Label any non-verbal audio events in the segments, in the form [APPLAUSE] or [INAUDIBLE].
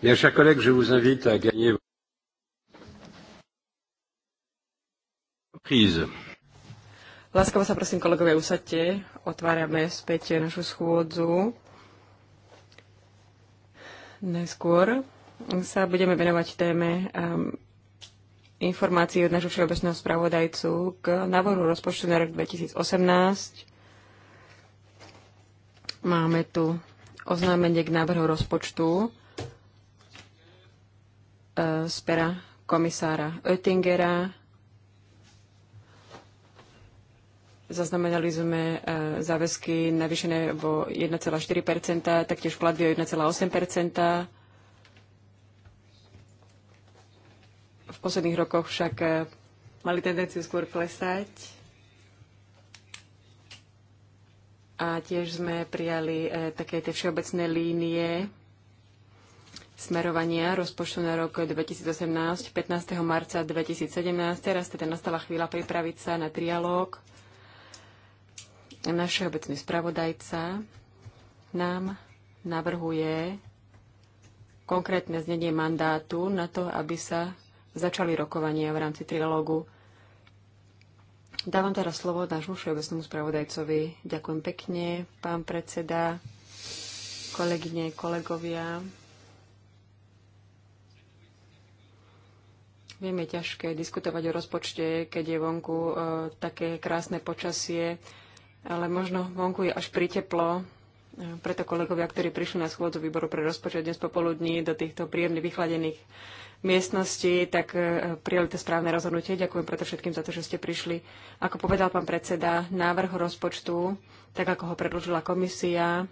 Bien, chers collègues, je vous invite à gagner Láskavo sa prosím, kolegovia, usadte. Otvárame späť našu schôdzu. Najskôr sa budeme venovať téme um, informácií od nášho všeobecného spravodajcu k návrhu rozpočtu na rok 2018. Máme tu oznámenie k návrhu rozpočtu z pera komisára Oettingera. Zaznamenali sme e, záväzky navýšené vo 1,4 taktiež platby o 1,8 V posledných rokoch však e, mali tendenciu skôr klesať. A tiež sme prijali e, také tie všeobecné línie smerovania rozpočtu na rok 2018, 15. marca 2017. Teraz teda nastala chvíľa pripraviť sa na trialóg. našej obecný spravodajca nám navrhuje konkrétne znenie mandátu na to, aby sa začali rokovania v rámci trialógu. Dávam teraz slovo nášmu všeobecnému spravodajcovi. Ďakujem pekne, pán predseda, kolegyne, kolegovia. Viem, je ťažké diskutovať o rozpočte, keď je vonku e, také krásne počasie, ale možno vonku je až priteplo. E, preto kolegovia, ktorí prišli na schôdzu výboru pre rozpočet dnes popoludní do týchto príjemne vychladených miestností, tak e, prijali to správne rozhodnutie. Ďakujem preto všetkým za to, že ste prišli. Ako povedal pán predseda, návrh rozpočtu, tak ako ho predložila komisia,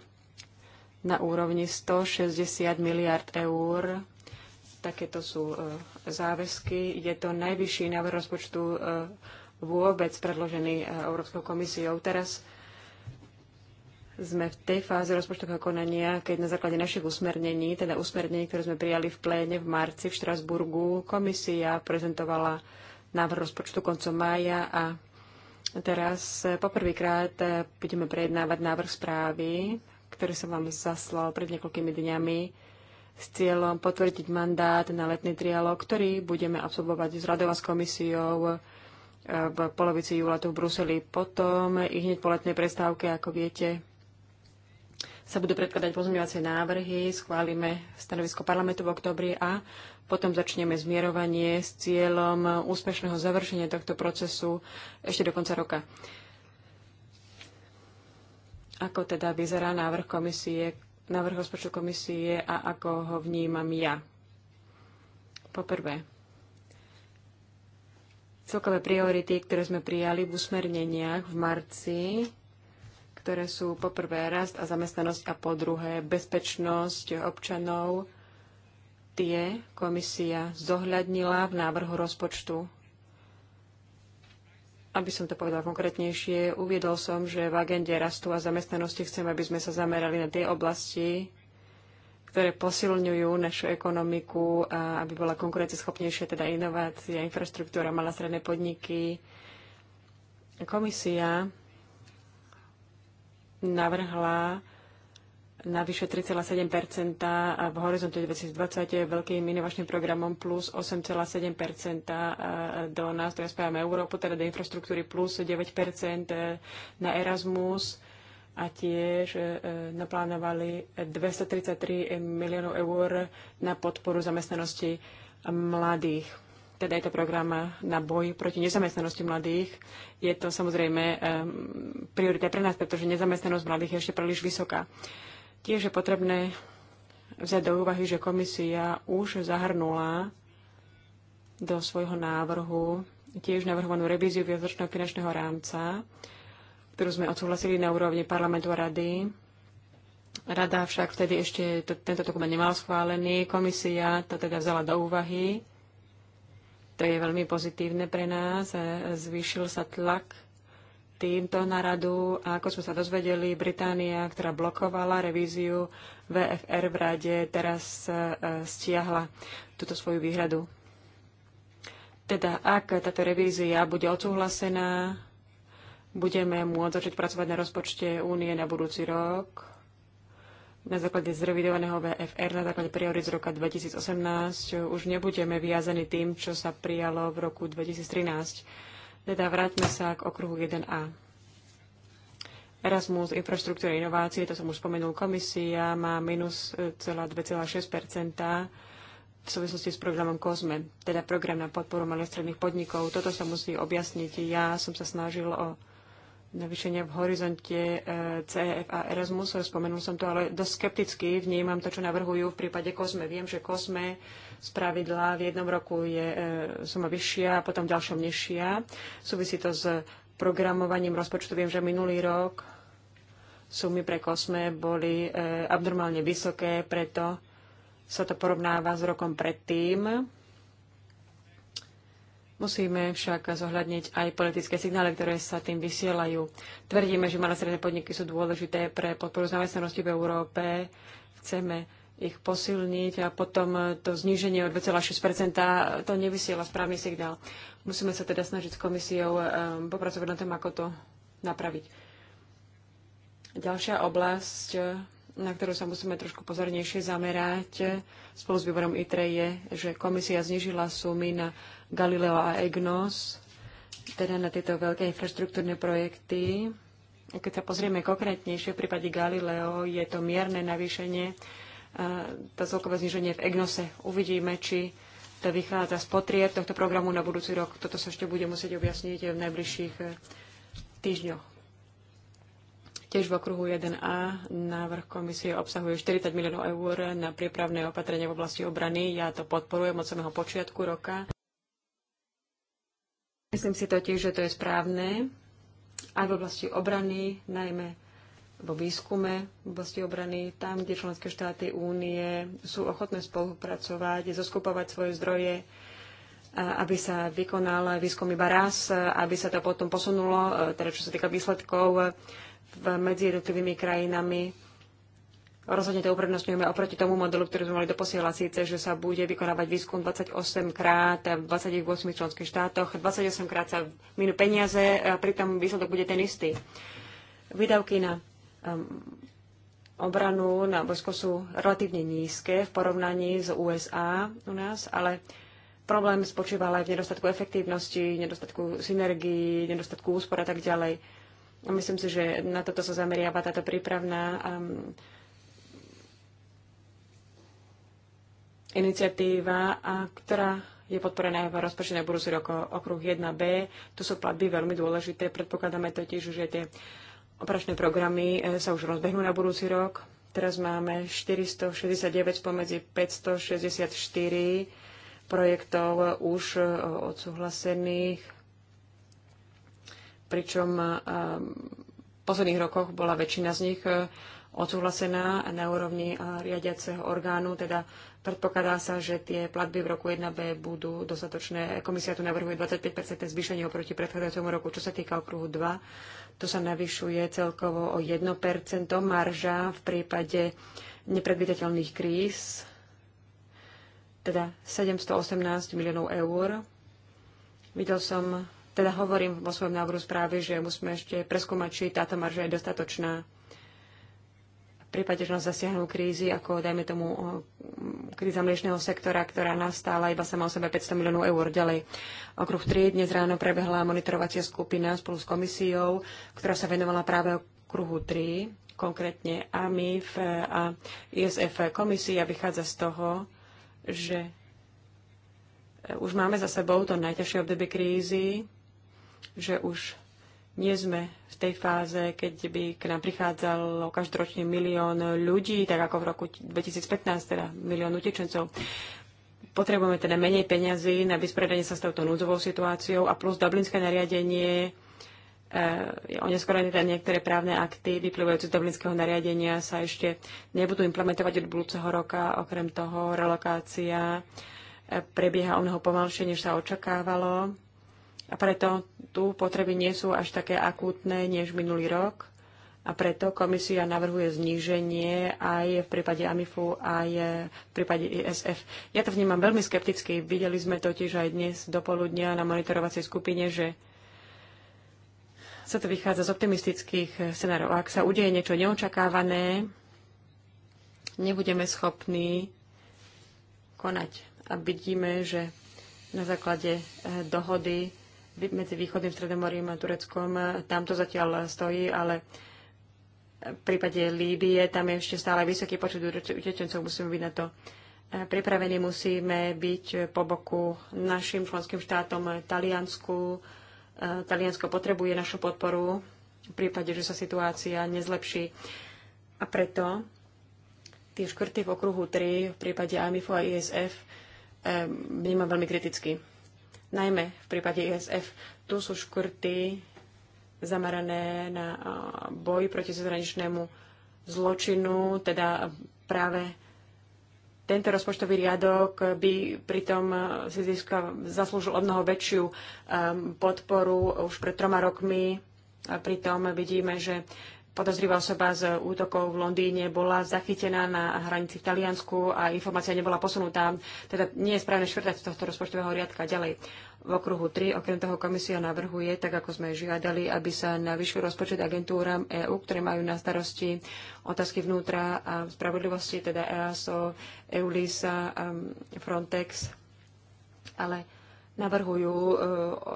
na úrovni 160 miliard eur Takéto sú e, záväzky. Je to najvyšší návrh rozpočtu e, vôbec predložený e, Európskou komisiou. Teraz sme v tej fáze rozpočtového konania, keď na základe našich usmernení, teda usmernení, ktoré sme prijali v pléne v marci v Štrasburgu, komisia prezentovala návrh rozpočtu koncom mája a teraz poprvýkrát budeme prejednávať návrh správy, ktorý som vám zaslal pred niekoľkými dňami s cieľom potvrdiť mandát na letný trialog, ktorý budeme absolvovať s radou a s komisiou e, v polovici júla tu v Bruseli. Potom i hneď po letnej prestávke, ako viete, sa budú predkladať pozmeňovacie návrhy, schválime stanovisko parlamentu v oktobri a potom začneme zmierovanie s cieľom úspešného završenia tohto procesu ešte do konca roka. Ako teda vyzerá návrh komisie návrh rozpočtu komisie a ako ho vnímam ja. Poprvé, celkové priority, ktoré sme prijali v usmerneniach v marci, ktoré sú poprvé rast a zamestnanosť a po druhé bezpečnosť občanov, tie komisia zohľadnila v návrhu rozpočtu aby som to povedal konkrétnejšie, uviedol som, že v agende rastu a zamestnanosti chcem, aby sme sa zamerali na tie oblasti, ktoré posilňujú našu ekonomiku, a aby bola konkurencieschopnejšia, teda inovácia, infraštruktúra, malé stredné podniky. Komisia navrhla navyše 3,7 v horizonte 2020 veľkým inovačným programom plus 8,7 do nástroja Spájame Európu, teda do infraštruktúry plus 9 e, na Erasmus a tiež e, naplánovali 233 miliónov eur na podporu zamestnanosti mladých. Teda je to program na boj proti nezamestnanosti mladých. Je to samozrejme e, priorita pre nás, pretože nezamestnanosť mladých je ešte príliš vysoká. Tiež je potrebné vziať do úvahy, že komisia už zahrnula do svojho návrhu tiež navrhovanú revíziu viacročného finančného rámca, ktorú sme odsúhlasili na úrovni parlamentu a rady. Rada však vtedy ešte to, tento dokument nemal schválený. Komisia to teda vzala do úvahy. To je veľmi pozitívne pre nás. Zvýšil sa tlak týmto na radu a ako sme sa dozvedeli, Británia, ktorá blokovala revíziu VFR v rade, teraz e, stiahla túto svoju výhradu. Teda ak táto revízia bude odsúhlasená, budeme môcť začať pracovať na rozpočte únie na budúci rok na základe zrevidovaného VFR, na základe priorit z roka 2018. Už nebudeme viazaní tým, čo sa prijalo v roku 2013 teda vráťme sa k okruhu 1a. Erasmus, infraštruktúra, inovácie, to som už spomenul, komisia má minus 2,6 e, v súvislosti s programom COSME, teda program na podporu malých stredných podnikov. Toto sa musí objasniť. Ja som sa snažil o navýšenie v horizonte e, CEF a Erasmus. Spomenul som to, ale dosť skepticky vnímam to, čo navrhujú v prípade COSME. Viem, že COSME Spravidla v jednom roku je e, suma vyššia a potom v ďalšom nižšia. Súvisí to s programovaním rozpočtu. Viem, že minulý rok sumy pre kosme boli e, abnormálne vysoké, preto sa to porovnáva s rokom predtým. Musíme však zohľadniť aj politické signály, ktoré sa tým vysielajú. Tvrdíme, že malé stredné podniky sú dôležité pre podporu zamestnanosti v Európe. Chceme ich posilniť a potom to zníženie o 2,6 to nevysiela správny signál. Musíme sa teda snažiť s komisiou eh, popracovať na tom, ako to napraviť. Ďalšia oblasť, eh, na ktorú sa musíme trošku pozornejšie zamerať eh, spolu s výborom ITRE je, že komisia znižila sumy na Galileo a EGNOS, teda na tieto veľké infraštruktúrne projekty. Keď sa pozrieme konkrétnejšie, v prípade Galileo je to mierne navýšenie to celkové zniženie v EGNOSE. Uvidíme, či to vychádza z potrieb tohto programu na budúci rok. Toto sa ešte bude musieť objasniť v najbližších e, týždňoch. Tiež v okruhu 1a návrh komisie obsahuje 40 miliónov eur na prípravné opatrenia v oblasti obrany. Ja to podporujem od samého počiatku roka. Myslím si totiž, že to je správne aj v oblasti obrany, najmä vo výskume v oblasti obrany, tam, kde členské štáty únie sú ochotné spolupracovať, zoskupovať svoje zdroje, aby sa vykonal výskum iba raz, aby sa to potom posunulo, e, teda čo sa týka výsledkov e, v medzi jednotlivými krajinami. Rozhodne to uprednostňujeme oproti tomu modelu, ktorý sme mali doposiela síce, že sa bude vykonávať výskum 28 krát v 28 členských štátoch, 28 krát sa minú peniaze a pritom výsledok bude ten istý. Výdavky na obranu na Bosko sú relatívne nízke v porovnaní s USA u nás, ale problém spočíval aj v nedostatku efektívnosti, nedostatku synergii, nedostatku úspor a tak ďalej. A myslím si, že na toto sa zameriava táto prípravná um, iniciatíva, a ktorá je podporená v rozpočte budúci roko okruh 1b. Tu sú platby veľmi dôležité. Predpokladáme totiž, že tie Operačné programy e, sa už rozbehnú na budúci rok. Teraz máme 469 spomedzi 564 projektov e, už e, odsúhlasených, pričom v posledných rokoch bola väčšina z nich odsúhlasená na úrovni riadiaceho orgánu, teda Predpokladá sa, že tie platby v roku 1B budú dostatočné. Komisia tu navrhuje 25% zvýšenie oproti predchádzajúcemu roku. Čo sa týka okruhu 2, to sa navyšuje celkovo o 1% marža v prípade nepredvidateľných kríz, teda 718 miliónov eur. Videl som, teda hovorím vo svojom návrhu správy, že musíme ešte preskúmať, či táto marža je dostatočná v prípade, že nás zasiahnu krízy, ako dajme tomu kríza mliečného sektora, ktorá nastála iba sama o sebe 500 miliónov eur ďalej. Okruh 3 dnes ráno prebehla monitorovacia skupina spolu s komisiou, ktorá sa venovala práve okruhu 3, konkrétne AMIF a ISF komisia vychádza z toho, že e, už máme za sebou to najťažšie obdobie krízy, že už nie sme v tej fáze, keď by k nám prichádzalo každoročne milión ľudí, tak ako v roku 2015, teda milión utečencov. Potrebujeme teda menej peňazí na vysporiadanie sa s touto núdzovou situáciou a plus dublinské nariadenie e, oneskorené teda niektoré právne akty vyplývajúce z Dublinského nariadenia sa ešte nebudú implementovať od budúceho roka. Okrem toho relokácia e, prebieha o mnoho pomalšie, než sa očakávalo. A preto tu potreby nie sú až také akútne než minulý rok. A preto komisia navrhuje zníženie aj v prípade AMIFu, aj v prípade ISF. Ja to vnímam veľmi skepticky. Videli sme totiž aj dnes dopoludnia na monitorovacej skupine, že sa to vychádza z optimistických scenárov. Ak sa udeje niečo neočakávané, nebudeme schopní konať. A vidíme, že na základe eh, dohody medzi východným stredomorím a Tureckom. E, tam to zatiaľ stojí, ale v prípade Líbie tam je ešte stále vysoký počet utečencov, musíme byť na to e, pripravení, musíme byť po boku našim členským štátom e, Taliansku. Taliansko potrebuje našu podporu v prípade, že sa situácia nezlepší. A preto tie škrty v okruhu 3 v prípade AMIFO a ISF vnímam veľmi kriticky najmä v prípade ISF. Tu sú škrty zamerané na boj proti zahraničnému zločinu, teda práve tento rozpočtový riadok by pritom si získal, zaslúžil o mnoho väčšiu podporu už pred troma rokmi. A pritom vidíme, že podozrivá osoba z útokov v Londýne bola zachytená na hranici v Taliansku a informácia nebola posunutá. Teda nie je správne švrtať z tohto rozpočtového riadka ďalej. V okruhu 3 okrem toho komisia navrhuje, tak ako sme žiadali, aby sa navyšil rozpočet agentúram EÚ, ktoré majú na starosti otázky vnútra a spravodlivosti, teda EASO, EULISA, um, Frontex, ale navrhujú e,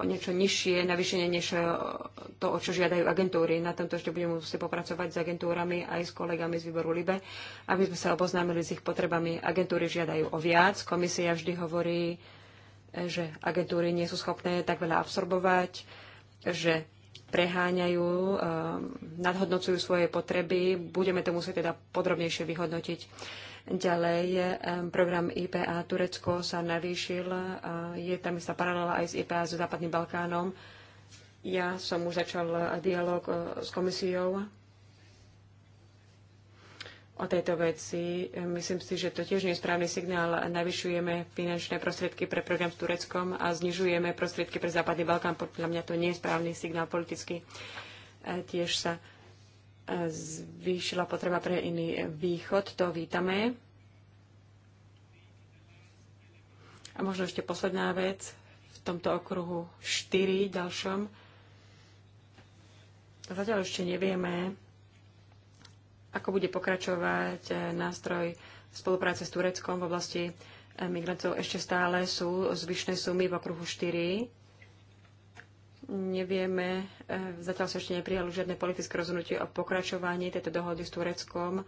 o niečo nižšie, navýšenie než e, to, o čo žiadajú agentúry. Na tomto ešte budeme musieť popracovať s agentúrami aj s kolegami z výboru LIBE, aby sme sa oboznámili s ich potrebami. Agentúry žiadajú o viac, komisia vždy hovorí, e, že agentúry nie sú schopné tak veľa absorbovať, že preháňajú, nadhodnocujú svoje potreby. Budeme to musieť teda podrobnejšie vyhodnotiť. Ďalej, eh, program IPA Turecko sa navýšil. Eh, je tam istá paralela aj s IPA s Západným Balkánom. Ja som už začal eh, dialog s komisiou o tejto veci. Myslím si, že to tiež nie je správny signál. Navyšujeme finančné prostriedky pre program s Tureckom a znižujeme prostriedky pre Západný Balkán. Podľa mňa to nie je správny signál politicky. Tiež sa zvýšila potreba pre iný východ. To vítame. A možno ešte posledná vec v tomto okruhu 4 ďalšom. Zatiaľ ešte nevieme, ako bude pokračovať nástroj spolupráce s Tureckom v oblasti migrantov. Ešte stále sú zvyšné sumy v okruhu 4 nevieme, e, zatiaľ sa ešte neprijalo žiadne politické rozhodnutie o pokračovaní tejto dohody s Tureckom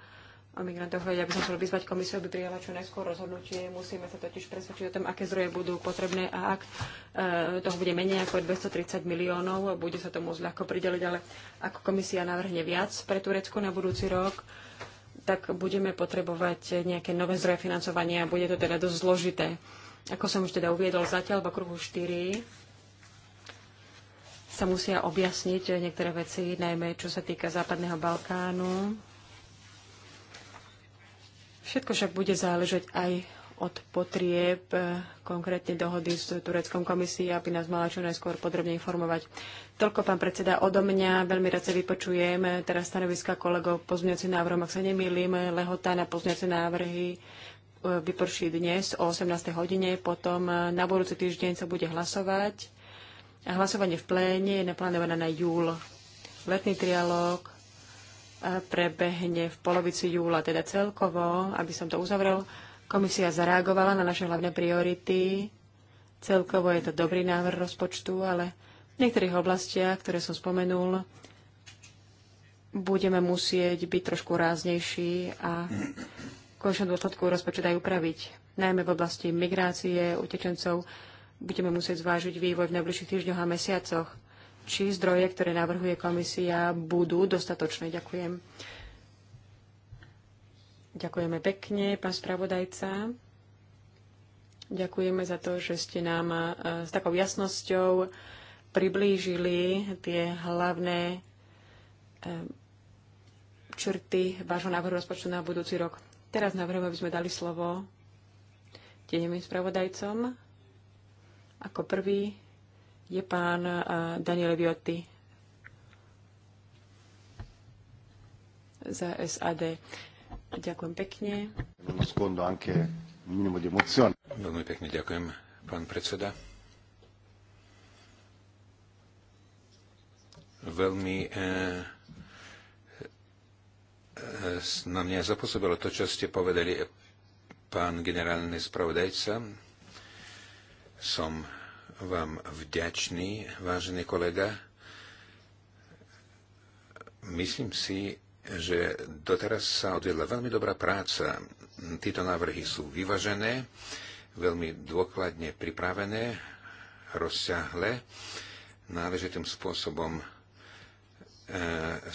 o migrantoch. Ja by som chcel vyzvať komisiu, aby prijala čo najskôr rozhodnutie. Musíme sa totiž presvedčiť o tom, aké zdroje budú potrebné a ak e, toho bude menej ako 230 miliónov, bude sa to môcť ľahko prideliť, ale ako komisia navrhne viac pre Turecko na budúci rok, tak budeme potrebovať nejaké nové zdroje financovania a bude to teda dosť zložité. Ako som už teda uviedol, zatiaľ v okruhu 4 sa musia objasniť niektoré veci, najmä čo sa týka Západného Balkánu. Všetko však bude záležať aj od potrieb konkrétne dohody s Tureckom komisií, aby nás mala čo najskôr podrobne informovať. Toľko, pán predseda, odo mňa. Veľmi rád sa vypočujem. Teraz stanoviska kolegov pozmeňujúcim návrhom, ak sa nemýlim, lehota na pozmeňujúce návrhy e, vyprší dnes o 18. hodine, potom e, na budúci týždeň sa bude hlasovať a hlasovanie v pléne je naplánované na júl. Letný trialóg e, prebehne v polovici júla, teda celkovo, aby som to uzavrel, komisia zareagovala na naše hlavné priority. Celkovo je to dobrý návrh rozpočtu, ale v niektorých oblastiach, ktoré som spomenul, budeme musieť byť trošku ráznejší a v končnom dôsledku rozpočet aj upraviť, najmä v oblasti migrácie, utečencov, budeme musieť zvážiť vývoj v najbližších týždňoch a mesiacoch. Či zdroje, ktoré navrhuje komisia, budú dostatočné. Ďakujem. Ďakujeme pekne, pán spravodajca. Ďakujeme za to, že ste nám e, s takou jasnosťou priblížili tie hlavné e, črty vášho návrhu rozpočtu na budúci rok. Teraz navrhujem, aby sme dali slovo tenevým spravodajcom. Ako prvý je pán e, Daniel Viotti za SAD. Ďakujem pekne. Veľmi pekne ďakujem, pán predseda. Veľmi eh, na mňa zapôsobilo to, čo ste povedali, e, pán generálny spravodajca som vám vďačný, vážený kolega. Myslím si, že doteraz sa odvedla veľmi dobrá práca. Títo návrhy sú vyvažené, veľmi dôkladne pripravené, rozsiahle, náležitým spôsobom e,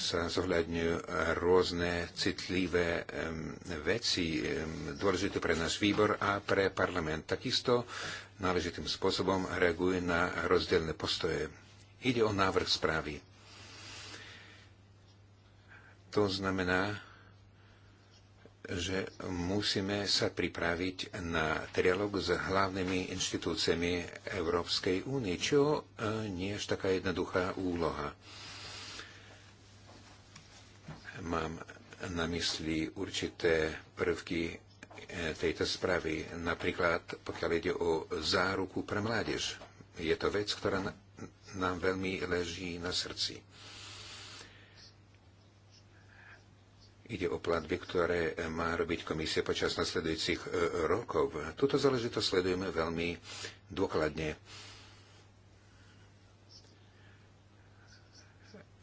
sa zohľadňujú rôzne citlivé e, veci, e, dôležité pre náš výbor a pre parlament. Takisto náležitým spôsobom reaguje na rozdielne postoje. Ide o návrh správy. To znamená, že musíme sa pripraviť na trialog s hlavnými inštitúciami Európskej únie, čo e, nie je taká jednoduchá úloha. Mám na mysli určité prvky tejto správy, napríklad pokiaľ ide o záruku pre mládež. Je to vec, ktorá nám veľmi leží na srdci. Ide o platby, ktoré má robiť komisia počas nasledujúcich e, rokov. Tuto záležitosť sledujeme veľmi dôkladne.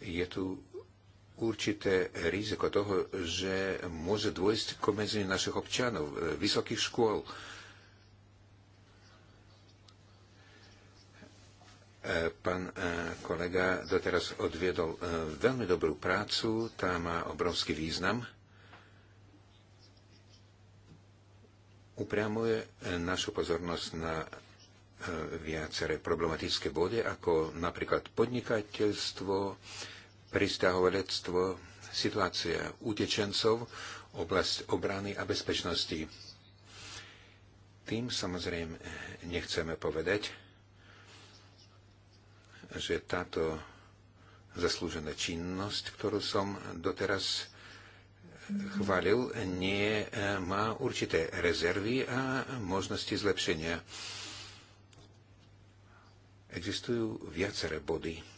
Je tu určité riziko toho, že môže dôjsť k obmedzeniu našich občanov, e, vysokých škôl. E, pán e, kolega doteraz odviedol veľmi dobrú prácu, tá má obrovský význam. Upriamuje našu pozornosť na viaceré problematické body, ako napríklad podnikateľstvo, pristahovalectvo, situácia utečencov, oblasť obrany a bezpečnosti. Tým samozrejme nechceme povedať, že táto zaslúžená činnosť, ktorú som doteraz chválil, nie e, má určité rezervy a možnosti zlepšenia. Existujú viaceré body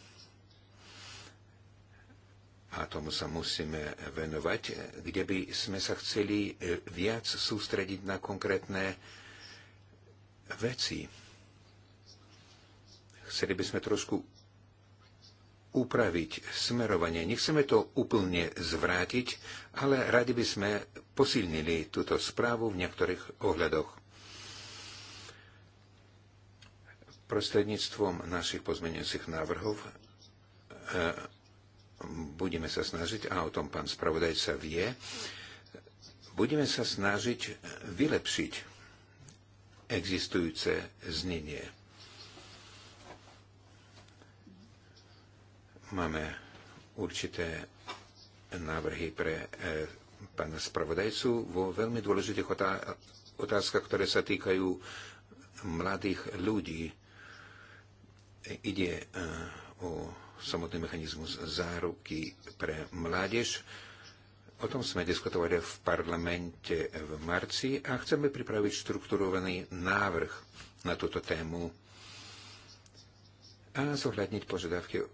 a tomu sa musíme venovať, kde by sme sa chceli e, viac sústrediť na konkrétne veci. Chceli by sme trošku upraviť smerovanie. Nechceme to úplne zvrátiť, ale radi by sme posilnili túto správu v niektorých ohľadoch. Prostredníctvom našich pozmeniacich návrhov e, budeme sa snažiť, a o tom pán spravodajca vie, budeme sa snažiť vylepšiť existujúce znenie. Máme určité návrhy pre e, pána spravodajcu vo veľmi dôležitých otázkach, ktoré sa týkajú mladých ľudí. Ide e, o samotný mechanizmus záruky pre mládež. O tom sme diskutovali v parlamente v marci a chceme pripraviť štrukturovaný návrh na túto tému a zohľadniť požiadavky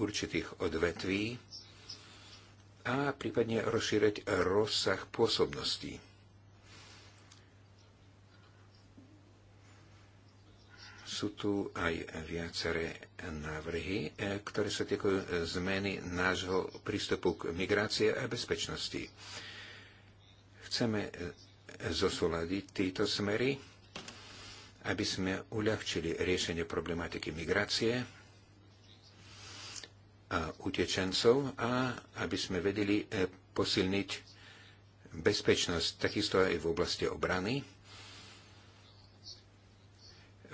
určitých odvetví a prípadne rozšíriť rozsah pôsobností. sú tu aj viaceré návrhy, e, ktoré sa týkajú e, zmeny nášho prístupu k migrácie a bezpečnosti. Chceme e, zosúľadiť tieto smery, aby sme uľahčili riešenie problematiky migrácie a utečencov a aby sme vedeli posilniť bezpečnosť takisto aj v oblasti obrany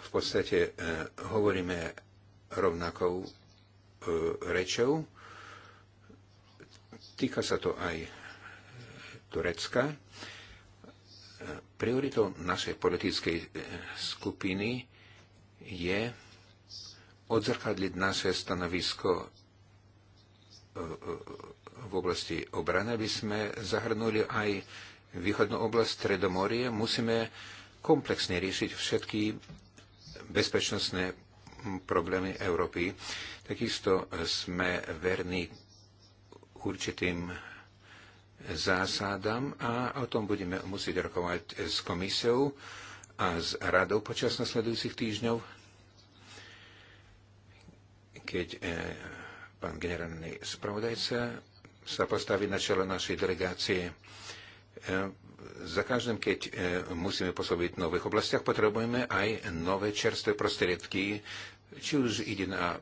v podstate e, hovoríme rovnakou e, rečou. Týka sa to aj Turecka. E, prioritou našej politickej skupiny je odzrkadliť naše stanovisko v oblasti obrany, aby sme zahrnuli aj východnú oblasť Stredomorie. Musíme komplexne riešiť všetky bezpečnostné problémy Európy. Takisto sme verní určitým zásadám a o tom budeme musieť rokovať s komisiou a s radou počas nasledujúcich týždňov, keď e, pán generálny spravodajca sa postaví na čelo našej delegácie. E, za každým, keď e, musíme pôsobiť v nových oblastiach, potrebujeme aj nové čerstvé prostriedky, či už ide na,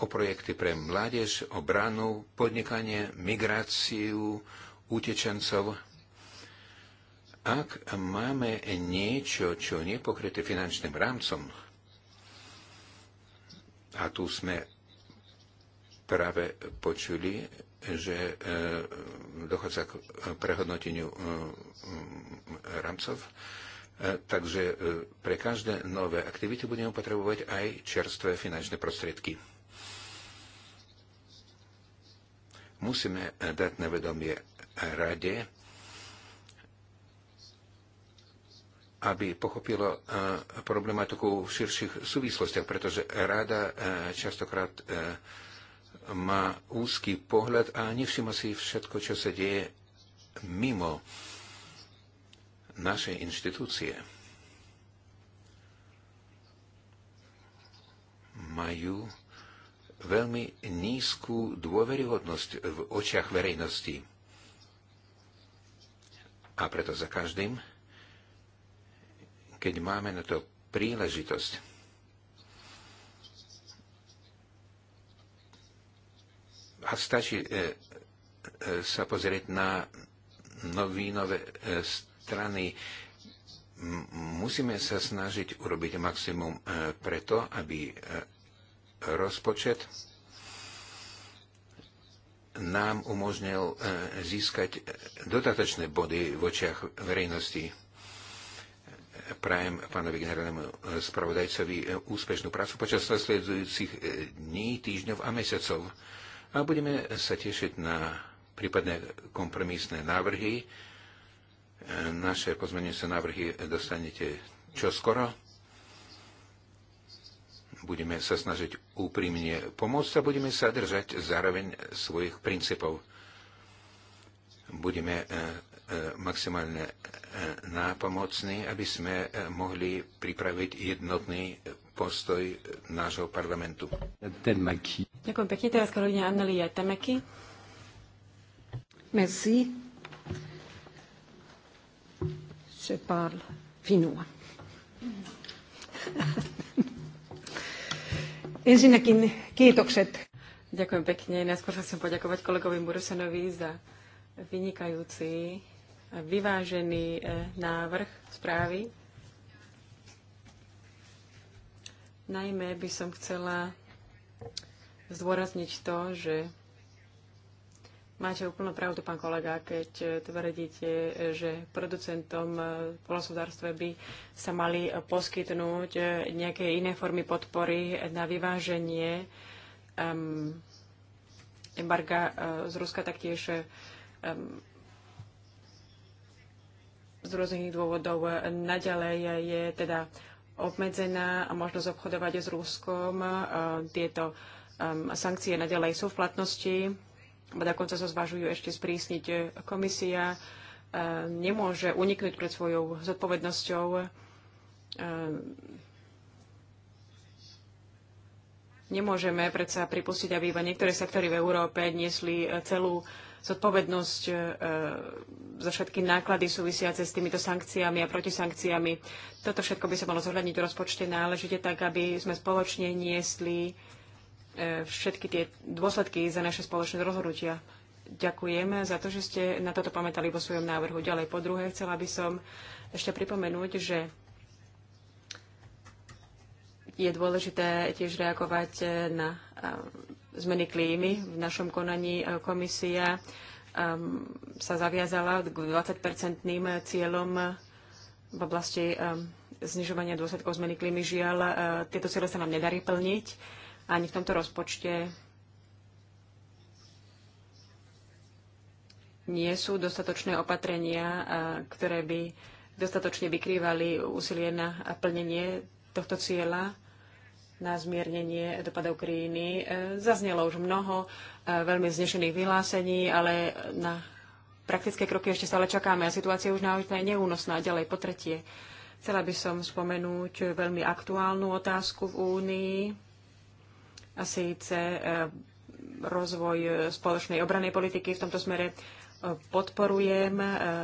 o projekty pre mládež, obranu, podnikanie, migráciu, utečencov. Ak máme niečo, čo nie pokryté finančným rámcom, a tu sme práve počuli, že e, dochádza k e, prehodnoteniu rámcov. E, takže e, pre každé nové aktivity budeme potrebovať aj čerstvé finančné prostriedky. Musíme e, dať na vedomie rade, aby pochopilo problematiku v širších súvislostiach, pretože rada častokrát má úzky pohľad a nevšimá si všetko, čo sa deje mimo naše inštitúcie majú veľmi nízku dôveryhodnosť v očiach verejnosti. A preto za každým, keď máme na to príležitosť, a stačí e, e, sa pozrieť na novinové e, strany musíme sa snažiť urobiť maximum e, preto, aby e, rozpočet nám umožnil e, získať dodatočné body v očiach verejnosti. Prajem pánovi generálnemu spravodajcovi úspešnú prácu počas nasledujúcich dní, týždňov a mesiacov. A budeme sa tešiť na prípadné kompromisné návrhy naše pozmenujúce návrhy dostanete čoskoro. Budeme sa snažiť úprimne pomôcť a budeme sa držať zároveň svojich princípov. Budeme e, e, maximálne e, nápomocní, aby sme mohli pripraviť jednotný postoj nášho parlamentu. Ďakujem pekne. Teraz kolegyňa Anneli Temeky. Merci parle finnois. Ensinnäkin kiitokset. Ďakujem pekne. Najskôr sa chcem poďakovať kolegovi Murusanovi za vynikajúci a vyvážený e, návrh správy. Najmä by som chcela zdôrazniť to, že Máte úplnú pravdu, pán kolega, keď eh, tvrdíte, eh, že producentom v eh, polnospodárstve by sa mali poskytnúť nejaké iné formy podpory na vyváženie um, embarga z Ruska taktiež um, z rôznych dôvodov naďalej je teda obmedzená a možnosť obchodovať s Ruskom. Tieto ehm, sankcie naďalej sú v platnosti dokonca sa zvažujú ešte sprísniť. E, komisia e, nemôže uniknúť pred svojou zodpovednosťou. E, nemôžeme predsa pripustiť, aby iba niektoré sektory v Európe niesli celú zodpovednosť za všetky náklady súvisiace s týmito sankciami a protisankciami. Toto všetko by sa malo zohľadniť v rozpočte náležite tak, aby sme spoločne niesli E, všetky tie dôsledky za naše spoločné rozhodnutia. Ďakujem za to, že ste na toto pamätali vo svojom návrhu. Ďalej, po druhé, chcela by som ešte pripomenúť, že je dôležité tiež reagovať na e, zmeny klímy. V našom konaní e, komisia sa zaviazala k 20-percentným cieľom v oblasti znižovania dôsledkov zmeny klímy. Žiaľ, tieto cieľe sa nám nedarí plniť ani v tomto rozpočte nie sú dostatočné opatrenia, ktoré by dostatočne vykrývali úsilie na plnenie tohto cieľa na zmiernenie dopadov kríny. E, zaznelo už mnoho e, veľmi znešených vyhlásení, ale na praktické kroky ešte stále čakáme a situácia už naozaj je neúnosná. Ďalej po tretie, chcela by som spomenúť veľmi aktuálnu otázku v Únii a síce eh, rozvoj eh, spoločnej obranej politiky. V tomto smere eh, podporujem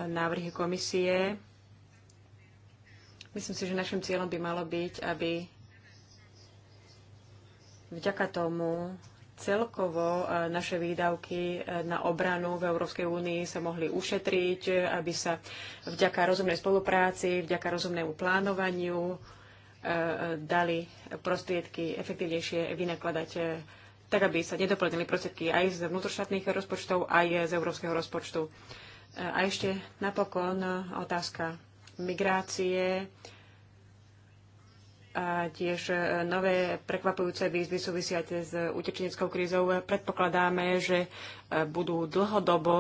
návrhy komisie. Myslím si, že našim cieľom by malo byť, aby vďaka tomu celkovo naše výdavky na obranu v Európskej únii sa mohli ušetriť, aby sa vďaka rozumnej spolupráci, vďaka rozumnému plánovaniu dali prostriedky efektívnejšie vynakladať, eh, tak aby sa nedoplnili prostriedky aj z vnútroštátnych rozpočtov, aj z európskeho rozpočtu. Eh, a ešte napokon eh, otázka migrácie a tiež nové prekvapujúce výzvy súvisiace s utečeneckou krízou. Predpokladáme, že budú dlhodobo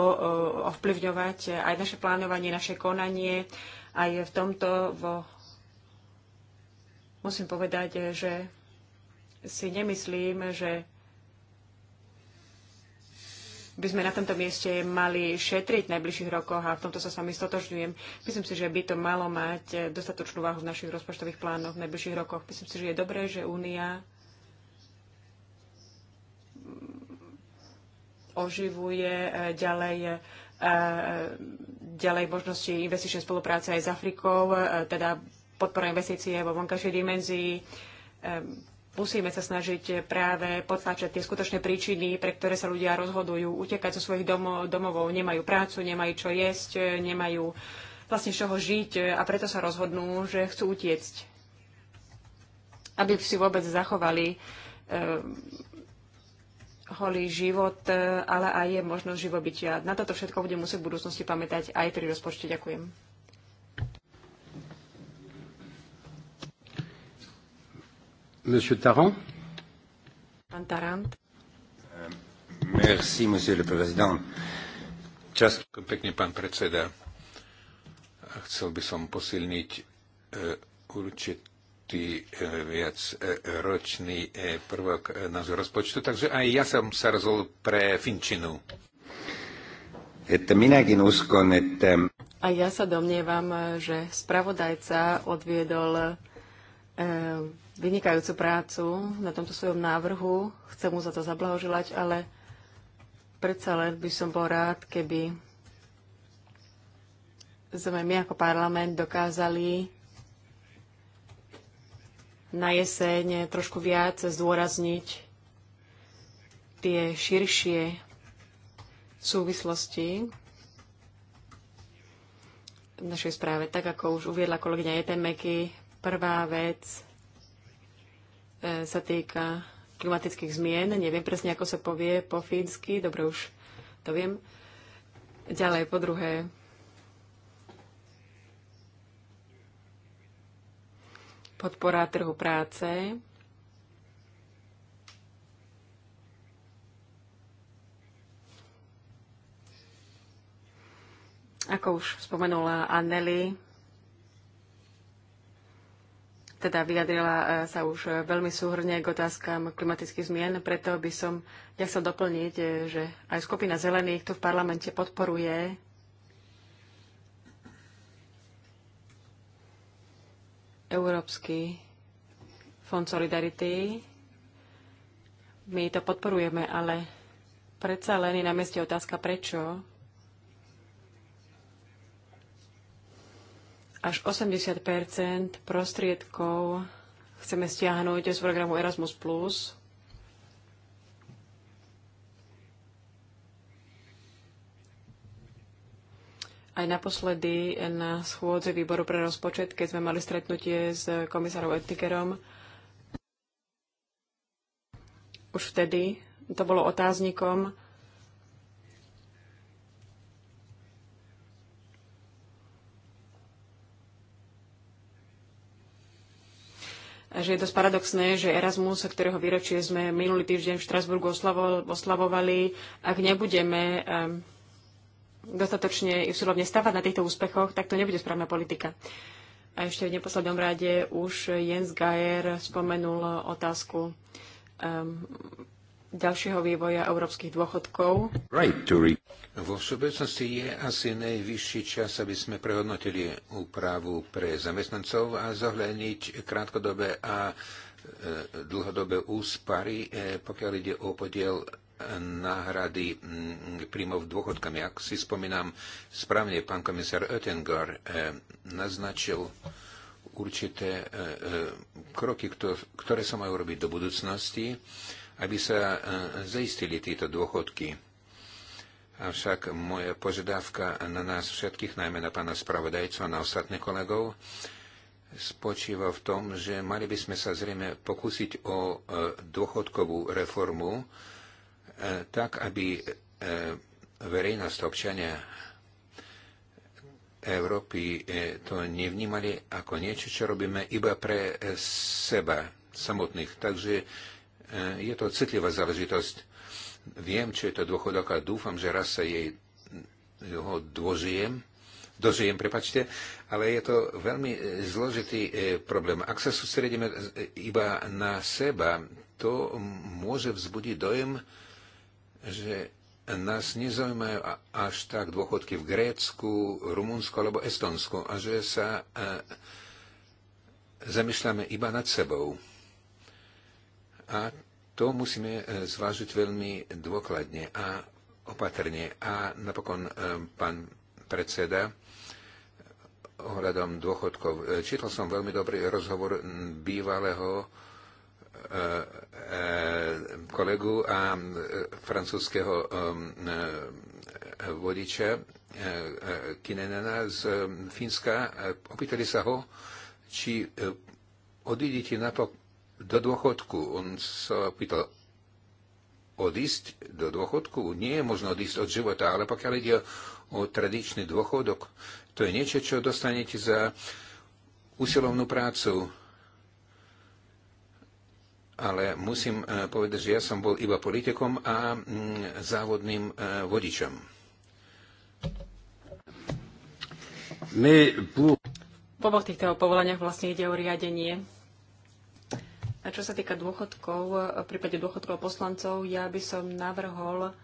ovplyvňovať aj naše plánovanie, naše konanie aj v tomto vo musím povedať, že si nemyslím, že by sme na tomto mieste mali šetriť v najbližších rokoch a v tomto sa s vami stotožňujem. Myslím si, že by to malo mať dostatočnú váhu v našich rozpočtových plánoch v najbližších rokoch. Myslím si, že je dobré, že Únia oživuje eh, ďalej eh, ďalej možnosti investičnej spolupráce aj s Afrikou, eh, teda podporu investície vo vonkajšej dimenzii. Ehm, musíme sa snažiť práve potláčať tie skutočné príčiny, pre ktoré sa ľudia rozhodujú utekať zo svojich domov, domovov, nemajú prácu, nemajú čo jesť, nemajú vlastne z čoho žiť a preto sa rozhodnú, že chcú utiecť. Aby si vôbec zachovali ehm, holý život, ale aj je možnosť živobytia. Na toto všetko bude musieť v budúcnosti pamätať aj pri rozpočte. Ďakujem. Monsieur Tarant. Pán Merci, monsieur le président. Čas... Pekne, pán predseda. Chcel by som posilniť e, určitý e, viac e, ročný prvok nášho rozpočtu, takže aj ja som sa rozhodol pre Finčinu. A ja sa domnievam, že spravodajca odviedol Eh, vynikajúcu prácu na tomto svojom návrhu. Chcem mu za to zablahoželať, ale predsa len by som bol rád, keby sme my ako parlament dokázali na jeseň trošku viac zdôrazniť tie širšie súvislosti v našej správe. Tak ako už uviedla kolegyňa Jetemeky, Prvá vec e, sa týka klimatických zmien. Neviem presne, ako sa povie po fínsky. Dobre, už to viem. Ďalej, po druhé, podpora trhu práce. Ako už spomenula Anneli, teda vyjadrila e, sa už e, veľmi súhrne k otázkam klimatických zmien, preto by som ja chcel doplniť, e, že aj skupina zelených tu v parlamente podporuje Európsky fond Solidarity. My to podporujeme, ale predsa len je na mieste otázka prečo až 80 prostriedkov chceme stiahnuť z programu Erasmus+. Aj naposledy na schôdze výboru pre rozpočet, keď sme mali stretnutie s komisárom Oettingerom, už vtedy to bolo otáznikom, že je dosť paradoxné, že Erasmus, ktorého výročie sme minulý týždeň v Štrasburgu oslavovali, ak nebudeme dostatočne usilovne stavať na týchto úspechoch, tak to nebude správna politika. A ešte v neposlednom rade už Jens Geier spomenul otázku um, ďalšieho vývoja európskych dôchodkov. Right Vo všeobecnosti je asi najvyšší čas, aby sme prehodnotili úpravu pre zamestnancov a zohľadniť krátkodobé a e, dlhodobé úspary, e, pokiaľ ide o podiel náhrady príjmov dôchodkami. Ak si spomínam správne, pán komisár Oettinger e, naznačil určité kroky, ktoré sa majú robiť do budúcnosti aby sa e, zaistili tieto dôchodky. Avšak moja požiadavka na nás všetkých, najmä na pána spravodajcu a na ostatných kolegov, spočíva v tom, že mali by sme sa zrejme pokúsiť o e, dôchodkovú reformu, e, tak aby verejnosť občania Európy to nevnímali ako niečo, čo robíme iba pre seba samotných. Takže Eh, je to citlivá záležitosť. Viem, čo je to dôchodok a dúfam, že raz sa jej ho dôžijem, dožijem, prepačte, ale je to veľmi eh, zložitý eh, problém. Ak sa sústredíme iba na seba, to môže vzbudiť dojem, že nás nezaujímajú až tak dôchodky v Grécku, Rumunsku alebo Estonsku a že sa zamýšľame iba nad sebou. A to musíme e, zvážiť veľmi dôkladne a opatrne. A napokon e, pán predseda ohľadom dôchodkov. E, čítal som veľmi dobrý rozhovor bývalého kolegu a francúzského vodiča Kinenena z Fínska. Opýtali sa ho, či odídete napokon do dôchodku. On sa pýtal, odísť do dôchodku? Nie je možno odísť od života, ale pokiaľ ide o tradičný dôchodok, to je niečo, čo dostanete za usilovnú prácu. Ale musím e, povedať, že ja som bol iba politikom a mm, závodným e, vodičom. Po oboch týchto povolaniach vlastne ide o riadenie a čo sa týka dôchodkov, v prípade dôchodkov poslancov, ja by som navrhol,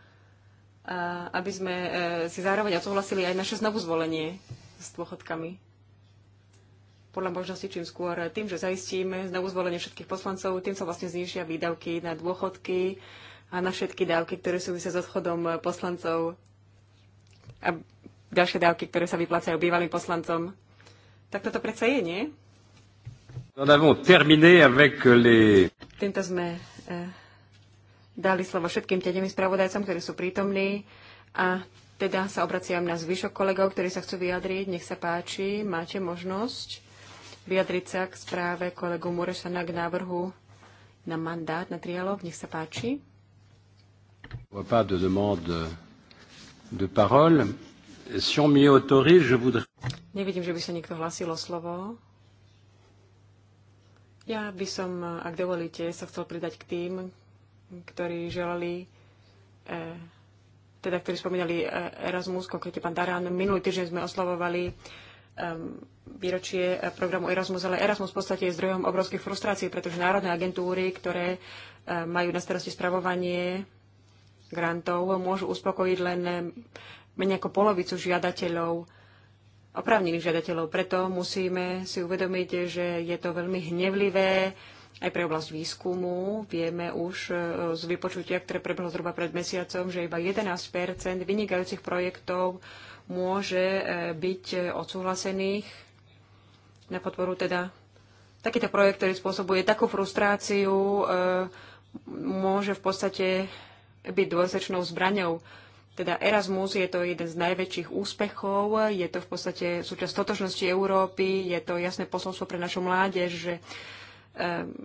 aby sme e, si zároveň odsúhlasili aj naše znovu zvolenie s dôchodkami. Podľa možnosti čím skôr tým, že zaistíme znovu zvolenie všetkých poslancov, tým sa vlastne znižia výdavky na dôchodky a na všetky dávky, ktoré súvisia s odchodom poslancov a ďalšie dávky, ktoré sa vyplácajú bývalým poslancom. Tak toto predsa je, nie? Týmto sme eh, dali slovo všetkým tedem spravodajcom, ktorí sú prítomní a teda sa obraciam na zvyšok kolegov, ktorí sa chcú vyjadriť. Nech sa páči, máte možnosť vyjadriť sa k správe kolegu Murešana k návrhu na mandát, na trialog. Nech sa páči. Nevidím, že by sa niekto hlasil o slovo. Ja by som, ak dovolíte, sa chcel pridať k tým, ktorí želali, eh, teda ktorí spomínali eh, Erasmus, konkrétne pán Darán. Minulý týždeň sme oslavovali výročie e, programu Erasmus, ale Erasmus v podstate je zdrojom obrovských frustrácií, pretože národné agentúry, ktoré e, majú na starosti spravovanie grantov, môžu uspokojiť len e, menej ako polovicu žiadateľov oprávnených žiadateľov. Preto musíme si uvedomiť, že je to veľmi hnevlivé aj pre oblasť výskumu. Vieme už e, z vypočutia, ktoré prebehlo zhruba pred mesiacom, že iba 11 vynikajúcich projektov môže e, byť odsúhlasených na podporu teda takýto projekt, ktorý spôsobuje takú frustráciu, e, môže v podstate byť dôsečnou zbraňou teda Erasmus je to jeden z najväčších úspechov, je to v podstate súčasť totožnosti Európy, je to jasné posolstvo pre našu mládež, že e,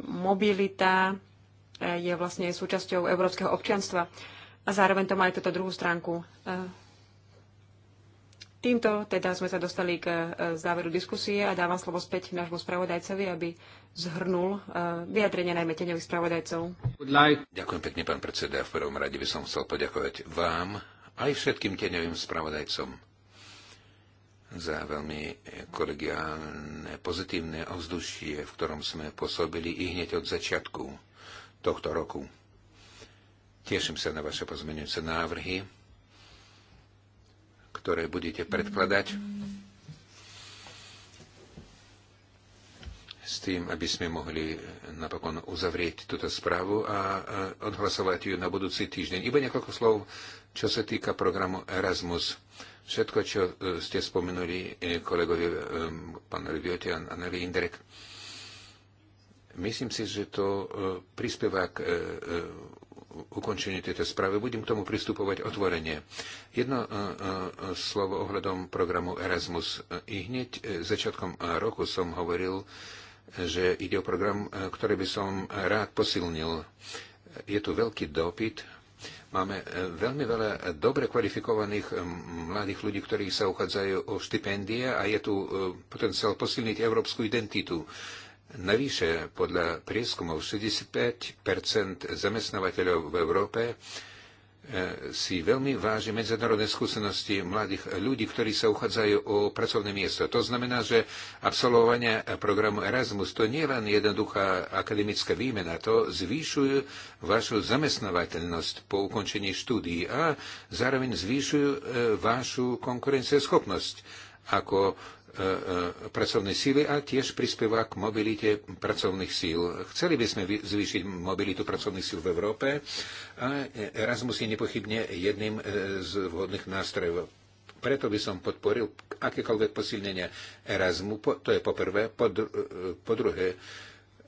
mobilita e, je vlastne súčasťou európskeho občianstva. A zároveň to má aj túto druhú stránku. E, týmto teda sme sa dostali k záveru diskusie a dávam slovo späť nášmu spravodajcovi, aby zhrnul vyjadrenie najmä teňových spravodajcov. Ďakujem pekne, pán predseda. V prvom rade by som chcel poďakovať vám aj všetkým teňovým spravodajcom za veľmi kolegiálne, pozitívne ovzdušie, v ktorom sme pôsobili i hneď od začiatku tohto roku. Teším sa na vaše pozmenujúce návrhy, ktoré budete predkladať s tým, aby sme mohli napokon uzavrieť túto správu a odhlasovať ju na budúci týždeň. Iba niekoľko slov čo sa týka programu Erasmus, všetko, čo e, ste spomenuli e, kolegovi e, pán Riviote a Nelly Indrek, myslím si, že to prispieva k ukončeniu tejto správy. Budem k tomu pristupovať otvorene. Jedno slovo ohľadom programu Erasmus. I hneď začiatkom roku som hovoril, že ide o program, ktorý by som rád posilnil. Je tu veľký dopyt Máme e, veľmi veľa dobre kvalifikovaných e, mladých ľudí, ktorí sa uchádzajú o štipendie a je tu e, potenciál posilniť európsku identitu. Navyše, podľa prieskumov, 65 zamestnávateľov v Európe E, si veľmi váži medzinárodné skúsenosti mladých ľudí, ktorí sa uchádzajú o pracovné miesto. To znamená, že absolvovanie programu Erasmus to nie je len jednoduchá akademická výmena, to zvýšuje vašu zamestnávateľnosť po ukončení štúdií a zároveň zvýšuje vašu konkurencieschopnosť ako E, pracovnej síly a tiež prispieva k mobilite pracovných síl. Chceli by sme zvýšiť mobilitu pracovných síl v Európe a Erasmus je nepochybne jedným e, z vhodných nástrojov. Preto by som podporil akékoľvek posilnenie Erasmu, to je poprvé, po, e, po druhé,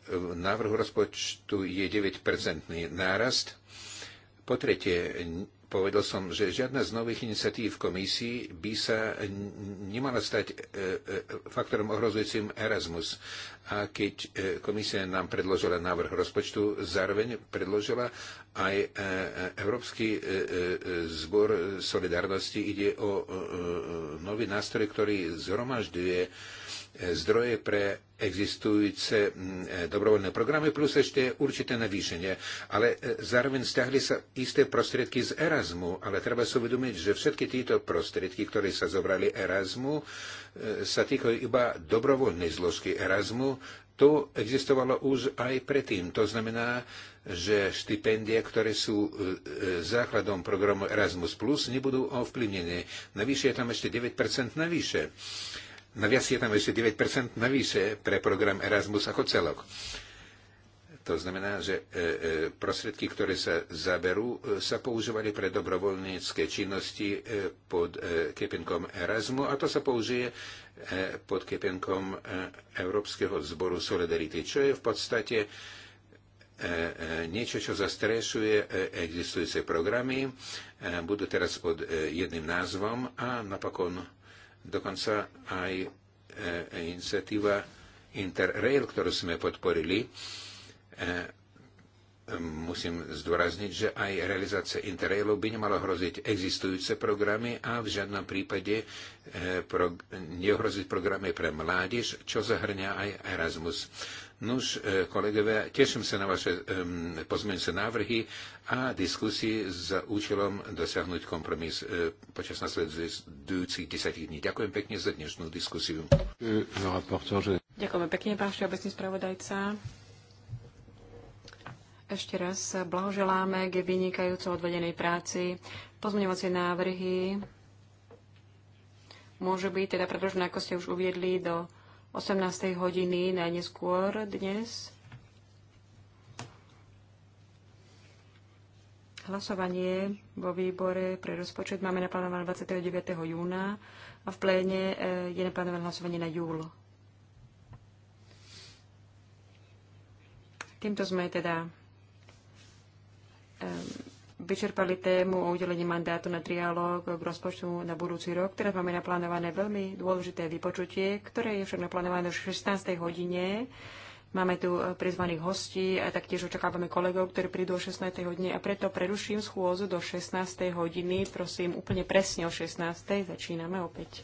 v návrhu rozpočtu je 9-percentný nárast, po tretie, Povedal som, že žiadna z nových iniciatív v komisii by sa nemala stať e, e, faktorom ohrozujúcim Erasmus. A keď e, komisia nám predložila návrh rozpočtu, zároveň predložila aj Európsky zbor solidarnosti. Ide o nový nástroj, ktorý zhromažďuje zdroje pre existujúce mm, e, dobrovoľné programy plus ešte určité navýšenie. Ale e, zároveň stiahli sa isté prostriedky z Erasmu, ale treba si uvedomiť, že všetky títo prostriedky, ktoré sa zobrali Erasmu, e, sa týkajú iba dobrovoľnej zložky Erasmu. To existovalo už aj predtým. To znamená, že štipendie, ktoré sú základom programu Erasmus+, nebudú ovplyvnené. Navyše je tam ešte 9% navyše viac je tam ešte 9% navýše pre program Erasmus ako celok. To znamená, že e, e, prostriedky, ktoré sa zaberú, e, sa používali pre dobrovoľnícke činnosti pod kepenkom Erasmu a to sa použije pod kepenkom Európskeho zboru Solidarity, čo je v podstate niečo, čo zastrešuje existujúce programy. Budú teraz pod jedným názvom a napokon dokonca aj e, iniciatíva Interrail, ktorú sme podporili. E, musím zdôrazniť, že aj realizácia Interrailu by nemala hroziť existujúce programy a v žiadnom prípade e, neohroziť programy pre mládež, čo zahrňa aj Erasmus. Nuž, e, kolegovia, teším sa na vaše um, pozmeňujúce návrhy a diskusii s účelom dosiahnuť kompromis uh, počas nasledujúcich 10 dní. Ďakujem pekne za dnešnú diskusiu. Ďakujem pekne, pán všeobecný spravodajca. Ešte raz blahoželáme k vynikajúco odvedenej práci. Pozmeňovacie návrhy môžu byť teda predložené, ako ste už uviedli, do 18. hodiny najneskôr dnes. Hlasovanie vo výbore pre rozpočet máme naplánované 29. júna a v pléne e, je naplánované hlasovanie na júl. Týmto sme teda um, vyčerpali tému o udelení mandátu na trialóg k rozpočtu na budúci rok. Teraz máme naplánované veľmi dôležité vypočutie, ktoré je však naplánované už 16. hodine. Máme tu eh, prizvaných hostí a taktiež očakávame kolegov, ktorí prídu o 16. hodine a preto preruším schôzu do 16. hodiny. Prosím, úplne presne o 16. Začíname opäť.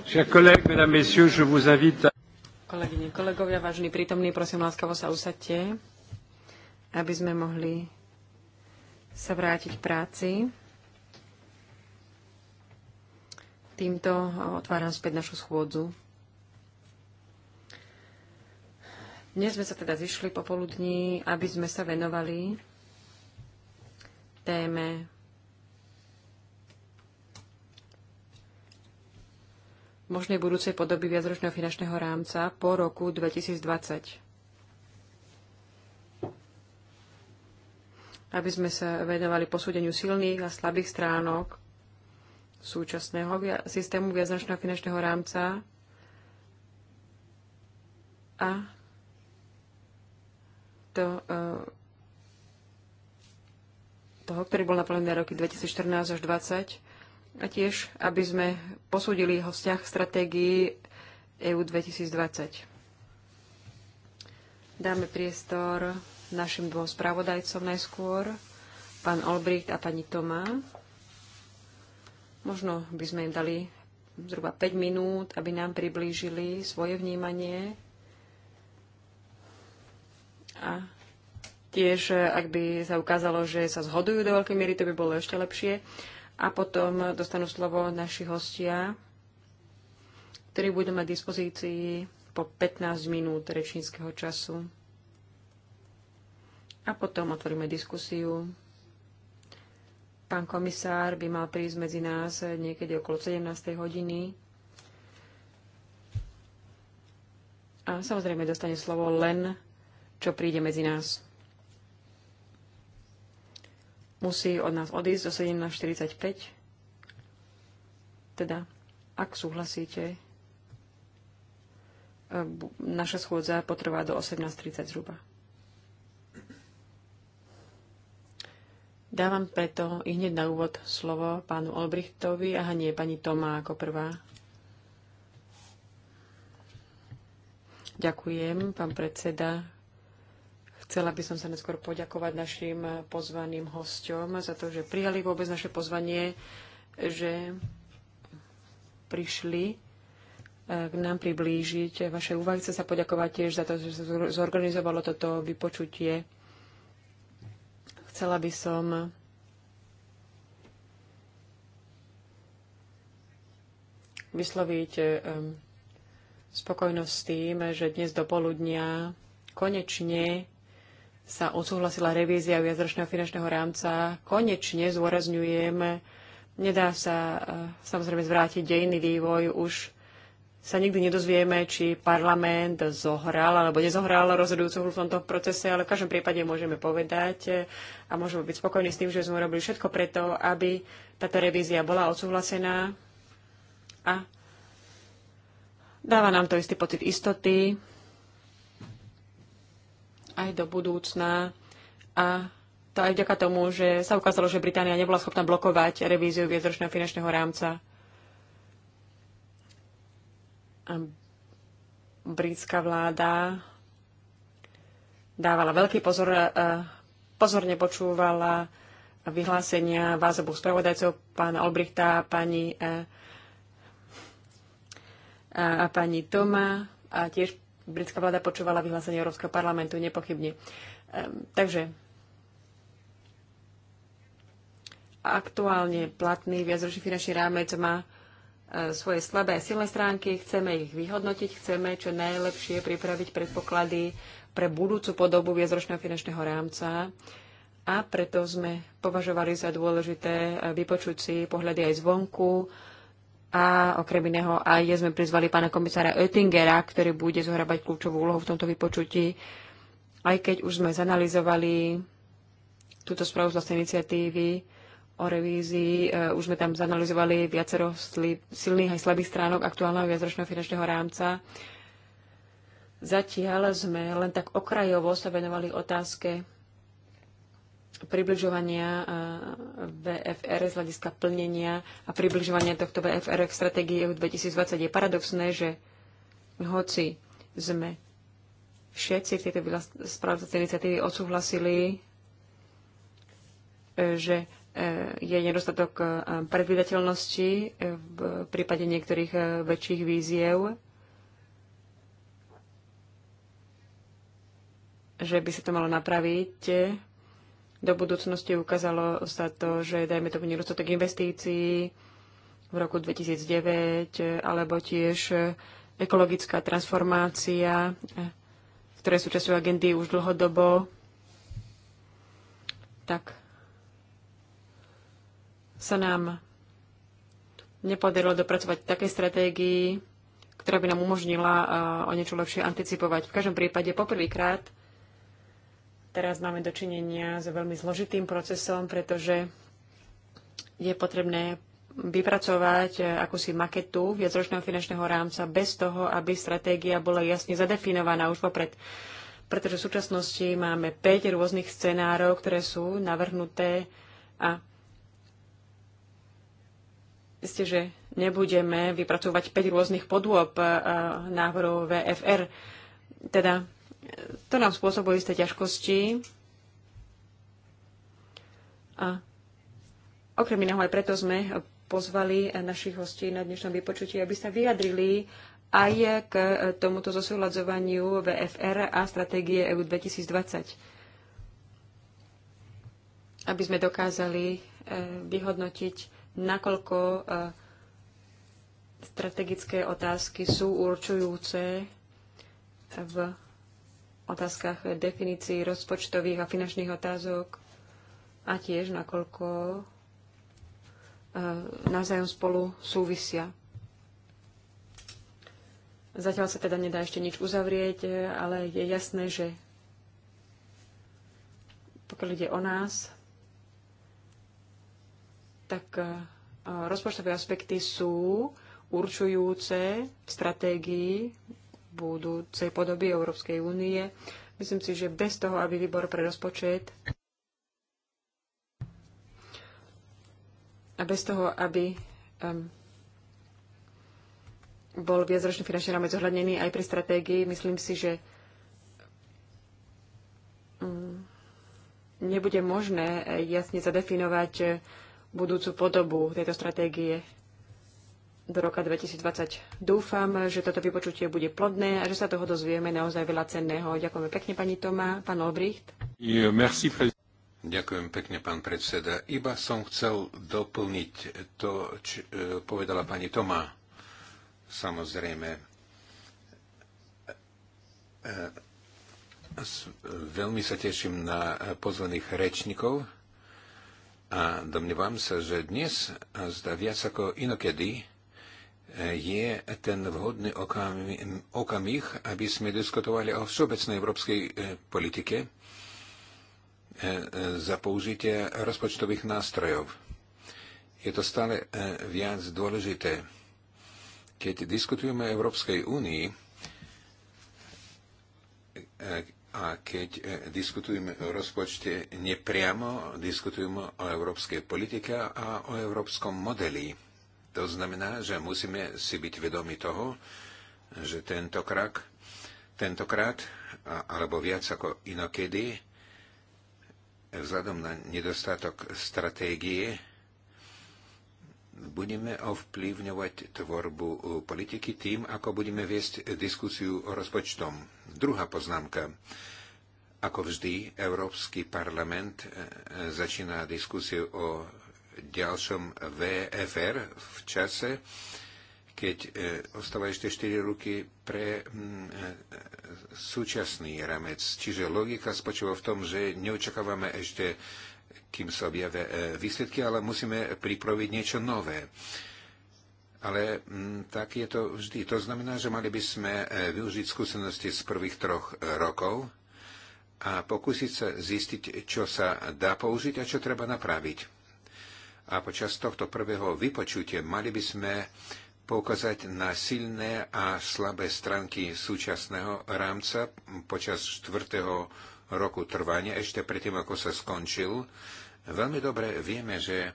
Kolegyne, kolegovia, vážení prítomní, prosím láskavo sa usadte, aby sme mohli sa vrátiť k práci. Týmto otváram späť našu schôdzu. Dnes sme sa teda zišli popoludní, aby sme sa venovali téme možnej budúcej podoby viacročného finančného rámca po roku 2020. Aby sme sa venovali posúdeniu silných a slabých stránok súčasného systému viacročného finančného rámca a to eh, toho, ktorý bol naplnený na roky 2014 až 2020 a tiež, aby sme posúdili jeho vzťah k stratégii EU 2020. Dáme priestor našim dvom spravodajcom najskôr, pán Olbricht a pani Tomá. Možno by sme im dali zhruba 5 minút, aby nám priblížili svoje vnímanie a tiež, ak by sa ukázalo, že sa zhodujú do veľkej miery, to by bolo ešte lepšie a potom dostanú slovo naši hostia, ktorí budú mať dispozícii po 15 minút rečníckého času. A potom otvoríme diskusiu. Pán komisár by mal prísť medzi nás niekedy okolo 17. hodiny. A samozrejme dostane slovo len, čo príde medzi nás musí od nás odísť do 17.45. Teda, ak súhlasíte, e, naša schôdza potrvá do 18.30 zhruba. Dávam preto i hneď na úvod slovo pánu Olbrichtovi a nie pani Tomá ako prvá. Ďakujem, pán predseda, Chcela by som sa neskôr poďakovať našim pozvaným hosťom za to, že prijali vôbec naše pozvanie, že prišli eh, k nám priblížiť vaše úvahy. Chcem sa poďakovať tiež za to, že sa zorganizovalo toto vypočutie. Chcela by som vysloviť eh, spokojnosť s tým, že dnes do poludnia konečne sa odsúhlasila revízia viacročného finančného rámca, konečne zôrazňujem, nedá sa e, samozrejme zvrátiť dejný vývoj, už sa nikdy nedozvieme, či parlament zohral alebo nezohral rozhodujúcu v tomto procese, ale v každom prípade môžeme povedať e, a môžeme byť spokojní s tým, že sme robili všetko preto, aby táto revízia bola odsúhlasená a dáva nám to istý pocit istoty, aj do budúcna a to aj vďaka tomu, že sa ukázalo, že Británia nebola schopná blokovať revíziu viedročného finančného rámca. A britská vláda dávala veľký pozor, e, pozorne počúvala vyhlásenia vás oboch spravodajcov, pána Olbrichta, pani, e, a pani Toma a tiež britská vláda počúvala vyhlásenie Európskeho parlamentu, nepochybne. Ehm, takže aktuálne platný viacročný finančný rámec má e, svoje slabé a silné stránky, chceme ich vyhodnotiť, chceme čo najlepšie pripraviť predpoklady pre budúcu podobu viacročného finančného rámca a preto sme považovali za dôležité e, vypočuť si pohľady aj zvonku, a okrem iného aj sme prizvali pána komisára Oettingera, ktorý bude zohrabať kľúčovú úlohu v tomto vypočutí. Aj keď už sme zanalizovali túto správu z vlastnej iniciatívy o revízii, e, už sme tam zanalizovali viacero silných aj slabých stránok aktuálneho viacročného finančného rámca. Zatiaľ sme len tak okrajovo sa venovali otázke približovania eh, VFR z hľadiska plnenia a približovania tohto VFR k stratégii EU 2020 je paradoxné, že hoci sme všetci v tejto správcacej iniciatívy odsúhlasili, eh, že eh, je nedostatok predvydateľnosti v prípade niektorých väčších víziev, že by sa to malo napraviť do budúcnosti. Ukázalo sa to, že dajme tomu nedostatok investícií v roku 2009, alebo tiež ekologická transformácia, ktoré sú časťou agendy už dlhodobo. Tak sa nám nepodarilo dopracovať také stratégii, ktorá by nám umožnila eh, o niečo lepšie anticipovať. V každom prípade poprvýkrát Teraz máme dočinenia s veľmi zložitým procesom, pretože je potrebné vypracovať eh, akúsi maketu viacročného finančného rámca bez toho, aby stratégia bola jasne zadefinovaná už vopred. Pretože v súčasnosti máme 5 rôznych scenárov, ktoré sú navrhnuté a ste, že nebudeme vypracovať 5 rôznych podôb eh, eh, návrhov VFR. Teda to nám spôsobuje isté ťažkosti. A okrem iného aj preto sme pozvali našich hostí na dnešnom vypočutí, aby sa vyjadrili aj k tomuto zosúľadzovaniu VFR a stratégie EU 2020. Aby sme dokázali e, vyhodnotiť, nakoľko e, strategické otázky sú určujúce v otázkach definícií rozpočtových a finančných otázok a tiež nakoľko e, navzájom spolu súvisia. Zatiaľ sa teda nedá ešte nič uzavrieť, ale je jasné, že pokiaľ ide o nás, tak e, rozpočtové aspekty sú určujúce v stratégii budúcej podoby Európskej únie. Myslím si, že bez toho, aby výbor pre rozpočet a bez toho, aby um, bol viacročný finančný rámec zohľadnený aj pri stratégii, myslím si, že um, nebude možné jasne zadefinovať budúcu podobu tejto stratégie do roka 2020. Dúfam, že toto vypočutie bude plodné a že sa toho dozvieme naozaj veľa cenného. Ďakujeme pekne, pani Tomá, pán Olbricht. Merci, Ďakujem pekne, pán predseda. Iba som chcel doplniť to, čo e, povedala pani Tomá. Samozrejme, e, veľmi sa teším na pozvaných rečníkov a domnievam sa, že dnes, a zda viac ako inokedy, je ten vhodný okamih, aby sme diskutovali o všeobecnej európskej e, politike e, e, za použitie rozpočtových nástrojov. Je to stále viac dôležité. Keď diskutujeme o Európskej únii a keď diskutujeme o rozpočte nepriamo, diskutujeme o európskej politike a o európskom modeli to znamená, že musíme si byť vedomi toho, že tento krok, tentokrát, alebo viac ako inokedy, vzhľadom na nedostatok stratégie, budeme ovplyvňovať tvorbu e, politiky tým, ako budeme viesť diskusiu o rozpočtom. Druhá poznámka. Ako vždy, Európsky parlament e, e, začína diskusiu o ďalšom VFR v čase, keď e, ostáva ešte 4 roky pre mm, e, súčasný ramec. Čiže logika spočíva v tom, že neočakávame ešte, kým sa objavia e, výsledky, ale musíme pripraviť niečo nové. Ale m, mm, tak je to vždy. To znamená, že mali by sme využiť skúsenosti z prvých troch rokov a pokúsiť sa zistiť, čo sa dá použiť a čo treba napraviť. A počas tohto prvého vypočutia mali by sme poukázať na silné a slabé stránky súčasného rámca počas štvrtého roku trvania, ešte predtým, ako sa skončil. Veľmi dobre vieme, že e,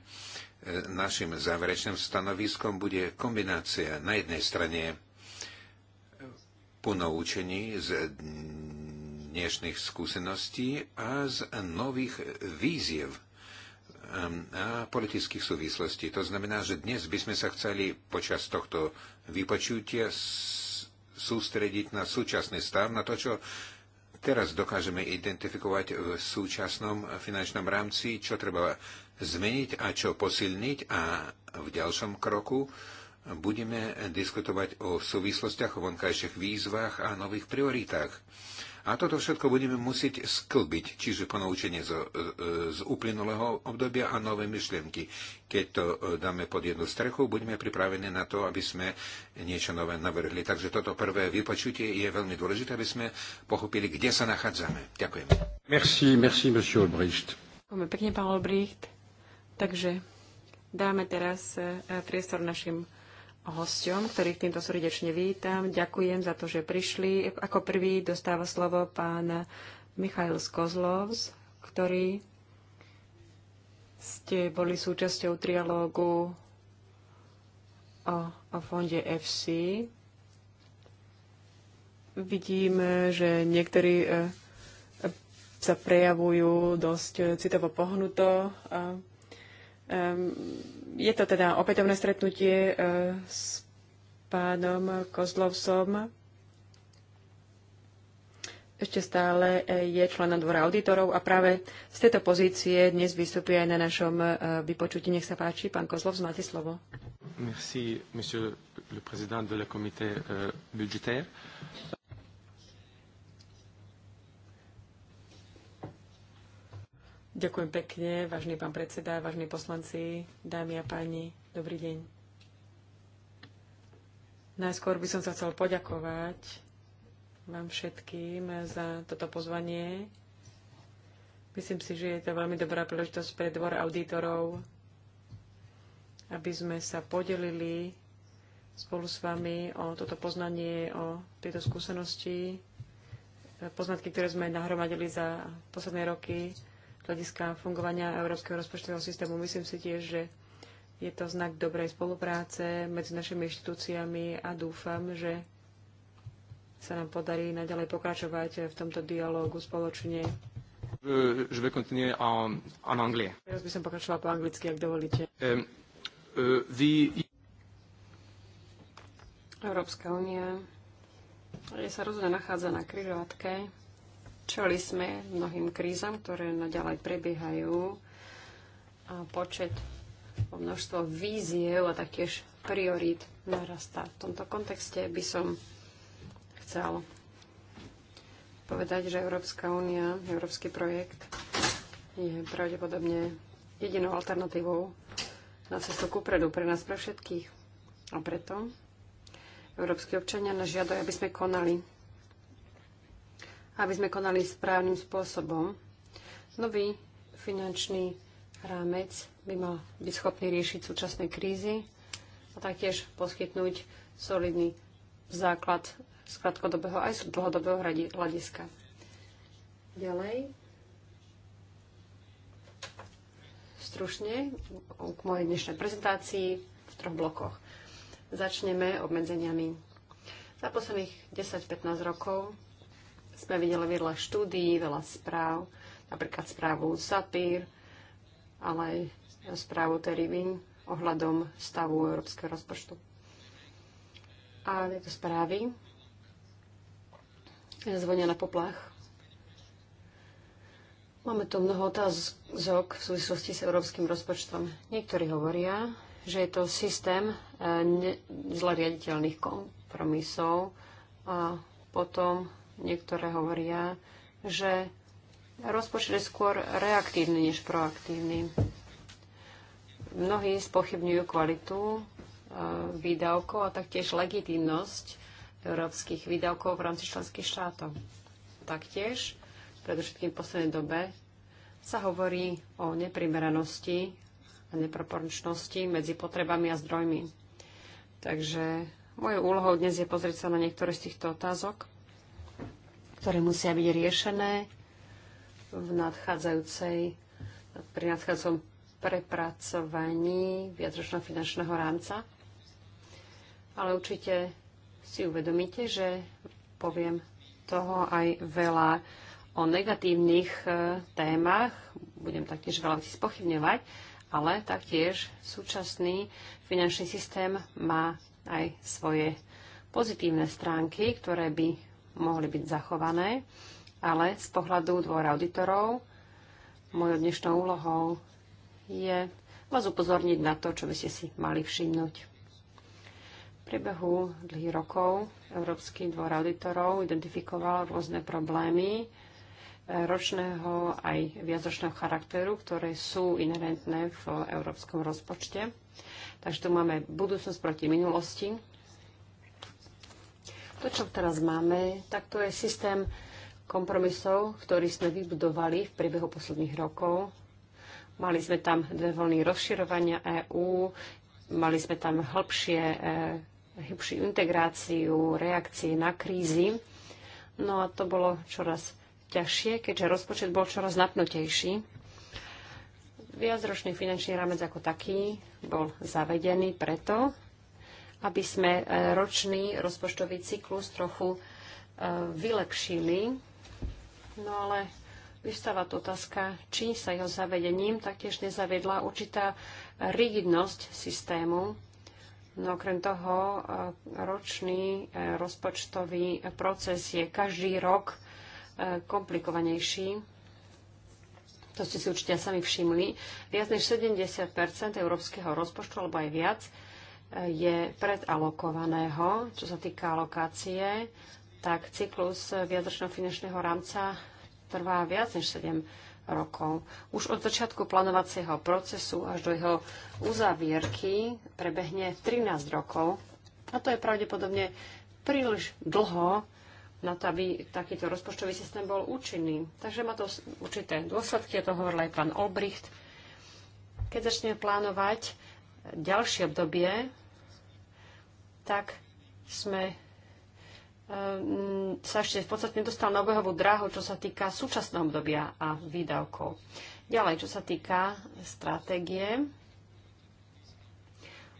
našim záverečným stanoviskom bude kombinácia na jednej strane ponaučení z dnešných skúseností a z nových víziev Ehm, a politických súvislostí. To znamená, že dnes by sme sa chceli počas tohto vypočutia sústrediť na súčasný stav, na to, čo teraz dokážeme identifikovať v súčasnom finančnom rámci, čo treba zmeniť a čo posilniť a v ďalšom kroku budeme diskutovať o súvislostiach, o vonkajších výzvach a nových prioritách. A toto všetko budeme musieť sklbiť, čiže ponaučenie e, e, z, z uplynulého obdobia a nové myšlienky. Keď to e, dáme pod jednu strechu, budeme pripravení na to, aby sme niečo nové navrhli. Takže toto prvé vypočutie je veľmi dôležité, aby sme pochopili, kde sa nachádzame. Ďakujem. Merci, merci, monsieur Olbricht. Ďakujeme pekne, pán Olbricht. Takže dáme teraz priestor našim hosťom, ktorých týmto srdečne vítam. Ďakujem za to, že prišli. Ako prvý dostáva slovo pán Michail Skozlovs, ktorý ste boli súčasťou trialógu o, o fonde FC. Vidím, že niektorí e, sa prejavujú dosť citovo pohnuto. Je to teda opätovné stretnutie e, s pánom Kozlovsom. Ešte stále e, je členom dvora auditorov a práve z tejto pozície dnes vystupuje aj na našom e, vypočutí. Nech sa páči, pán Kozlov, máte slovo. Merci, monsieur le président de la comité budgétaire. Ďakujem pekne, vážny pán predseda, vážni poslanci, dámy a páni, dobrý deň. Najskôr by som sa chcel poďakovať vám všetkým za toto pozvanie. Myslím si, že je to veľmi dobrá príležitosť pre dvor auditorov, aby sme sa podelili spolu s vami o toto poznanie, o tieto skúsenosti, poznatky, ktoré sme nahromadili za posledné roky hľadiska fungovania Európskeho rozpočtového systému. Myslím si tiež, že je to znak dobrej spolupráce medzi našimi inštitúciami a dúfam, že sa nám podarí naďalej pokračovať v tomto dialógu spoločne. Je vais continuer en, anglais. Teraz by som pokračovala po anglicky, ak dovolíte. Eh, eh, Európska únia je sa rozhodne nachádza na križovatke Čeli sme mnohým krízam, ktoré naďalej prebiehajú. A počet množstvo víziev a taktiež priorít narastá. V tomto kontexte by som chcel povedať, že Európska únia, európsky projekt je pravdepodobne jedinou alternatívou na cestu predu pre nás, pre všetkých. A preto európsky občania nás žiadajú, aby sme konali aby sme konali správnym spôsobom. Nový finančný rámec by mal byť schopný riešiť súčasné krízy a taktiež poskytnúť solidný základ z krátkodobého aj z dlhodobého hľadiska. Ďalej. Stručne k mojej dnešnej prezentácii v troch blokoch. Začneme obmedzeniami. Za posledných 10-15 rokov sme videli veľa štúdií, veľa správ, napríklad správu Sapír, ale aj správu Terivin ohľadom stavu európskeho rozpočtu. A tieto správy zvonia na poplach. Máme tu mnoho otázok v súvislosti s európskym rozpočtom. Niektorí hovoria, že je to systém e, zle riaditeľných kompromisov a potom Niektoré hovoria, že rozpočet je skôr reaktívny než proaktívny. Mnohí spochybňujú kvalitu e, výdavkov a taktiež legitimnosť európskych výdavkov v rámci členských štátov. Taktiež, predovšetkým v poslednej dobe, sa hovorí o neprimeranosti a neproporčnosti medzi potrebami a zdrojmi. Takže mojou úlohou dnes je pozrieť sa na niektoré z týchto otázok ktoré musia byť riešené v nadchádzajúcej, pri nadchádzajúcom prepracovaní viacročného finančného rámca. Ale určite si uvedomíte, že poviem toho aj veľa o negatívnych e, témach. Budem taktiež veľa si spochybňovať, ale taktiež súčasný finančný systém má aj svoje pozitívne stránky, ktoré by mohli byť zachované, ale z pohľadu dvora auditorov mojou dnešnou úlohou je vás upozorniť na to, čo by ste si mali všimnúť. V priebehu dlhých rokov Európsky dvor auditorov identifikoval rôzne problémy e, ročného aj viacročného charakteru, ktoré sú inherentné v európskom rozpočte. Takže tu máme budúcnosť proti minulosti to, čo teraz máme, tak to je systém kompromisov, ktorý sme vybudovali v priebehu posledných rokov. Mali sme tam dve voľny rozširovania EÚ, mali sme tam hĺbšie, e, hĺbšiu integráciu, reakcie na krízy. No a to bolo čoraz ťažšie, keďže rozpočet bol čoraz napnutejší. Viacročný finančný rámec ako taký bol zavedený preto, aby sme e, ročný rozpočtový cyklus trochu e, vylepšili. No ale vystáva to otázka, či sa jeho zavedením taktiež nezavedla určitá rigidnosť systému. No okrem toho, e, ročný rozpočtový proces je každý rok komplikovanejší. To ste si určite sami všimli. Viac než 70 európskeho rozpočtu, alebo aj viac, je predalokovaného, čo sa týka alokácie, tak cyklus viadočného finančného rámca trvá viac než 7 rokov. Už od začiatku plánovacieho procesu až do jeho uzavierky prebehne 13 rokov a to je pravdepodobne príliš dlho na to, aby takýto rozpočtový systém bol účinný. Takže má to určité dôsledky, to hovoril aj pán Olbricht. Keď začneme plánovať ďalšie obdobie tak sme ehm, sa ešte v podstate nedostal na obehovú dráhu, čo sa týka súčasného obdobia a výdavkov. Ďalej, čo sa týka stratégie,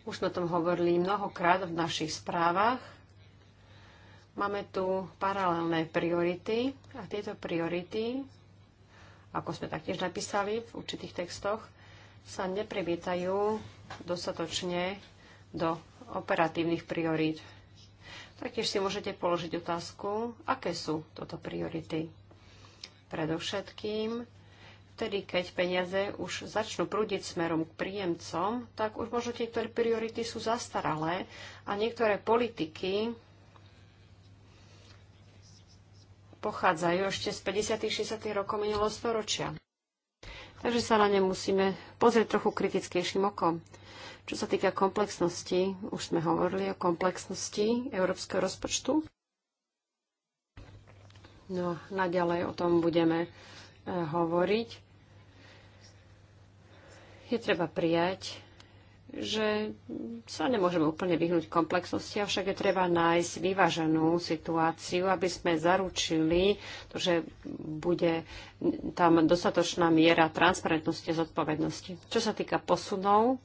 už sme o tom hovorili mnohokrát v našich správach. Máme tu paralelné priority a tieto priority, ako sme taktiež napísali v určitých textoch, sa neprevietajú dostatočne do operatívnych priorít. Taktiež si môžete položiť otázku, aké sú toto priority. Predovšetkým, vtedy, keď peniaze už začnú prúdiť smerom k príjemcom, tak už možno niektoré priority sú zastaralé a niektoré politiky pochádzajú ešte z 50. 60. rokov minulého storočia. Takže sa na ne musíme pozrieť trochu kritickejším okom. Čo sa týka komplexnosti, už sme hovorili o komplexnosti európskeho rozpočtu. No, naďalej o tom budeme e, hovoriť. Je treba prijať, že sa nemôžeme úplne vyhnúť komplexnosti, avšak je treba nájsť vyváženú situáciu, aby sme zaručili to, že bude tam dostatočná miera transparentnosti a zodpovednosti. Čo sa týka posunov,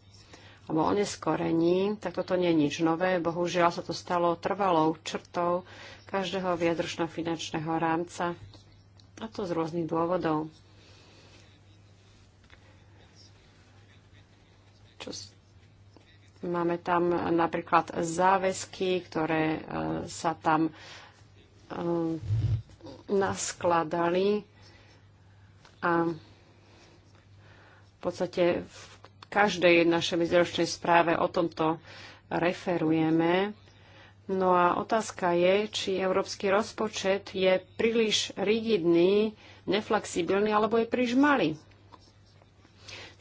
alebo oneskorení, tak toto nie je nič nové. Bohužiaľ sa to stalo trvalou črtou každého viadročno-finančného rámca, a to z rôznych dôvodov. Čo Máme tam napríklad záväzky, ktoré e, sa tam e, naskladali a v podstate v každej našej medziročnej správe o tomto referujeme. No a otázka je, či európsky rozpočet je príliš rigidný, neflexibilný alebo je príliš malý.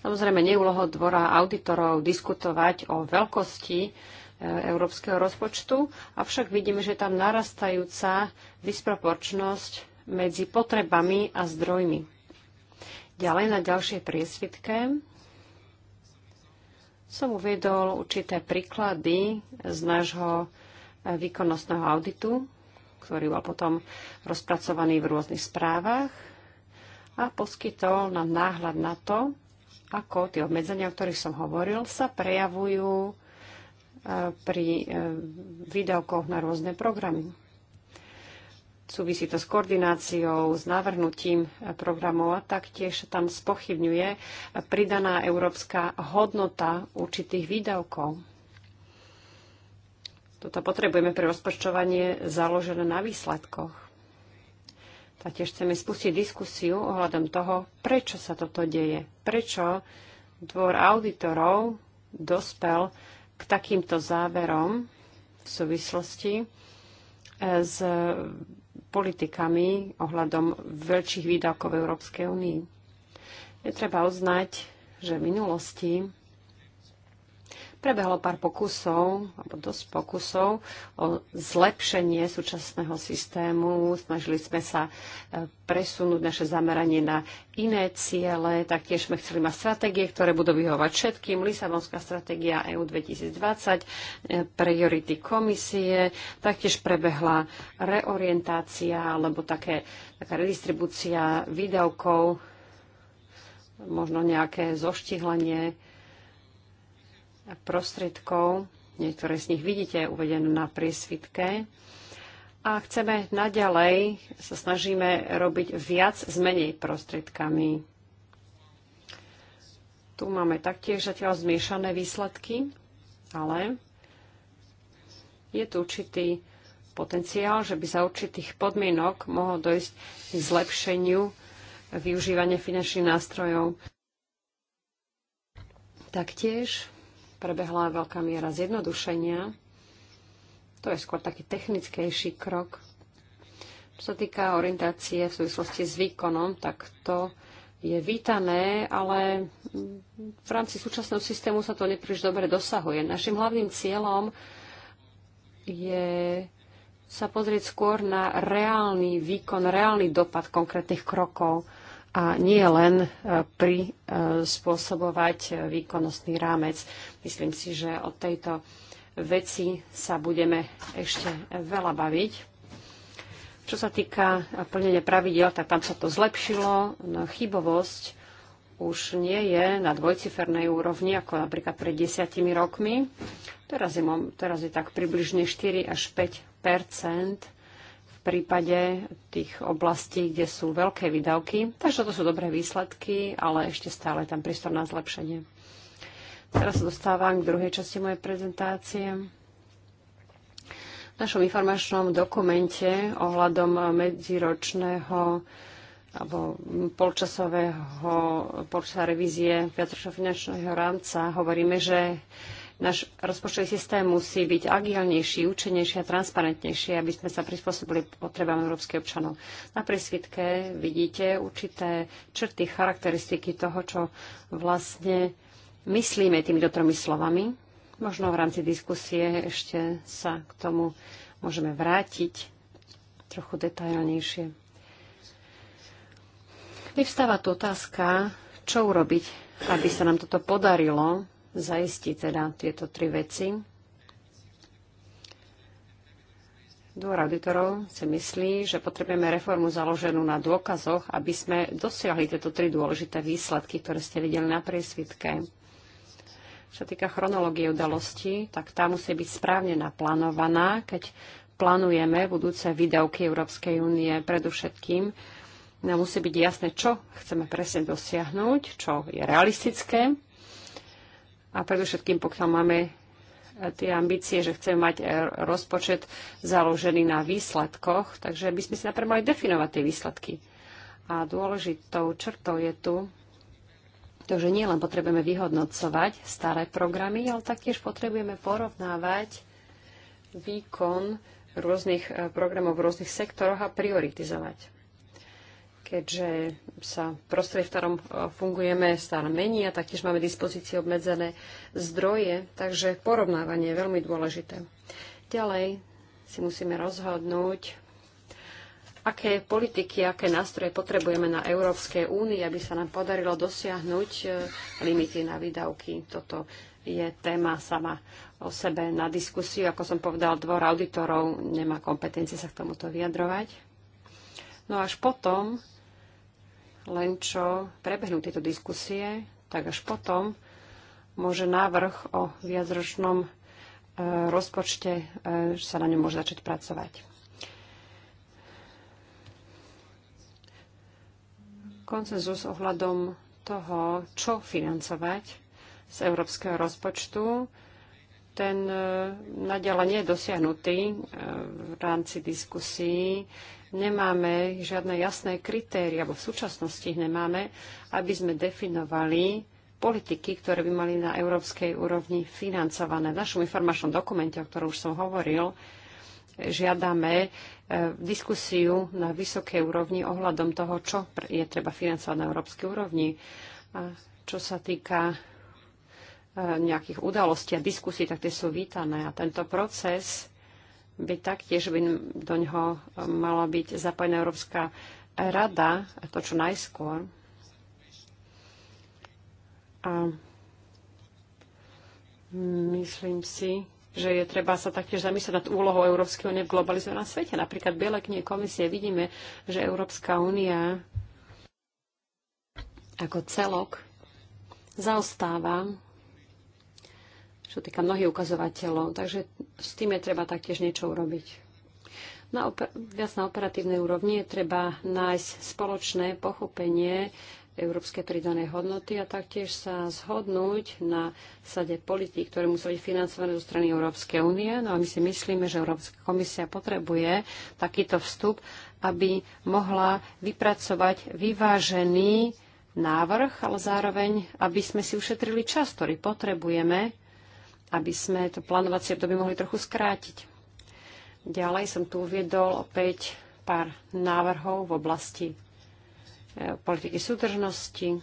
Samozrejme, neúloho dvora auditorov diskutovať o veľkosti e, európskeho rozpočtu, avšak vidíme, že tam narastajúca disproporčnosť medzi potrebami a zdrojmi. Ďalej na ďalšej priesvitke som uviedol určité príklady z nášho eh, výkonnostného auditu, ktorý bol potom rozpracovaný v rôznych správach a poskytol nám náhľad na to, ako tie obmedzenia, o ktorých som hovoril, sa prejavujú eh, pri eh, výdavkoch na rôzne programy. Súvisí to s koordináciou, s navrhnutím programov a taktiež tam spochybňuje pridaná európska hodnota určitých výdavkov. Toto potrebujeme pre rozpočtovanie založené na výsledkoch. Taktiež chceme spustiť diskusiu ohľadom toho, prečo sa toto deje, prečo dvor auditorov dospel k takýmto záverom v súvislosti s politikami ohľadom veľkých výdavkov v Európskej únie. Je treba uznať, že v minulosti Prebehlo pár pokusov, alebo dosť pokusov o zlepšenie súčasného systému. Snažili sme sa e, presunúť naše zameranie na iné ciele, taktiež sme chceli mať stratégie, ktoré budú vyhovať všetkým. Lisabonská stratégia EU 2020, e, priority komisie, taktiež prebehla reorientácia alebo také, taká redistribúcia výdavkov možno nejaké zoštihlenie prostriedkov. Niektoré z nich vidíte uvedené na priesvitke. A chceme naďalej, sa snažíme robiť viac s menej prostriedkami. Tu máme taktiež zatiaľ zmiešané výsledky, ale je tu určitý potenciál, že by za určitých podmienok mohlo dojsť k zlepšeniu využívania finančných nástrojov. Taktiež prebehla veľká miera zjednodušenia. To je skôr taký technickejší krok. Čo sa týka orientácie v súvislosti s výkonom, tak to je vítané, ale v rámci súčasného systému sa to nepríliš dobre dosahuje. Našim hlavným cieľom je sa pozrieť skôr na reálny výkon, reálny dopad konkrétnych krokov a nie len e, prispôsobovať e, e, výkonnostný rámec. Myslím si, že o tejto veci sa budeme ešte veľa baviť. Čo sa týka plnenia pravidel, tak tam sa to zlepšilo. No, chybovosť už nie je na dvojcifernej úrovni, ako napríklad pred desiatimi rokmi. Teraz je, teraz je tak približne 4 až 5 prípade tých oblastí, kde sú veľké výdavky. Takže to sú dobré výsledky, ale ešte stále tam prístor na zlepšenie. Teraz sa dostávam k druhej časti mojej prezentácie. V našom informačnom dokumente ohľadom medziročného alebo polčasového polčasa revízie viacročného finančného rámca hovoríme, že náš rozpočtový systém musí byť agilnejší, účinnejší a transparentnejší, aby sme sa prispôsobili potrebám európskych občanov. Na presvitke vidíte určité črty, charakteristiky toho, čo vlastne myslíme týmito tromi slovami. Možno v rámci diskusie ešte sa k tomu môžeme vrátiť trochu detailnejšie. Vyvstáva tu otázka, čo urobiť, aby sa nám toto podarilo zaistiť teda tieto tri veci. Dvor auditorov si myslí, že potrebujeme reformu založenú na dôkazoch, aby sme dosiahli tieto tri dôležité výsledky, ktoré ste videli na priesvitke. Čo týka chronológie udalostí, tak tá musí byť správne naplánovaná, keď plánujeme budúce výdavky Európskej únie predovšetkým. Nám musí byť jasné, čo chceme presne dosiahnuť, čo je realistické a predovšetkým, pokiaľ máme e, tie ambície, že chceme mať e, rozpočet založený na výsledkoch, takže by sme si napríklad mali definovať tie výsledky. A dôležitou črtou je tu, to, že nie len potrebujeme vyhodnocovať staré programy, ale taktiež potrebujeme porovnávať výkon rôznych e, programov v rôznych sektoroch a prioritizovať keďže sa prostredie, v ktorom e, fungujeme, stále mení a taktiež máme dispozície obmedzené zdroje, takže porovnávanie je veľmi dôležité. Ďalej si musíme rozhodnúť, aké politiky, aké nástroje potrebujeme na Európskej únii, aby sa nám podarilo dosiahnuť e, limity na výdavky. Toto je téma sama o sebe na diskusiu. Ako som povedal, dvor auditorov nemá kompetencie sa k tomuto vyjadrovať. No až potom len čo prebehnú tieto diskusie, tak až potom môže návrh o viacročnom e, rozpočte e, sa na ňom môže začať pracovať. Konsenzus ohľadom toho, čo financovať z európskeho rozpočtu, ten e, naďalej nie je dosiahnutý v rámci diskusí nemáme žiadne jasné kritéria, alebo v súčasnosti ich nemáme, aby sme definovali politiky, ktoré by mali na európskej úrovni financované. V našom informačnom dokumente, o ktorom už som hovoril, žiadame e, diskusiu na vysokej úrovni ohľadom toho, čo je treba financovať na európskej úrovni. A čo sa týka e, nejakých udalostí a diskusí, tak tie sú vítané. A tento proces by taktiež by do ňoho e, mala byť zapojená Európska rada, a to čo najskôr. A myslím si, že je treba sa taktiež zamyslieť nad úlohou Európskej únie v globalizovanom svete. Napríklad biele Bielej knihe komisie vidíme, že Európska únia ako celok zaostáva čo týka mnohých ukazovateľov. Takže s tým je treba taktiež niečo urobiť. Na oper- viac na operatívnej úrovni je treba nájsť spoločné pochopenie európskej pridanej hodnoty a taktiež sa zhodnúť na sade politík, ktoré museli byť financované zo strany Európskej únie. No a my si myslíme, že Európska komisia potrebuje takýto vstup, aby mohla vypracovať vyvážený návrh, ale zároveň, aby sme si ušetrili čas, ktorý potrebujeme aby sme to plánovacie obdobie mohli trochu skrátiť. Ďalej som tu uviedol opäť pár návrhov v oblasti e, politiky súdržnosti.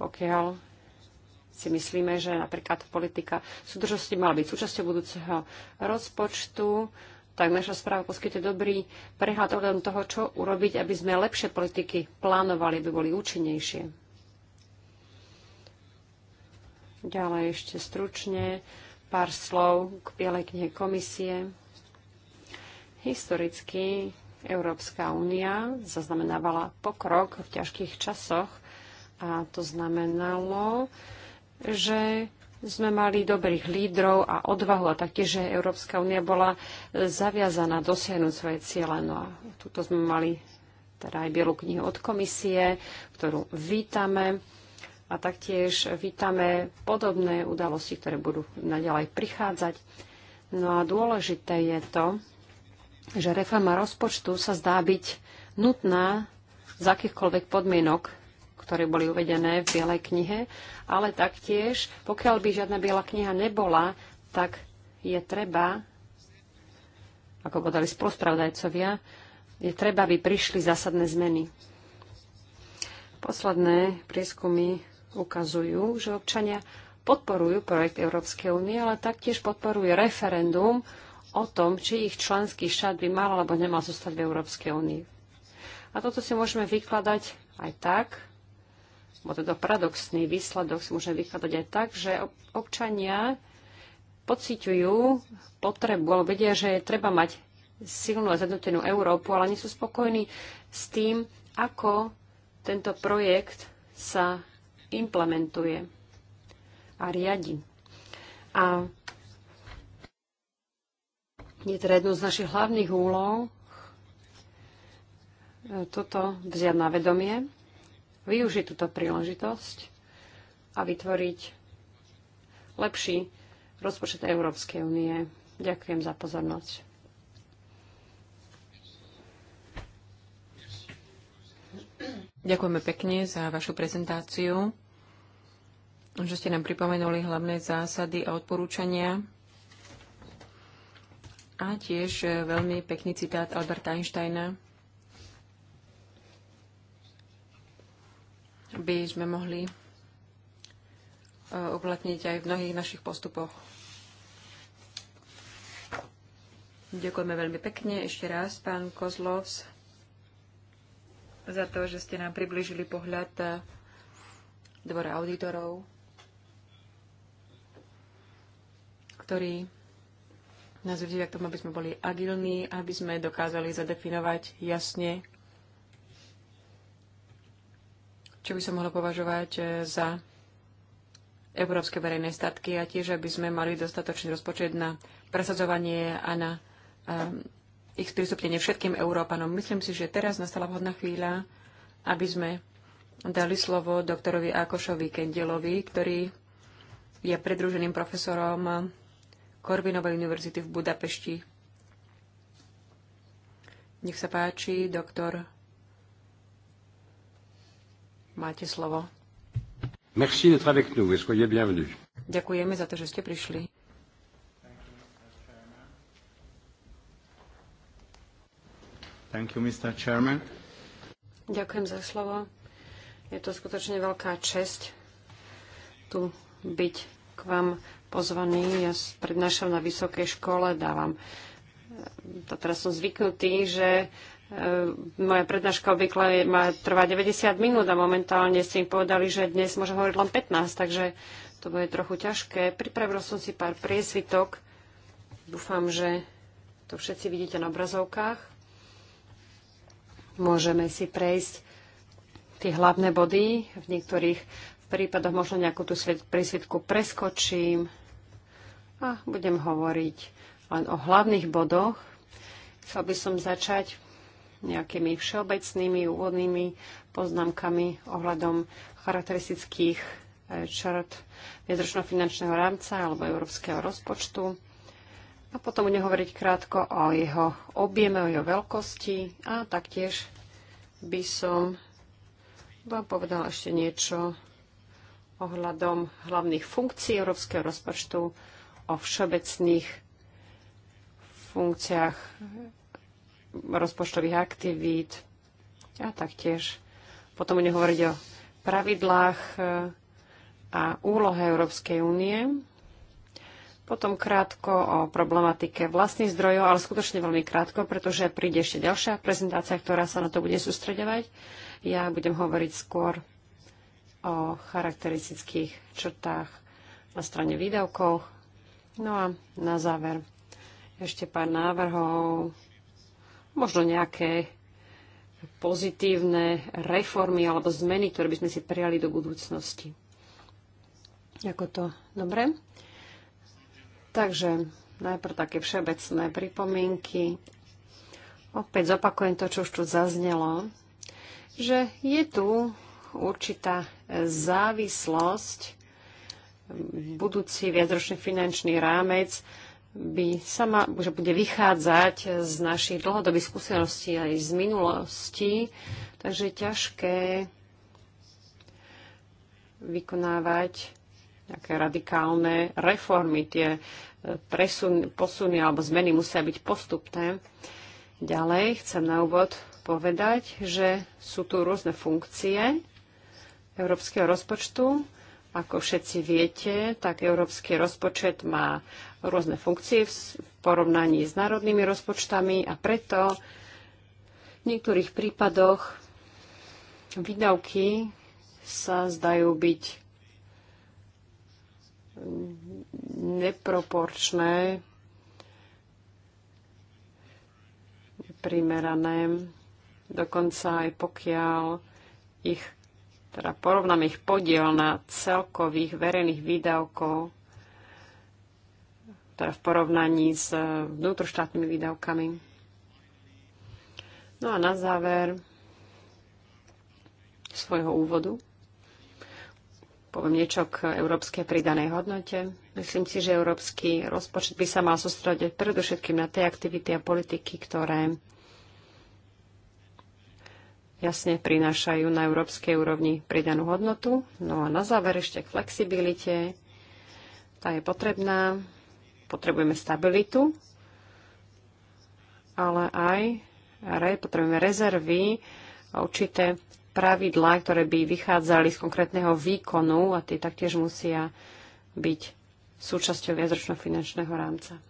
Pokiaľ si myslíme, že napríklad politika súdržnosti mala byť súčasťou budúceho rozpočtu, tak naša správa poskytuje dobrý prehľad ohľadom toho, čo urobiť, aby sme lepšie politiky plánovali, aby boli účinnejšie. Ďalej ešte stručne pár slov k Bielej knihe komisie. Historicky Európska únia zaznamenávala pokrok v ťažkých časoch a to znamenalo, že sme mali dobrých lídrov a odvahu a taktiež, že Európska únia bola zaviazaná dosiahnuť svoje ciele. No a tuto sme mali teda aj Bielu knihu od komisie, ktorú vítame a taktiež vítame podobné udalosti, ktoré budú naďalej prichádzať. No a dôležité je to, že reforma rozpočtu sa zdá byť nutná z akýchkoľvek podmienok, ktoré boli uvedené v Bielej knihe, ale taktiež, pokiaľ by žiadna Biela kniha nebola, tak je treba, ako povedali sprospravdajcovia, je treba, aby prišli zásadné zmeny. Posledné prieskumy ukazujú, že občania podporujú projekt Európskej únie, ale taktiež podporujú referendum o tom, či ich členský štát by mal alebo nemal zostať v Európskej únii. A toto si môžeme vykladať aj tak, bo teda paradoxný výsledok si môžeme vykladať aj tak, že občania pociťujú potrebu, alebo vedia, že je treba mať silnú a zjednotenú Európu, ale nie sú spokojní s tým, ako tento projekt sa implementuje a riadi. A je teda jednou z našich hlavných úloh e, toto vziať na vedomie, využiť túto príležitosť a vytvoriť lepší rozpočet Európskej únie. Ďakujem za pozornosť. Ďakujeme pekne za vašu prezentáciu, že ste nám pripomenuli hlavné zásady a odporúčania a tiež veľmi pekný citát Alberta Einsteina. By sme mohli e, uplatniť aj v mnohých našich postupoch. Ďakujeme veľmi pekne ešte raz, pán Kozlovs za to, že ste nám približili pohľad e, dvora auditorov, ktorí nás vyzýva k tomu, aby sme boli agilní, aby sme dokázali zadefinovať jasne, čo by sa mohlo považovať e, za európske verejné statky a tiež, aby sme mali dostatočný rozpočet na presadzovanie a na um, ich sprístupnenie všetkým Európanom. Myslím si, že teraz nastala vhodná chvíľa, aby sme dali slovo doktorovi Akošovi Kendelovi, ktorý je predruženým profesorom Korvinovej univerzity v Budapešti. Nech sa páči, doktor. Máte slovo. Merci d'être avec nous et soyez Ďakujeme za to, že ste prišli. Thank you, Mr. Chairman. Ďakujem za slovo. Je to skutočne veľká česť tu byť k vám pozvaný. Ja prednášam na vysokej škole, dávam e, to teraz som zvyknutý, že e, moja prednáška obvykle má trvá 90 minút a momentálne ste im povedali, že dnes môžem hovoriť len 15, takže to bude trochu ťažké. Pripravil som si pár priesvitok. Dúfam, že to všetci vidíte na obrazovkách. Môžeme si prejsť tie hlavné body. V niektorých prípadoch možno nejakú tú prísvitku preskočím a budem hovoriť len o hlavných bodoch. Chcel by som začať nejakými všeobecnými úvodnými poznámkami ohľadom charakteristických eh, črt viedročno-finančného rámca alebo európskeho rozpočtu a potom budem hovoriť krátko o jeho objeme, o jeho veľkosti a taktiež by som vám povedala ešte niečo ohľadom hlavných funkcií európskeho rozpočtu, o všeobecných funkciách rozpočtových aktivít a taktiež potom budem hovoriť o pravidlách e, a úlohe Európskej únie potom krátko o problematike vlastných zdrojov, ale skutočne veľmi krátko, pretože príde ešte ďalšia prezentácia, ktorá sa na to bude sústredovať. Ja budem hovoriť skôr o charakteristických črtách na strane výdavkov. No a na záver ešte pár návrhov, možno nejaké pozitívne reformy alebo zmeny, ktoré by sme si prijali do budúcnosti. Ako to? Dobre. Takže najprv také všeobecné pripomienky. Opäť zopakujem to, čo už tu zaznelo, že je tu určitá závislosť. Budúci viacročný finančný rámec by sama, že bude vychádzať z našich dlhodobých skúseností aj z minulosti, takže je ťažké vykonávať nejaké radikálne reformy. Tie e, presun, posuny alebo zmeny musia byť postupné. Ďalej chcem na úvod povedať, že sú tu rôzne funkcie európskeho rozpočtu. Ako všetci viete, tak európsky rozpočet má rôzne funkcie v porovnaní s národnými rozpočtami a preto v niektorých prípadoch výdavky sa zdajú byť neproporčné, neprimerané, dokonca aj pokiaľ ich, teda porovnám ich podiel na celkových verejných výdavkov, teda v porovnaní s vnútroštátnymi výdavkami. No a na záver svojho úvodu poviem niečo k európskej pridanej hodnote. Myslím si, že európsky rozpočet by sa mal sústrediť predovšetkým na tie aktivity a politiky, ktoré jasne prinášajú na európskej úrovni pridanú hodnotu. No a na záver ešte k flexibilite. Tá je potrebná. Potrebujeme stabilitu, ale aj potrebujeme rezervy a určité pravidlá, ktoré by vychádzali z konkrétneho výkonu a tie taktiež musia byť súčasťou viacročného finančného rámca.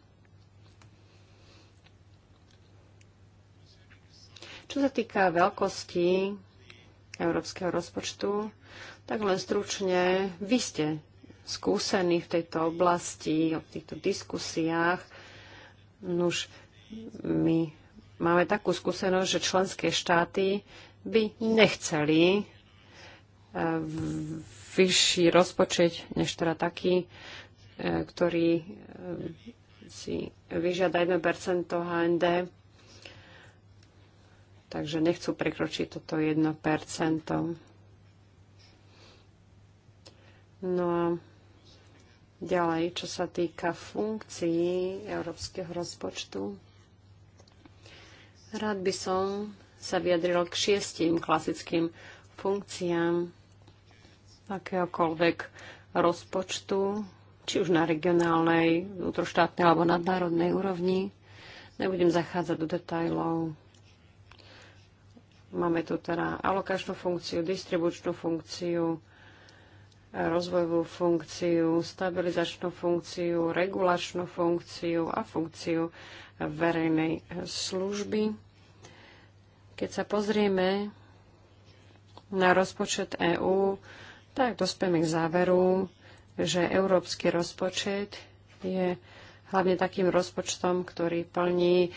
Čo sa týka veľkosti európskeho rozpočtu, tak len stručne, vy ste skúsení v tejto oblasti, v týchto diskusiách. Nuž, my máme takú skúsenosť, že členské štáty by nechceli eh, vyšší rozpočet, než teda taký, eh, ktorý eh, si vyžiada 1% HND. Takže nechcú prekročiť toto 1%. No a ďalej, čo sa týka funkcií európskeho rozpočtu, rád by som sa vyjadril k šiestim klasickým funkciám akéhokoľvek rozpočtu, či už na regionálnej, vnútroštátnej alebo nadnárodnej úrovni. Nebudem zachádzať do detajlov. Máme tu teda alokačnú funkciu, distribučnú funkciu, rozvojovú funkciu, stabilizačnú funkciu, regulačnú funkciu a funkciu verejnej služby. Keď sa pozrieme na rozpočet EÚ, tak dospieme k záveru, že európsky rozpočet je hlavne takým rozpočtom, ktorý plní e,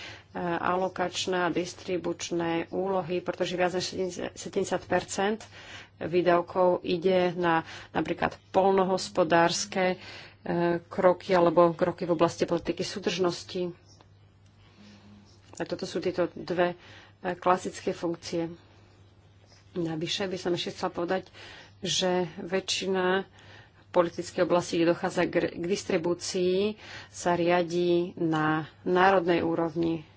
alokačné a distribučné úlohy, pretože viac než 70 výdavkov ide na napríklad polnohospodárske e, kroky alebo kroky v oblasti politiky súdržnosti. A toto sú tieto dve E, klasické funkcie. Navyše by som ešte chcela povedať, že väčšina politickej oblasti, kde dochádza k, distribúcii, sa riadi na národnej úrovni.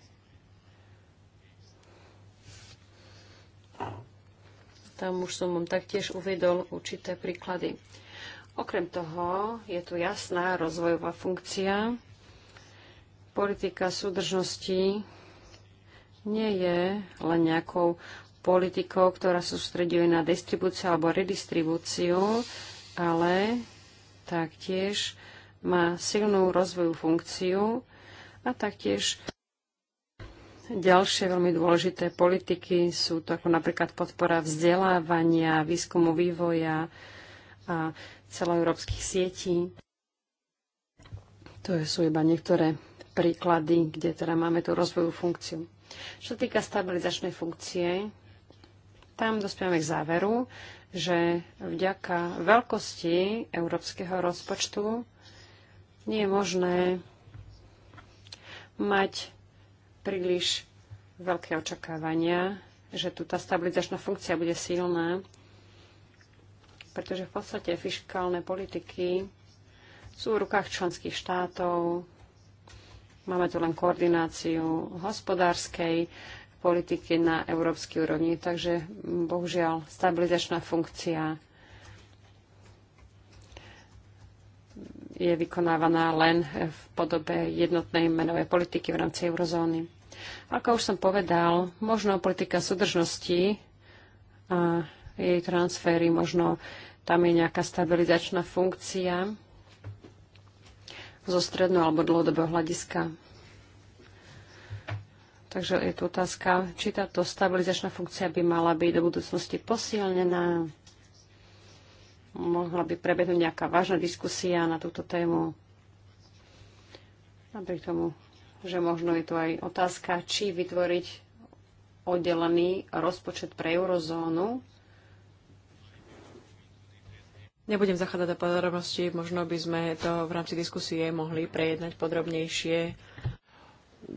Tam už som vám taktiež uvedol určité príklady. Okrem toho je tu jasná rozvojová funkcia. Politika súdržnosti nie je len nejakou politikou, ktorá sústreduje na distribúciu alebo redistribúciu, ale taktiež má silnú rozvojú funkciu a taktiež ďalšie veľmi dôležité politiky sú to ako napríklad podpora vzdelávania, výskumu vývoja a celoeurópskych sietí. To sú iba niektoré príklady, kde teda máme tú rozvojú funkciu. Čo sa týka stabilizačnej funkcie, tam dospievame k záveru, že vďaka veľkosti európskeho rozpočtu nie je možné mať príliš veľké očakávania, že tu tá stabilizačná funkcia bude silná, pretože v podstate fiskálne politiky sú v rukách členských štátov, Máme tu len koordináciu hospodárskej politiky na európskej úrovni, takže bohužiaľ stabilizačná funkcia je vykonávaná len v podobe jednotnej menovej politiky v rámci eurozóny. Ako už som povedal, možno politika súdržnosti a jej transfery, možno tam je nejaká stabilizačná funkcia, zo stredného alebo dlhodobého hľadiska. Takže je tu otázka, či táto stabilizačná funkcia by mala byť do budúcnosti posilnená. Mohla by prebehnúť nejaká vážna diskusia na túto tému. Napriek tomu, že možno je tu aj otázka, či vytvoriť oddelený rozpočet pre eurozónu, Nebudem zachádzať do podrobností, možno by sme to v rámci diskusie mohli prejednať podrobnejšie.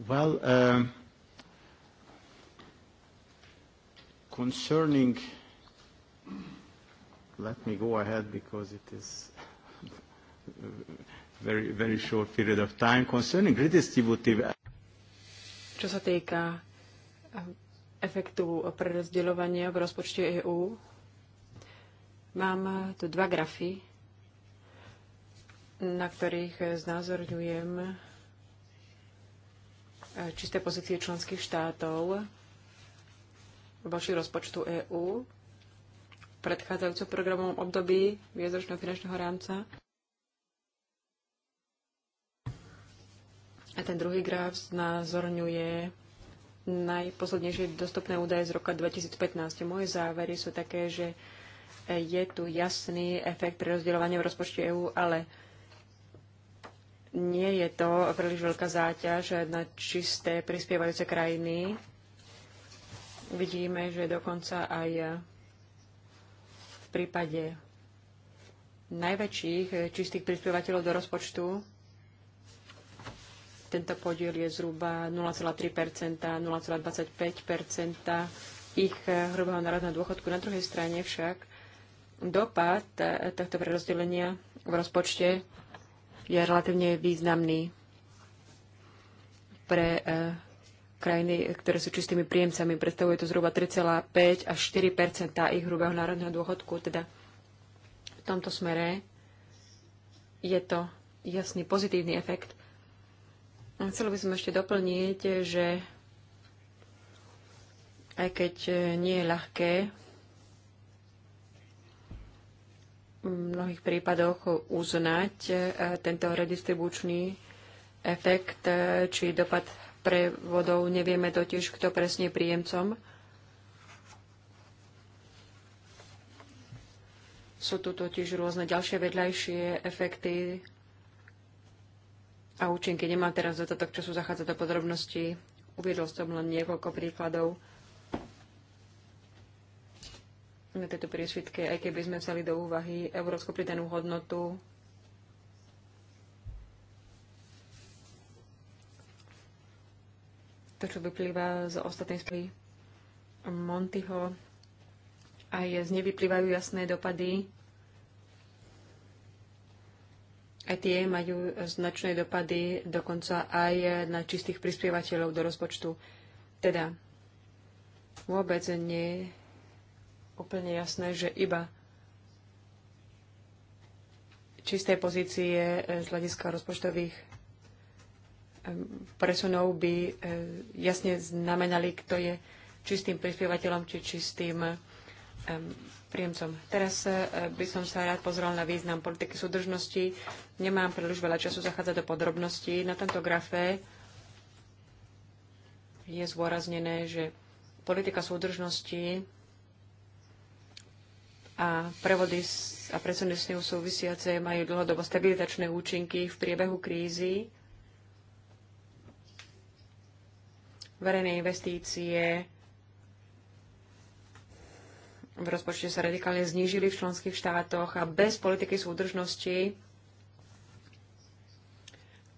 Well, um, concerning let me go ahead because it is [LAUGHS] very, very short period of time concerning redistributive e- čo sa týka um, efektu prerozdeľovania v rozpočte EÚ, Mám tu dva grafy, na ktorých znázorňujem e, čisté pozície členských štátov voči rozpočtu EÚ v predchádzajúcom programovom období viacročného finančného rámca. A ten druhý graf znázorňuje najposlednejšie dostupné údaje z roka 2015. Moje závery sú také, že je tu jasný efekt pri v rozpočte EÚ, ale nie je to príliš veľká záťaž na čisté prispievajúce krajiny. Vidíme, že dokonca aj v prípade najväčších čistých prispievateľov do rozpočtu tento podiel je zhruba 0,3 0,25 ich hrubého národného dôchodku. Na druhej strane však dopad e, tohto prerozdelenia v rozpočte je relatívne významný pre e, krajiny, ktoré sú čistými príjemcami. Predstavuje to zhruba 3,5 až 4 ich hrubého národného dôchodku. Teda v tomto smere je to jasný pozitívny efekt. Chcel by som ešte doplniť, že aj keď e, nie je ľahké mnohých prípadoch uznať e, tento redistribučný efekt e, či dopad prevodov. Nevieme totiž, kto presne príjemcom. Sú tu totiž rôzne ďalšie vedľajšie efekty a účinky. Nemám teraz do toto času zachádzať do podrobností. Uviedol som len niekoľko príkladov na tejto priešvitke, aj keby sme vzali do úvahy európsku pridanú hodnotu to, čo vyplýva z ostatnej správy Montyho, aj z nevyplývajú jasné dopady. Aj tie majú značné dopady, dokonca aj na čistých prispievateľov do rozpočtu. Teda vôbec nie úplne jasné, že iba čistej pozície e, z hľadiska rozpočtových presunov by e, jasne znamenali, kto je čistým prispievateľom či čistým príjemcom. Teraz e, by som sa rád pozrel na význam politiky súdržnosti. Nemám príliš veľa času zachádzať do podrobností. Na tomto grafe je zvoraznené, že politika súdržnosti a prevody a presuny s ňou súvisiace majú dlhodobo stabilitačné účinky v priebehu krízy. Verejné investície v rozpočte sa radikálne znížili v členských štátoch a bez politiky súdržnosti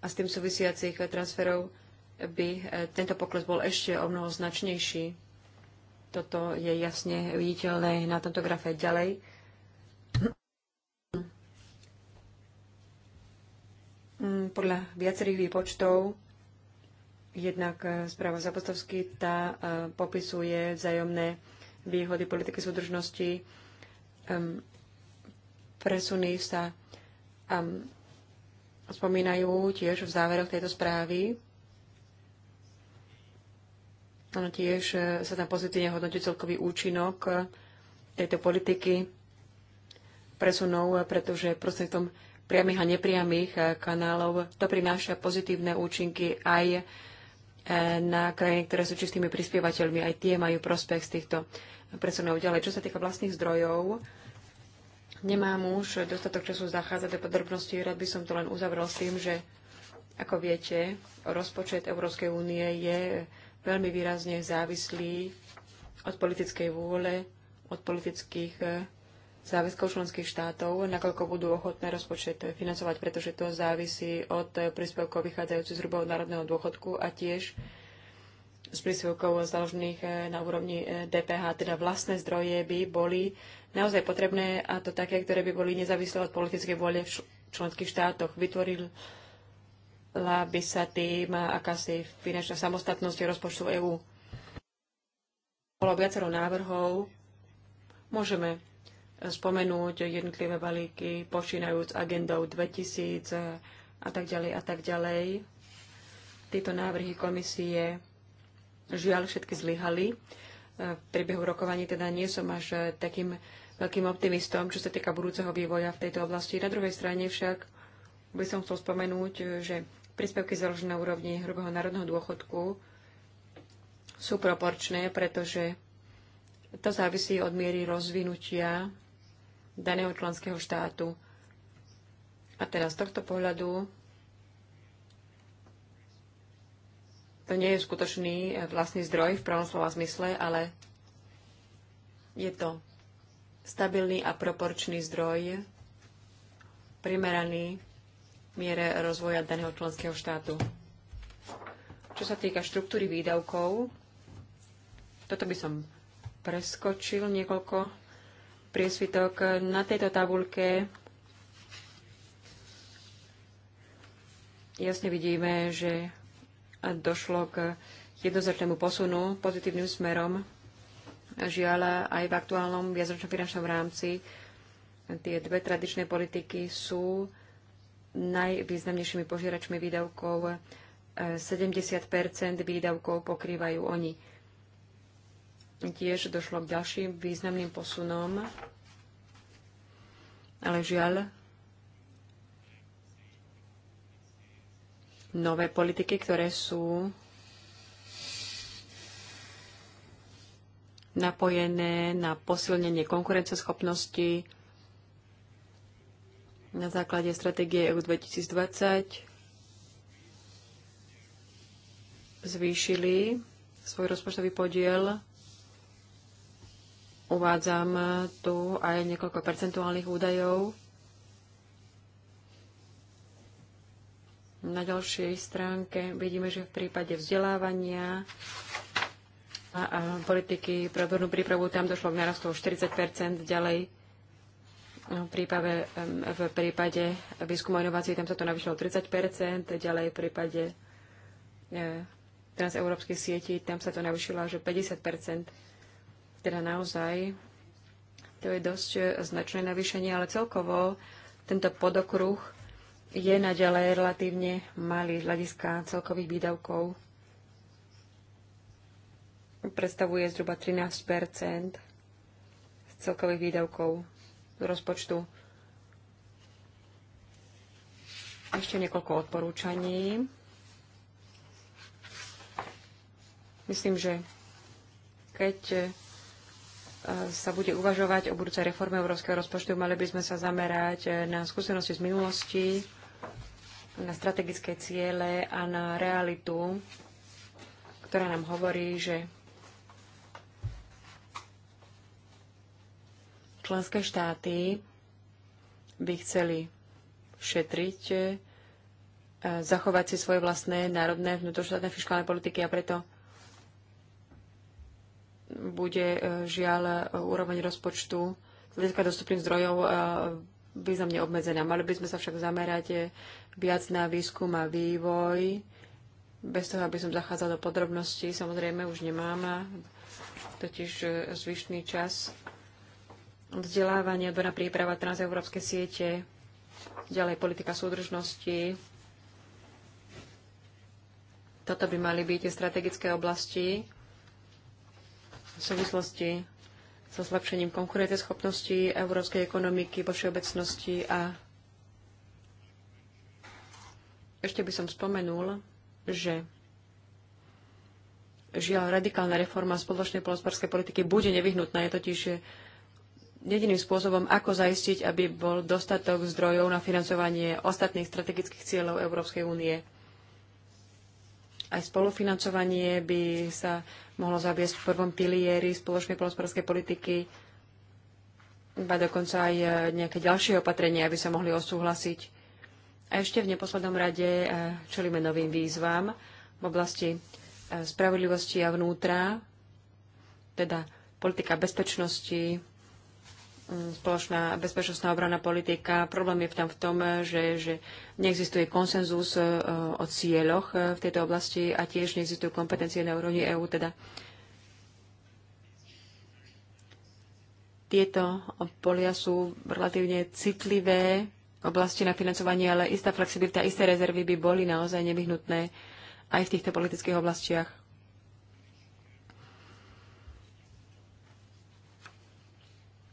a s tým súvisiacich transferov by eh, tento pokles bol ešte o mnoho značnejší. Toto je jasne viditeľné na tomto grafe ďalej. Mm, podľa viacerých výpočtov, jednak eh, správa Zapostovský, tá eh, popisuje vzájomné výhody politiky súdržnosti, presuny sa spomínajú tiež v záveroch tejto správy ono tiež e, sa tam pozitívne hodnotí celkový účinok e, tejto politiky presunov, e, pretože prostredstvom priamých a nepriamých kanálov to prináša pozitívne účinky aj na krajiny, ktoré sú čistými prispievateľmi. Aj tie majú prospech z týchto presunov ďalej. Čo sa týka vlastných zdrojov, nemám už dostatok času zachádzať do podrobností. Rád by som to len uzavrel s tým, že ako viete, rozpočet Európskej únie je veľmi výrazne závislí od politickej vôle, od politických eh, záväzkov členských štátov, nakoľko budú ochotné rozpočet financovať, pretože to závisí od eh, príspevkov vychádzajúcich z hrubého národného dôchodku a tiež z príspevkov založených eh, na úrovni DPH, teda vlastné zdroje by boli naozaj potrebné a to také, ktoré by boli nezávislé od politickej vôle v členských štátoch. Vytvoril la by sa tým akási finančná samostatnosť rozpočtu EÚ. Bolo viacero návrhov. Môžeme spomenúť jednotlivé balíky, počínajúc agendou 2000 a tak ďalej a tak ďalej. Tieto návrhy komisie žiaľ všetky zlyhali. V priebehu rokovaní teda nie som až takým veľkým optimistom, čo sa týka budúceho vývoja v tejto oblasti. Na druhej strane však by som chcel spomenúť, že príspevky založené na úrovni hrubého národného dôchodku sú proporčné, pretože to závisí od miery rozvinutia daného členského štátu. A teraz z tohto pohľadu to nie je skutočný eh, vlastný zdroj v pravom slova zmysle, ale je to stabilný a proporčný zdroj primeraný miere rozvoja daného členského štátu. Čo sa týka štruktúry výdavkov, toto by som preskočil niekoľko priesvitok. Na tejto tabulke jasne vidíme, že došlo k jednoznačnému posunu pozitívnym smerom. Žiaľ, aj v aktuálnom viacročnom finančnom rámci tie dve tradičné politiky sú najvýznamnejšími požiračmi výdavkov. 70 e, výdavkov pokrývajú oni. Tiež došlo k ďalším významným posunom, ale žiaľ, nové politiky, ktoré sú napojené na posilnenie konkurenceschopnosti, na základe stratégie EU 2020 zvýšili svoj rozpočtový podiel. Uvádzam tu aj niekoľko percentuálnych údajov. Na ďalšej stránke vidíme, že v prípade vzdelávania a, politiky pre odbornú prípravu tam došlo k narastu o 40 ďalej v prípade, v prípade výskumu inovácií tam sa to navýšilo 30 ďalej v prípade e, transeurópskej sieti tam sa to navýšilo až 50 Teda naozaj to je dosť značné navýšenie, ale celkovo tento podokruh je naďalej relatívne malý z hľadiska celkových výdavkov. Predstavuje zhruba 13 z celkových výdavkov rozpočtu. Ešte niekoľko odporúčaní. Myslím, že keď e, sa bude uvažovať o budúcej reforme európskeho rozpočtu, mali by sme sa zamerať e, na skúsenosti z minulosti, na strategické ciele a na realitu, ktorá nám hovorí, že Členské štáty by chceli šetriť, e, zachovať si svoje vlastné národné vnútroštátne fiskálne politiky a preto bude e, žiaľ e, úroveň rozpočtu z hľadiska dostupných zdrojov významne obmedzená. Mali by sme sa však zamerať viac na výskum a vývoj. Bez toho, aby som zachádzal do podrobností, samozrejme už nemám totiž zvyšný čas vzdelávanie, odborná príprava, transeurópske siete, ďalej politika súdržnosti. Toto by mali byť strategické oblasti v súvislosti so zlepšením konkurenceschopnosti európskej ekonomiky vo všeobecnosti a ešte by som spomenul, že žiaľ radikálna reforma spoločnej polospodárskej politiky bude nevyhnutná. Je totiž jediným spôsobom, ako zaistiť, aby bol dostatok zdrojov na financovanie ostatných strategických cieľov Európskej únie. Aj spolufinancovanie by sa mohlo zaviesť v prvom pilieri spoločnej polospodárskej politiky, iba dokonca aj e, nejaké ďalšie opatrenia, aby sa mohli osúhlasiť. A ešte v neposlednom rade e, čelíme novým výzvam v oblasti e, spravodlivosti a vnútra, teda politika bezpečnosti, Mm, spoločná bezpečnostná obranná politika. Problém je tam v tom, že, že neexistuje konsenzus e, o cieľoch e, v tejto oblasti a tiež neexistujú kompetencie na úrovni EÚ. Teda tieto polia sú relatívne citlivé oblasti na financovanie, ale istá flexibilita, isté rezervy by boli naozaj nevyhnutné aj v týchto politických oblastiach.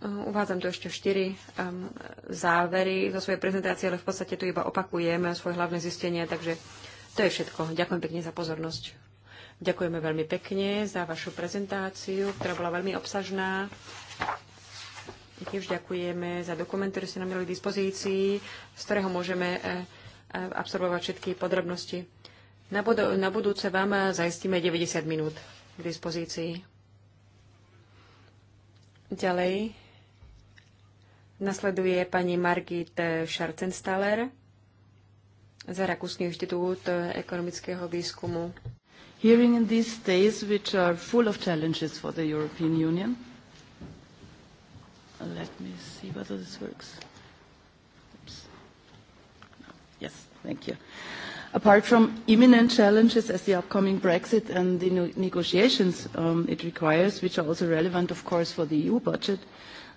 Uvádzam tu ešte štyri um, závery zo svojej prezentácie, ale v podstate tu iba opakujem svoje hlavné zistenia, takže to je všetko. Ďakujem pekne za pozornosť. Ďakujeme veľmi pekne za vašu prezentáciu, ktorá bola veľmi obsažná. Tiež ďakujeme za dokument, ktorý ste nám mali k dispozícii, z ktorého môžeme e, e, absorbovať všetky podrobnosti. Na, bod- na budúce vám zaistíme 90 minút k dispozícii. Ďalej Nasleduje pani Margit Scharzenstaller za Rakúsky inštitút ekonomického výskumu. Hearing in these days which are full of challenges for the European Union. Let me see whether this works. Oops. Yes, thank you. Apart from imminent challenges as the upcoming Brexit and the negotiations um, it requires, which are also relevant, of course, for the EU budget,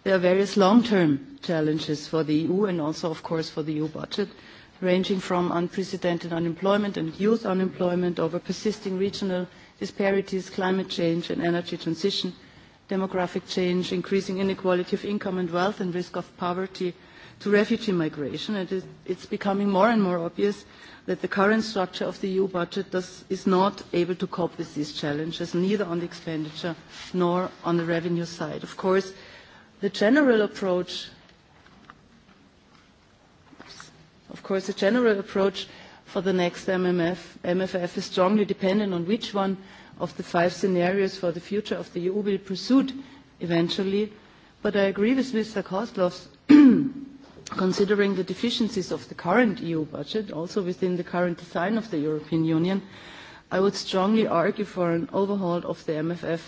There are various long-term challenges for the EU and also, of course, for the EU budget, ranging from unprecedented unemployment and youth unemployment over persisting regional disparities, climate change and energy transition, demographic change, increasing inequality of income and wealth and risk of poverty, to refugee migration. It is, it's becoming more and more obvious that the current structure of the EU budget does, is not able to cope with these challenges, neither on the expenditure nor on the revenue side. Of course, the general approach, of course, the general approach for the next MMF, MFF is strongly dependent on which one of the five scenarios for the future of the EU will be pursued eventually. But I agree with Mr. Koslov's [CLEARS THROAT] considering the deficiencies of the current EU budget, also within the current design of the European Union, I would strongly argue for an overhaul of the MFF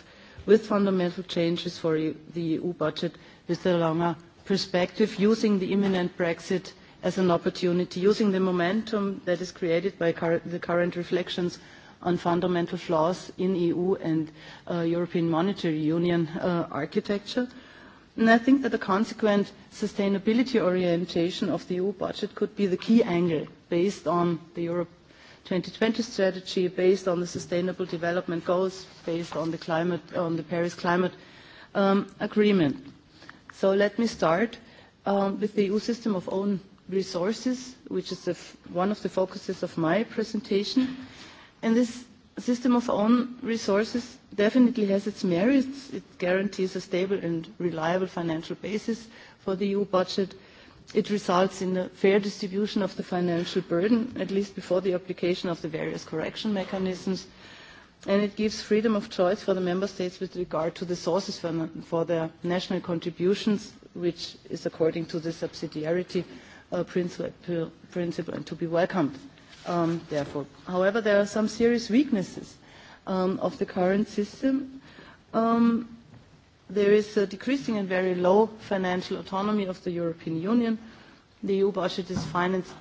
with fundamental changes for e the EU budget with a longer perspective, using the imminent Brexit as an opportunity, using the momentum that is created by cur the current reflections on fundamental flaws in EU and uh, European Monetary Union uh, architecture. And I think that the consequent sustainability orientation of the EU budget could be the key angle based on the Europe 2020 strategy based on the sustainable development goals based on the, climate, on the Paris Climate um, Agreement. So let me start um, with the EU system of own resources, which is the f one of the focuses of my presentation. And this system of own resources definitely has its merits. It guarantees a stable and reliable financial basis for the EU budget it results in a fair distribution of the financial burden, at least before the application of the various correction mechanisms, and it gives freedom of choice for the member states with regard to the sources for, for their national contributions, which is according to the subsidiarity uh, principle, principle and to be welcomed, um, therefore. However, there are some serious weaknesses um, of the current system. Um, there is a decreasing and very low financial autonomy of the European Union. The EU budget is financed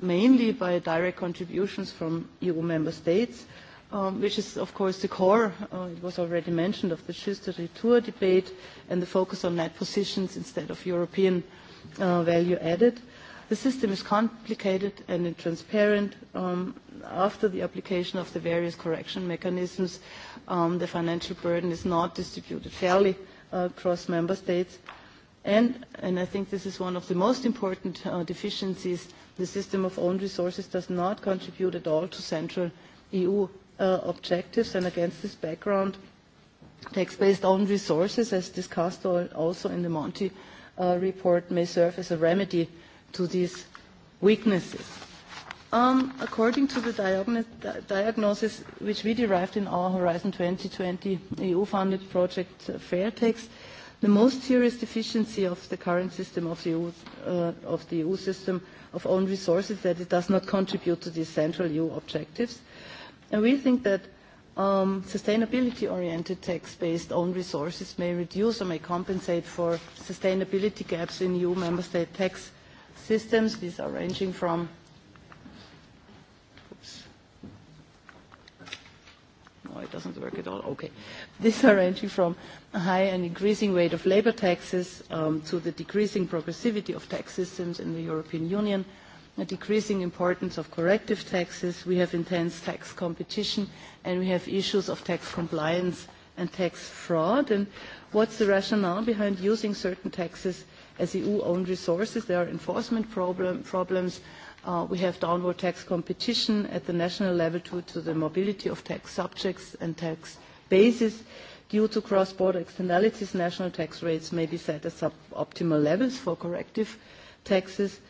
mainly by direct contributions from EU member states, um, which is, of course, the core, uh, it was already mentioned, of the Schuster Retour debate and the focus on net positions instead of European uh, value added. The system is complicated and transparent. Um, after the application of the various correction mechanisms, um, the financial burden is not distributed fairly Uh, across member states. And, and I think this is one of the most important uh, deficiencies, the system of own resources does not contribute at all to central EU uh, objectives. And against this background, tax-based own resources, as discussed also in the Monti uh, report, may serve as a remedy to these weaknesses. Um, according to the diagnosis which we derived in our Horizon 2020 EU-funded project uh, Fairtex, the most serious deficiency of the current system of the, EU, uh, of the EU system of own resources that it does not contribute to the central EU objectives. And we think that um, sustainability-oriented tax-based own resources may reduce or may compensate for sustainability gaps in EU member state tax systems. These are ranging from Oh, it doesn't work at all. Okay. These are ranging from a high and increasing weight of labor taxes um, to the decreasing progressivity of tax systems in the European Union, a decreasing importance of corrective taxes. We have intense tax competition, and we have issues of tax compliance and tax fraud. And what's the rationale behind using certain taxes as EU-owned resources? There are enforcement problem, problems Uh, we have downward tax competition at the national level due to the mobility of tax subjects and tax bases. Due to cross-border externalities, national tax rates may be set at sub-optimal levels for corrective taxes.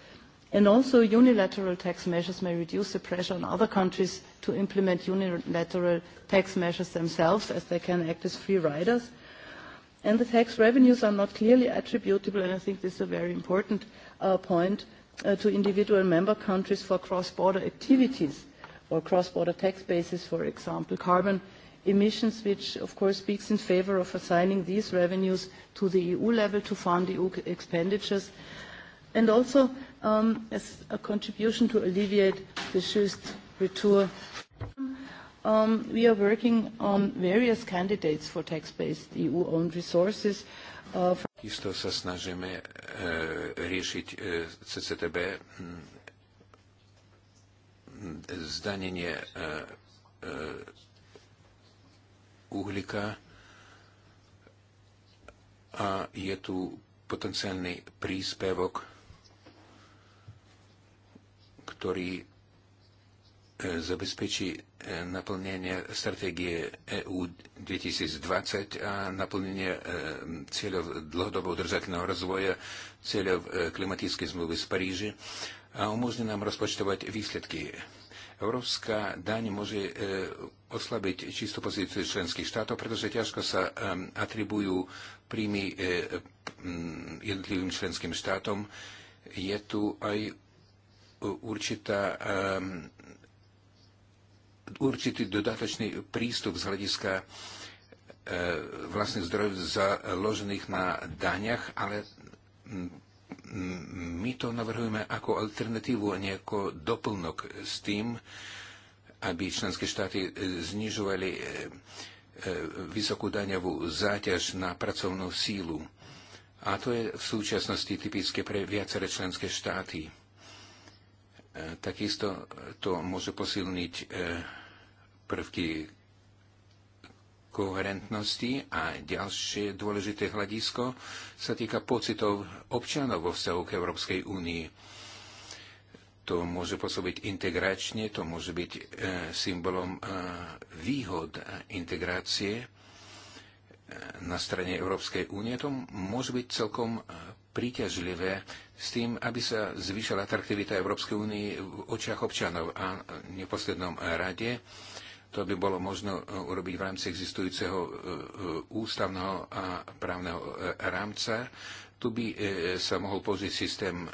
And also unilateral tax measures may reduce the pressure on other countries to implement unilateral tax measures themselves as they can act as free riders. And the tax revenues are not clearly attributable, and I think this is a very important uh, point uh, to individual member countries for cross-border activities or cross-border tax bases, for example, carbon emissions, which of course speaks in favor of assigning these revenues to the EU level to fund EU expenditures, and also um, as a contribution to alleviate the just retour. Um, we are working on various candidates for tax-based EU-owned resources, uh, Isto sa snažíme e, riešiť e, CCTB zdanenie e, uhlíka a je tu potenciálny príspevok, ktorý zabezpečí e, naplnenie stratégie EU 2020 a naplnenie e, cieľov dlhodobo udržateľného rozvoja, cieľov e, klimatickej zmluvy z Paríži a umožní nám rozpočtovať výsledky. Európska daň môže oslabiť čistú pozíciu členských štátov, pretože ťažko sa atribujú príjmy jednotlivým členským štátom. Je tu aj určitá určitý dodatočný prístup z hľadiska e, vlastných zdrojov založených na daňach, ale my to navrhujeme ako alternatívu, nie ako doplnok s tým, aby členské štáty e, znižovali e, vysokú daňovú záťaž na pracovnú sílu. A to je v súčasnosti typické pre viaceré členské štáty. E, takisto to môže posilniť e, prvky koherentnosti a ďalšie dôležité hľadisko sa týka pocitov občanov vo vzťahu k Európskej únii. To môže pôsobiť integračne, to môže byť e, symbolom e, výhod integrácie e, na strane Európskej únie. To môže byť celkom príťažlivé s tým, aby sa zvýšila atraktivita Európskej únie v očiach občanov a v neposlednom rade. To by bolo možno e, urobiť v rámci existujúceho e, e, ústavného a právneho rámca. Tu by sa mohol použiť systém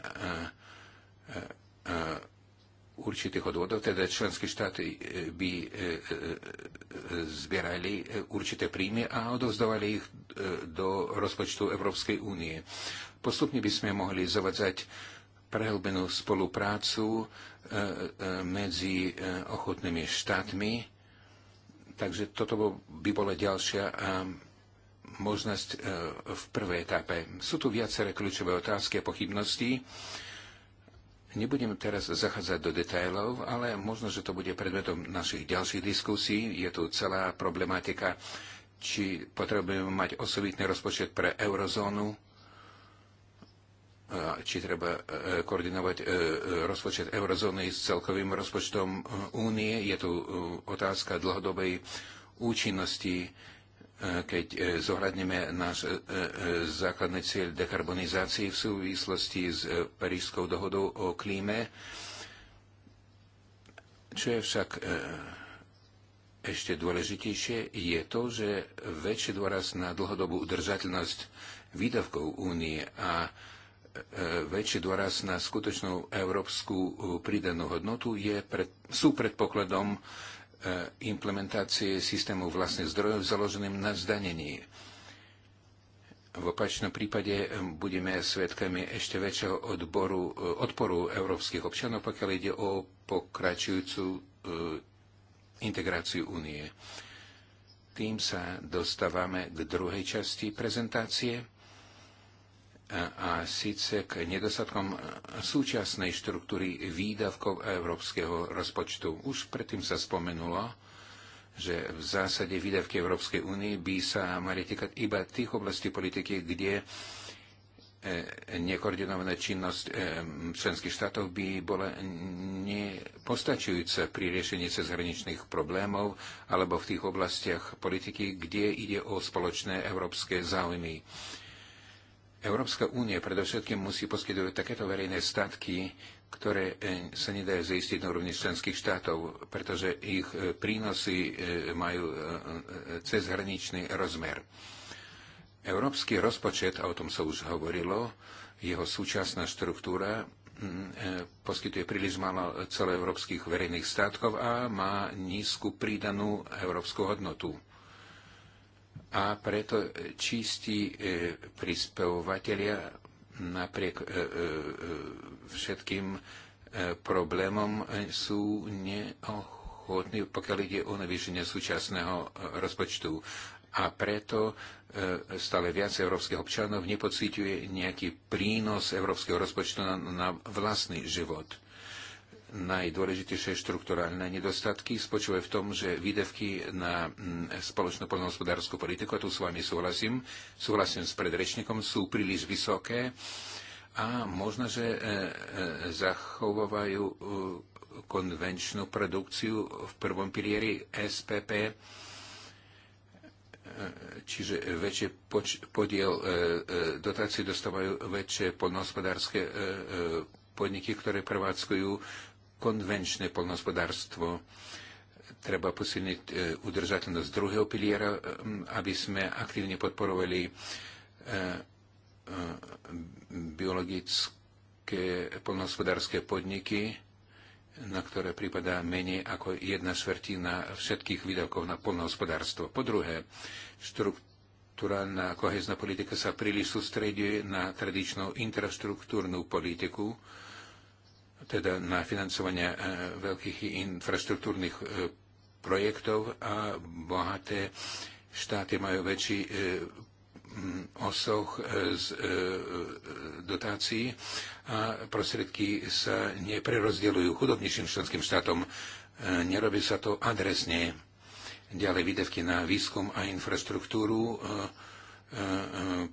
určitých odvodov, teda členské štáty by zbierali určité príjmy a odovzdovali ich do rozpočtu Európskej únie. Postupne by sme mohli zavadzať prehlbenú spoluprácu e, e, medzi e, ochotnými štátmi. Takže toto by bola ďalšia možnosť v prvej etape. Sú tu viaceré kľúčové otázky a pochybnosti. Nebudem teraz zachádzať do detajlov, ale možno, že to bude predmetom našich ďalších diskusí. Je tu celá problematika, či potrebujeme mať osobitný rozpočet pre eurozónu, či treba e, koordinovať e, e, rozpočet eurozóny s celkovým rozpočtom únie. Je tu otázka dlhodobej účinnosti, keď zohľadneme náš základný cieľ dekarbonizácie v súvislosti s Parížskou dohodou o klíme. Čo je však ešte dôležitejšie, je to, že väčší dôraz na dlhodobú udržateľnosť výdavkov únie a väčší dôraz na skutočnú európsku e, pridanú hodnotu je pred, sú predpokladom e, implementácie systému vlastných zdrojov založeným na zdanení. V opačnom prípade e, budeme svedkami ešte väčšieho odboru, odporu európskych občanov, pokiaľ ide o pokračujúcu integráciu únie. Tým sa dostávame k druhej časti prezentácie a síce k nedostatkom súčasnej štruktúry výdavkov európskeho rozpočtu. Už predtým sa spomenulo, že v zásade výdavky Európskej únie by sa mali týkať iba tých oblastí politiky, kde e, nekoordinovaná činnosť e, členských štátov by bola nepostačujúca pri riešení cezhraničných problémov alebo v tých oblastiach politiky, kde ide o spoločné európske záujmy. Európska únia predovšetkým musí poskytovať takéto verejné statky, ktoré e, sa nedajú zaistiť na úrovni členských štátov, pretože ich e, prínosy e, majú cezhraničný rozmer. Európsky rozpočet, a o tom sa už hovorilo, jeho súčasná štruktúra poskytuje príliš málo celoeurópskych verejných státkov a má nízku prídanú európsku hodnotu a preto e, čistí e, prispevovateľia napriek e, všetkým problémom sú neochotní, pokiaľ ide o navýšenie súčasného rozpočtu. A preto stále viac európskych občanov nepocíťuje nejaký prínos európskeho rozpočtu na, na vlastný život. Najdôležitejšie štruktúralne nedostatky spočívajú v tom, že výdavky na mm, spoločnú poľnohospodárskú politiku, a tu s vami súhlasím, súhlasím s predrečníkom, sú príliš vysoké a možno, že e, e, zachovávajú e, konvenčnú produkciu v prvom pilieri SPP, čiže väčšie podiel dotácií dostávajú väčšie poľnohospodárske podniky, ktoré prevádzkujú konvenčné polnohospodárstvo. Treba posilniť e, udržateľnosť druhého piliera, e, aby sme aktívne podporovali e, biologické polnohospodárske podniky, na ktoré pripadá menej ako jedna štvrtina všetkých výdavkov na polnohospodárstvo. Po druhé, štruktúra kohezná politika sa príliš sústreduje na tradičnú infraštruktúrnu politiku, teda na financovanie e, veľkých infraštruktúrnych e, projektov a bohaté štáty majú väčší e, osoch z dotácií a prostriedky sa neprerozdeľujú chudobnejším členským štátom. Nerobí sa to adresne. Ďalej výdavky na výskum a infraštruktúru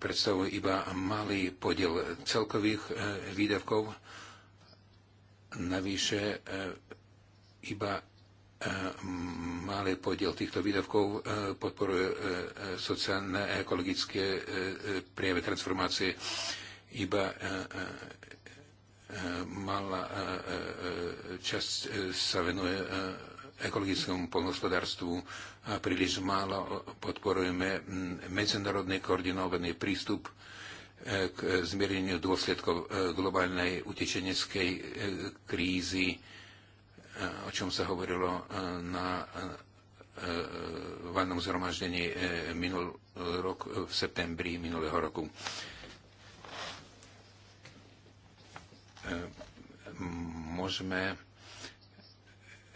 predstavujú iba malý podiel celkových výdavkov Navyše e, iba e, malý podiel týchto výdavkov e, podporuje sociálne a ekologické prieme transformácie. Iba malá časť sa venuje ekologickému polnospodárstvu a príliš málo podporujeme medzinárodný koordinovaný prístup E, k zmiereniu dôsledkov e, globálnej utečeneckej e, krízy, o čom sa hovorilo na vannom zhromaždení minul rok v septembri minulého roku. Môžeme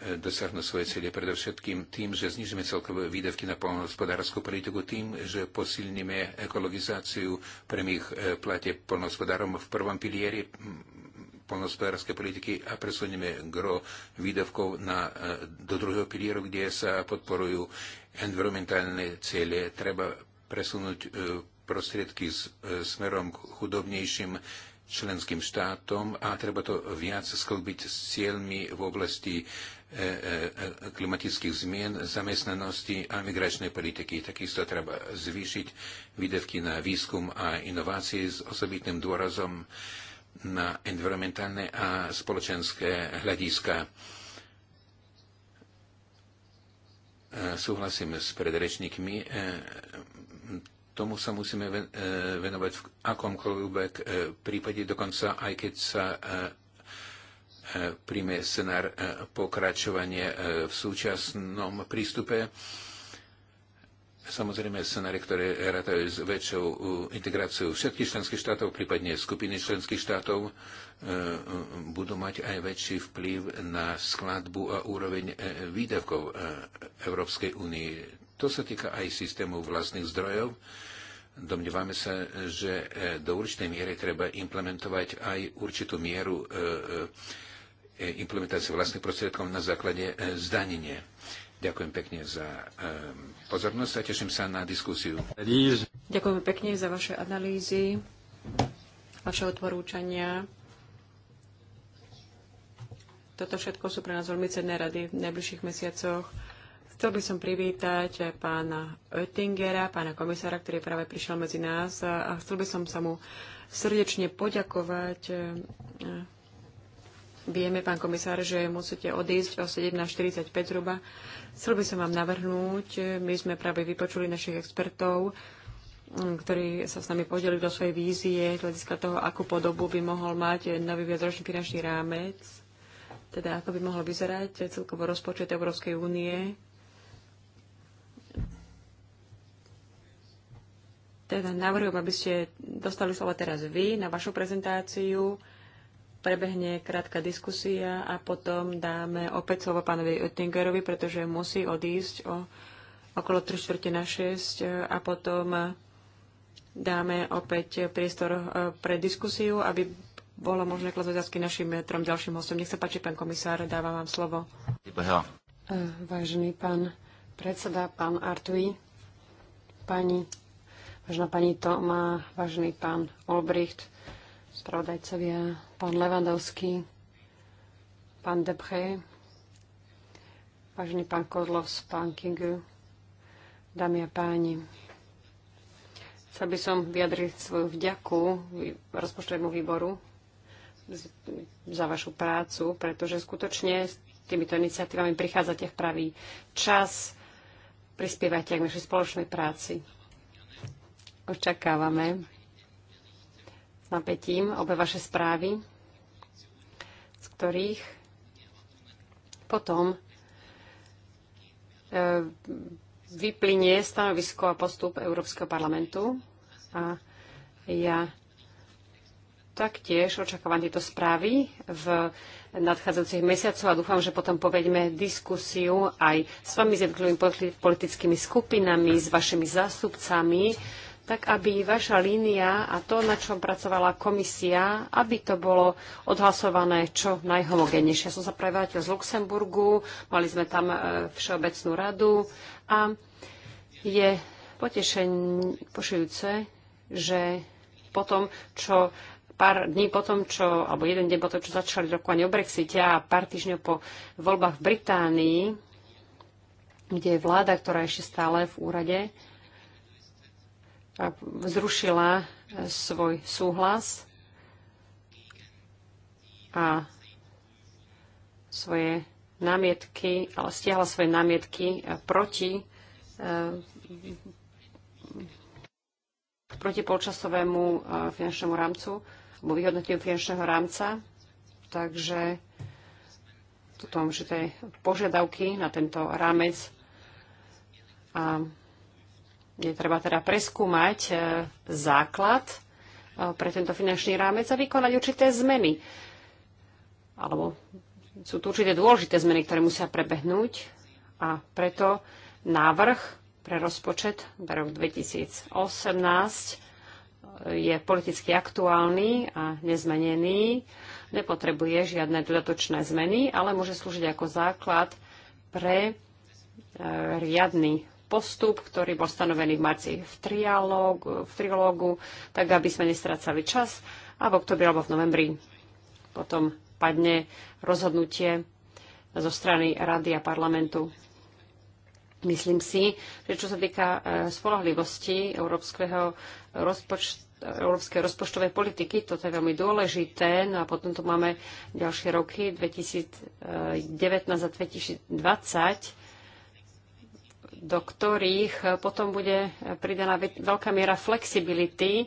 dosiahnuť svoje cieľe predovšetkým tým, že znižíme celkové výdavky na polnohospodárskú politiku, tým, že posilníme ekologizáciu premých e, platie polnohospodárom v prvom pilieri polnohospodárskej politiky a presunieme gro výdavkov na, e, do druhého pilieru, kde sa podporujú environmentálne cieľe. Treba presunúť e, prostriedky s, smerom k chudobnejším členským štátom a treba to viac sklbiť s cieľmi v oblasti E, e, klimatických zmien, zamestnanosti a migračnej politiky. Takisto treba zvýšiť výdavky na výskum a inovácie s osobitným dôrazom na environmentálne a spoločenské hľadiska. E, súhlasím s predrečníkmi. Tomu sa musíme venovať v akomkoľvek prípade, dokonca aj keď sa E, príjme scenár e, pokračovanie e, v súčasnom prístupe. Samozrejme, scenáre, ktoré rátajú s väčšou integráciou všetkých členských štátov, prípadne skupiny členských štátov, budú mať aj väčší vplyv na skladbu a úroveň výdavkov Európskej únie. To sa týka aj systému vlastných zdrojov. Domnievame sa, že do určitej miery treba implementovať aj určitú mieru e, e, E, implementáciu vlastných prostriedkov na základe e, zdanenia. Ďakujem pekne za e, pozornosť a teším sa na diskusiu. Ďakujem pekne za vaše analýzy, vaše odporúčania. Toto všetko sú pre nás veľmi cenné rady v najbližších mesiacoch. Chcel by som privítať pána Oettingera, pána komisára, ktorý práve prišiel medzi nás a chcel by som sa mu srdečne poďakovať Vieme, pán komisár, že musíte odísť o 17.45 zhruba. Chcel by som vám navrhnúť, my sme práve vypočuli našich expertov, ktorí sa s nami podelili do svojej vízie z hľadiska toho, akú podobu by mohol mať nový viacročný finančný rámec, teda ako by mohol vyzerať celkovo rozpočet Európskej únie. Teda navrhujem, aby ste dostali slovo teraz vy na vašu prezentáciu prebehne krátka diskusia a potom dáme opäť slovo pánovi Oettingerovi, pretože musí odísť o okolo 3 čtvrte na 6 a potom dáme opäť priestor eh, pre diskusiu, aby bolo možné klasť otázky našim eh, trom ďalším hostom. Nech sa páči, pán komisár, dávam vám slovo. Eh, vážený pán predseda, pán Artui, pani, vážená pani Toma, vážený pán Olbricht, spravodajcovia, pán Levandovský, pán Depre, vážený pán Kozlovs, pán Kingu, dámy a páni. Chcel by som vyjadriť svoju vďaku rozpočtovému výboru za vašu prácu, pretože skutočne s týmito iniciatívami prichádzate v pravý čas, prispievate k našej spoločnej práci. Očakávame s napätím obe vaše správy, z ktorých potom e, vyplynie stanovisko a postup Európskeho parlamentu. A ja taktiež očakávam tieto správy v nadchádzajúcich mesiacoch a dúfam, že potom povedieme diskusiu aj s vami, s jednotlivými politickými skupinami, s vašimi zástupcami tak aby vaša línia a to, na čom pracovala komisia, aby to bolo odhlasované čo najhomogénejšie. Ja som sa prevrátil z Luxemburgu, mali sme tam e, Všeobecnú radu a je potešujúce, že po tom, čo pár dní potom, čo, alebo jeden deň potom, čo začali rokovanie o Brexite a pár týždňov po voľbách v Británii, kde je vláda, ktorá ešte stále v úrade, zrušila eh, svoj súhlas a svoje námietky, ale stiahla svoje námietky eh, proti eh, proti polčasovému finančnému rámcu alebo vyhodnotiu finančného rámca. Takže toto môžete požiadavky na tento rámec a je treba teda preskúmať e, základ e, pre tento finančný rámec a vykonať určité zmeny. Alebo sú tu určité dôležité zmeny, ktoré musia prebehnúť a preto návrh pre rozpočet na rok 2018 e, je politicky aktuálny a nezmenený, nepotrebuje žiadne dodatočné zmeny, ale môže slúžiť ako základ pre riadny postup, ktorý bol stanovený v marci v, trialógu, v trialógu, tak aby sme nestracali čas a v oktobri alebo v novembri potom padne rozhodnutie zo strany rady a parlamentu. Myslím si, že čo sa týka e, spolahlivosti európskeho rozpočtu, európskej rozpočtovej politiky. Toto je veľmi dôležité. No a potom tu máme ďalšie roky 2019 e, a 2020 do ktorých eh, potom bude pridaná veľká miera flexibility, eh,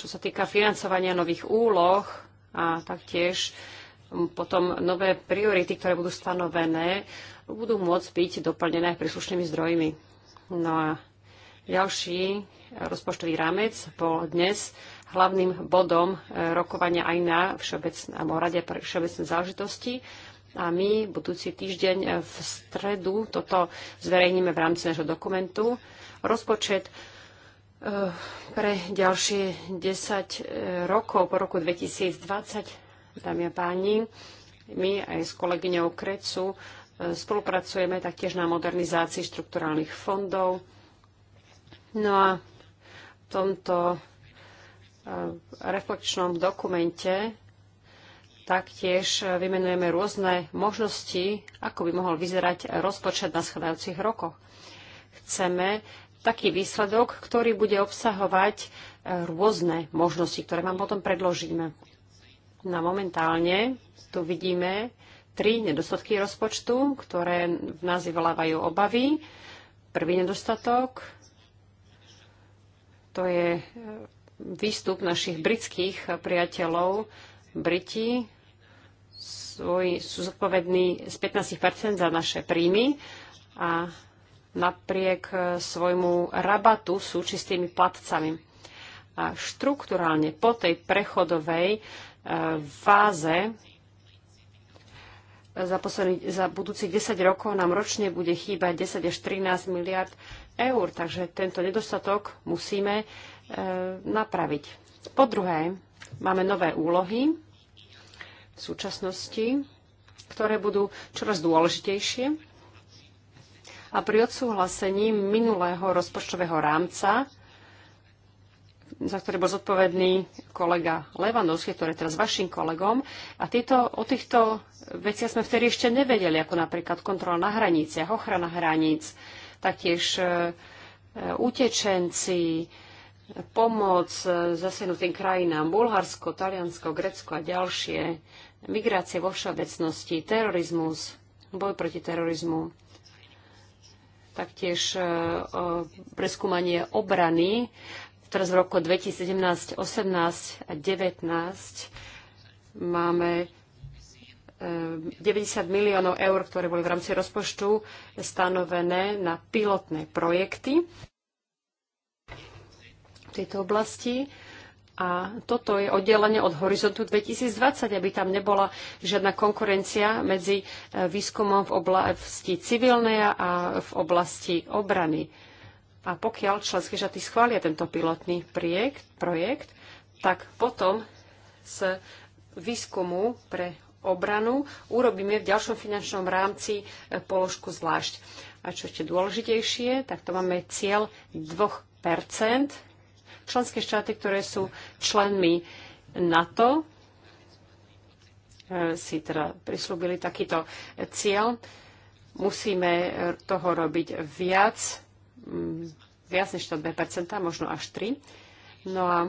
čo sa týka financovania nových úloh a taktiež mm, potom nové priority, ktoré budú stanovené, budú môcť byť doplnené príslušnými zdrojmi. No a ďalší eh, rozpočtový rámec bol dnes hlavným bodom rokovania aj na Všeobecnom rade pre všeobecné záležitosti a my budúci týždeň e, v stredu toto zverejníme v rámci nášho dokumentu. Rozpočet e, pre ďalšie 10 e, rokov po roku 2020, dámy a páni, my aj s kolegyňou Krecu spolupracujeme taktiež na modernizácii štrukturálnych fondov. No a v tomto reflekčnom dokumente Taktiež e, vymenujeme rôzne možnosti, ako by mohol vyzerať rozpočet na schádzajúcich rokoch. Chceme taký výsledok, ktorý bude obsahovať e, rôzne možnosti, ktoré vám potom predložíme. Na momentálne tu vidíme tri nedostatky rozpočtu, ktoré v nás vyvolávajú obavy. Prvý nedostatok to je e, výstup našich britských priateľov. Briti svoj, sú zodpovední z 15% za naše príjmy a napriek e, svojmu rabatu sú čistými platcami. A štruktúralne po tej prechodovej e, fáze e, za, posledný, za budúcich 10 rokov nám ročne bude chýbať 10 až 13 miliard eur, takže tento nedostatok musíme e, napraviť. Po druhé, máme nové úlohy, súčasnosti, ktoré budú čoraz dôležitejšie. A pri odsúhlasení minulého rozpočtového rámca, za ktorý bol zodpovedný kolega Levanovský, ktorý je teraz vašim kolegom. A týto, o týchto veciach sme vtedy ešte nevedeli, ako napríklad kontrola na hraniciach, ochrana hraníc, taktiež e, e utečenci, pomoc e, zasenutým krajinám Bulharsko, Taliansko, Grecko a ďalšie migrácie vo všeobecnosti, terorizmus, boj proti terorizmu, taktiež e, preskúmanie obrany, teraz v roku 2017, 18 a 19 máme 90 e, miliónov eur, ktoré boli v rámci rozpočtu stanovené na pilotné projekty v tejto oblasti. A toto je oddelenie od horizontu 2020, aby tam nebola žiadna konkurencia medzi e, výskumom v oblasti civilnej a v oblasti obrany. A pokiaľ členské štáty schvália tento pilotný projekt, projekt, tak potom z výskumu pre obranu urobíme v ďalšom finančnom rámci e, položku zvlášť. A čo ešte dôležitejšie, tak to máme cieľ 2 členské štáty, ktoré sú členmi NATO, e, si teda prislúbili takýto cieľ. Musíme toho robiť viac, viac než to 2%, možno až 3. No a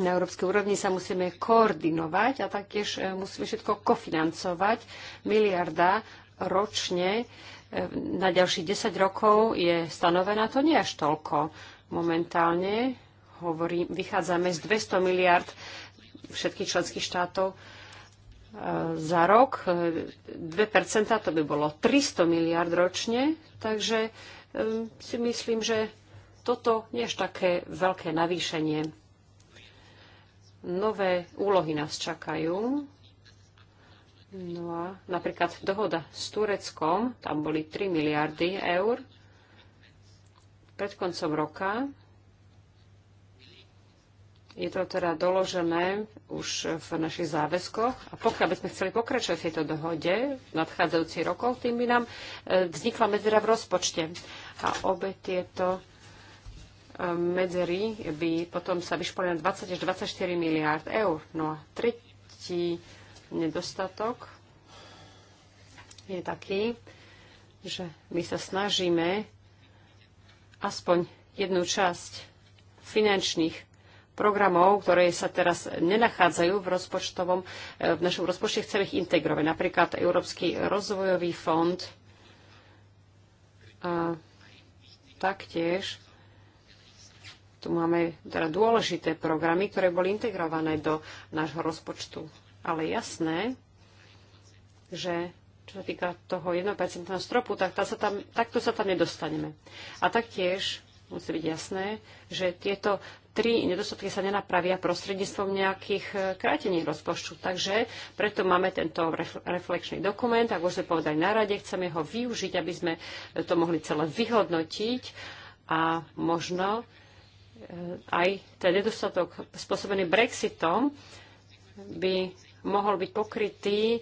na európskej úrovni sa musíme koordinovať a taktiež e, musíme všetko kofinancovať. Miliarda ročne e, na ďalších 10 rokov je stanovená, to nie až toľko. Momentálne hovorí, vychádzame z 200 miliard všetkých členských štátov e, za rok. 2% e, to by bolo 300 miliard ročne, takže e, si myslím, že toto nie je také veľké navýšenie. Nové úlohy nás čakajú. No a napríklad dohoda s Tureckom, tam boli 3 miliardy eur pred koncom roka. Je to teda doložené už v našich záväzkoch. A pokiaľ by sme chceli pokračovať v tejto dohode v nadchádzajúcich rokoch, tým by nám e, vznikla medzera v rozpočte. A obe tieto e, medzery by potom sa vyšpolili na 20 až 24 miliárd eur. No a tretí nedostatok je taký, že my sa snažíme aspoň jednu časť finančných programov, ktoré sa teraz nenachádzajú v rozpočtovom, e, v našom rozpočte, chceme ich integrovať. Napríklad Európsky rozvojový fond a taktiež tu máme teda dôležité programy, ktoré boli integrované do nášho rozpočtu. Ale jasné, že čo sa týka toho 1% stropu, tak tá sa tam, takto sa tam nedostaneme. A taktiež musí byť jasné, že tieto tri nedostatky sa nenapravia prostredníctvom nejakých e, krátení rozpočtu. Takže preto máme tento reflexný dokument, ak už sme povedali na rade, chceme ho využiť, aby sme to mohli celé vyhodnotiť a možno e, aj ten nedostatok spôsobený Brexitom by mohol byť pokrytý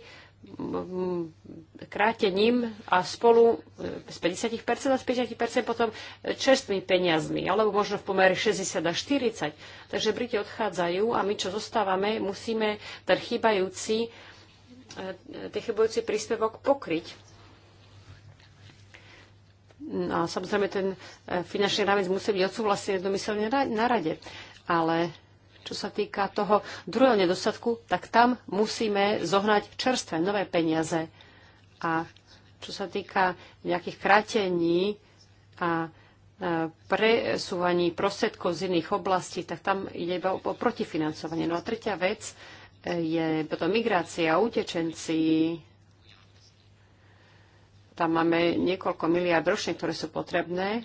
krátením a spolu e, z 50% a z 50% potom čerstvými peniazmi, alebo možno v pomere 60 a 40. Takže Briti odchádzajú a my, čo zostávame, musíme ten chýbajúci, e, ten chýbajúci príspevok pokryť. No a samozrejme ten e, finančný rámec musí byť odsúhlasený jednomyselne na rade. Ale čo sa týka toho druhého nedostatku, tak tam musíme zohnať čerstvé, nové peniaze. A čo sa týka nejakých krátení a e, presúvaní prostriedkov z iných oblastí, tak tam ide iba o protifinancovanie. No a tretia vec e, je potom migrácia, utečenci. Tam máme niekoľko miliard ročne, ktoré sú potrebné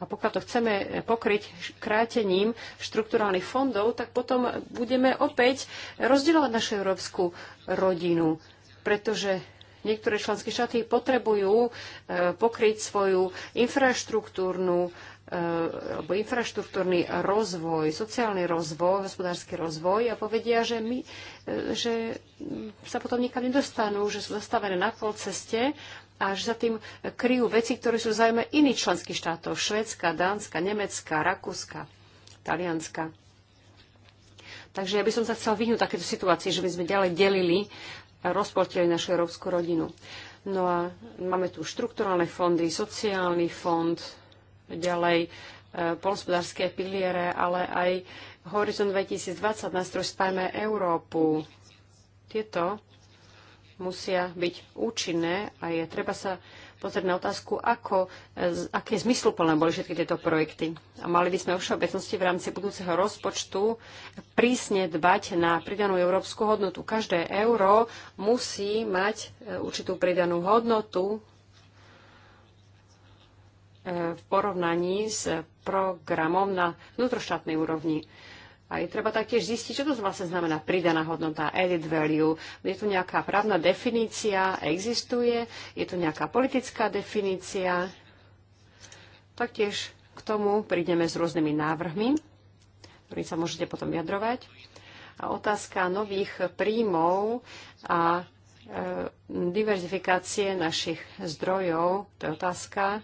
a pokiaľ to chceme pokryť krátením štrukturálnych fondov, tak potom budeme opäť rozdielovať našu európsku rodinu, pretože niektoré členské štáty potrebujú e, pokryť svoju infraštruktúrnu e, alebo infraštruktúrny rozvoj, sociálny rozvoj, hospodársky rozvoj a povedia, že, my, e, že sa potom nikam nedostanú, že sú zastavené na pol ceste a že sa tým kryjú veci, ktoré sú zájme iných členských štátov. Švedska, Dánska, Nemecka, Rakúska, Talianska. Takže ja by som sa chcel vyhnúť takéto situácie, že by sme ďalej delili a eh, rozpoltili našu európsku rodinu. No a máme tu štrukturálne fondy, sociálny fond, ďalej e, eh, polnospodárske piliere, ale aj Horizon 2020, nástroj spájme Európu. Tieto musia byť účinné a je treba sa pozrieť na otázku, ako, aké zmysluplné boli všetky tieto projekty. A mali by sme vo všeobecnosti v rámci budúceho rozpočtu prísne dbať na pridanú európsku hodnotu. Každé euro musí mať e, určitú pridanú hodnotu e, v porovnaní s programom na vnútroštátnej úrovni. A je treba taktiež zistiť, čo to vlastne znamená pridaná hodnota, added value. Je tu nejaká právna definícia, existuje, je tu nejaká politická definícia. Taktiež k tomu prídeme s rôznymi návrhmi, ktorým sa môžete potom vyjadrovať. A otázka nových príjmov a e, diverzifikácie našich zdrojov, to je otázka,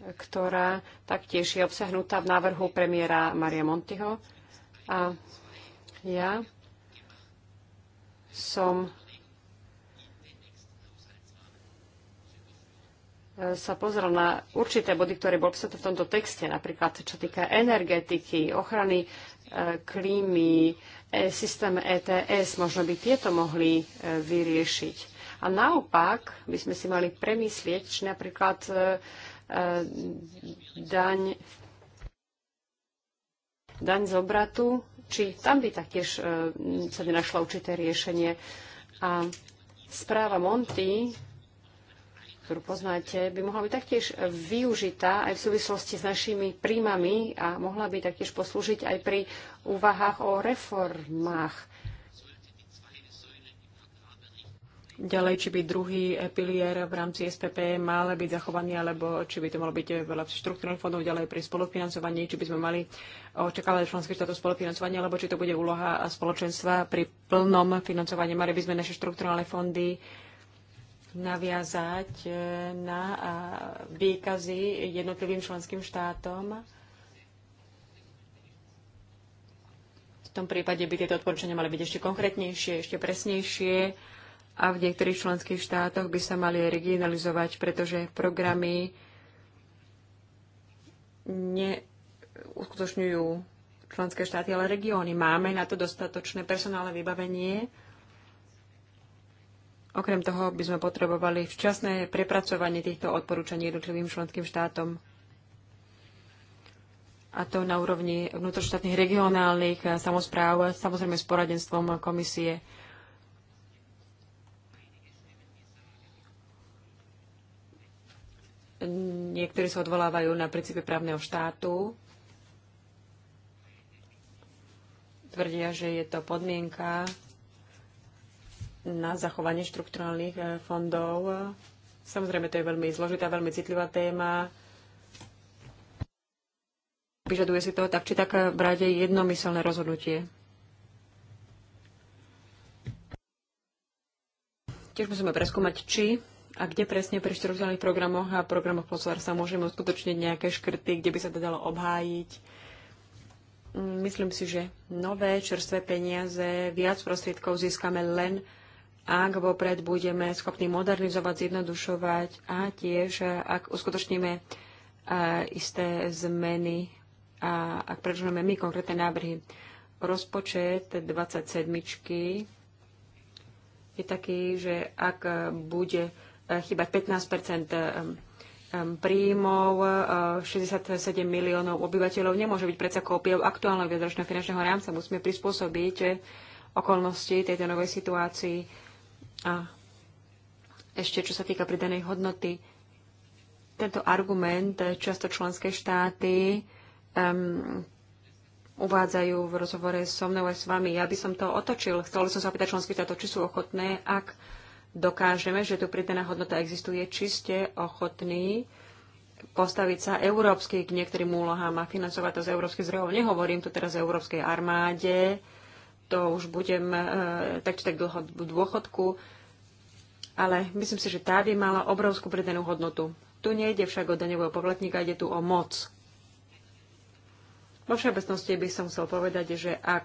ktorá taktiež je obsahnutá v návrhu premiéra Maria Montiho. A ja som sa pozrel na určité body, ktoré bol obsahnuté v tomto texte, napríklad čo týka energetiky, ochrany e, klímy, e, systém ETS, možno by tieto mohli e, vyriešiť. A naopak by sme si mali premyslieť, či napríklad e, E, daň, daň z obratu, či tam by taktiež e, sa nenašlo určité riešenie. A správa Monty, ktorú poznáte, by mohla byť taktiež využitá aj v súvislosti s našimi príjmami a mohla by taktiež poslúžiť aj pri úvahách o reformách. ďalej, či by druhý pilier v rámci SPP mal byť zachovaný, alebo či by to malo byť veľa štruktúrnych fondov ďalej pri spolufinancovaní, či by sme mali očakávať členské štátov spolufinancovanie, alebo či to bude úloha spoločenstva pri plnom financovaní. Mali by sme naše štruktúrne fondy naviazať e, na výkazy jednotlivým členským štátom. V tom prípade by tieto odporúčania mali byť ešte konkrétnejšie, ešte presnejšie a v niektorých členských štátoch by sa mali regionalizovať, pretože programy neuskutočňujú členské štáty, ale regióny. Máme na to dostatočné personálne vybavenie. Okrem toho by sme potrebovali včasné prepracovanie týchto odporúčaní jednotlivým členským štátom a to na úrovni vnútroštátnych regionálnych samozpráv, samozrejme s poradenstvom komisie. Niektorí sa odvolávajú na princípe právneho štátu. Tvrdia, že je to podmienka na zachovanie štrukturálnych e, fondov. Samozrejme, to je veľmi zložitá, veľmi citlivá téma. Vyžaduje si to tak či tak v rade jednomyselné rozhodnutie. Tiež musíme preskúmať, či a kde presne pri štruktúrnych programoch a programoch sa môžeme uskutočniť nejaké škrty, kde by sa to dalo obhájiť? Myslím si, že nové čerstvé peniaze, viac prostriedkov získame len, ak vopred budeme schopní modernizovať, zjednodušovať a tiež, ak uskutočníme isté zmeny a ak predložíme my konkrétne návrhy. Rozpočet 27 je taký, že ak bude chýbať 15 príjmov 67 e, miliónov obyvateľov nemôže byť predsa kópiou aktuálneho viacročného finančného rámca. Musíme prispôsobiť okolnosti tejto novej situácii. A ešte čo sa týka pridanej hodnoty, tento argument často členské štáty um, uvádzajú v rozhovore so mnou aj s vami. Ja by som to otočil. Chcel som sa opýtať členských štátov, či sú ochotné, ak dokážeme, že tu pridaná hodnota existuje, či ste ochotní postaviť sa európsky k niektorým úlohám a financovať to z európskych zdrojov. Nehovorím tu teraz o európskej armáde, to už budem e, tak či tak dlho v dôchodku, ale myslím si, že tá by mala obrovskú pridanú hodnotu. Tu nejde však o daňového poplatníka, ide tu o moc. Vo všeobecnosti by som chcel povedať, že ak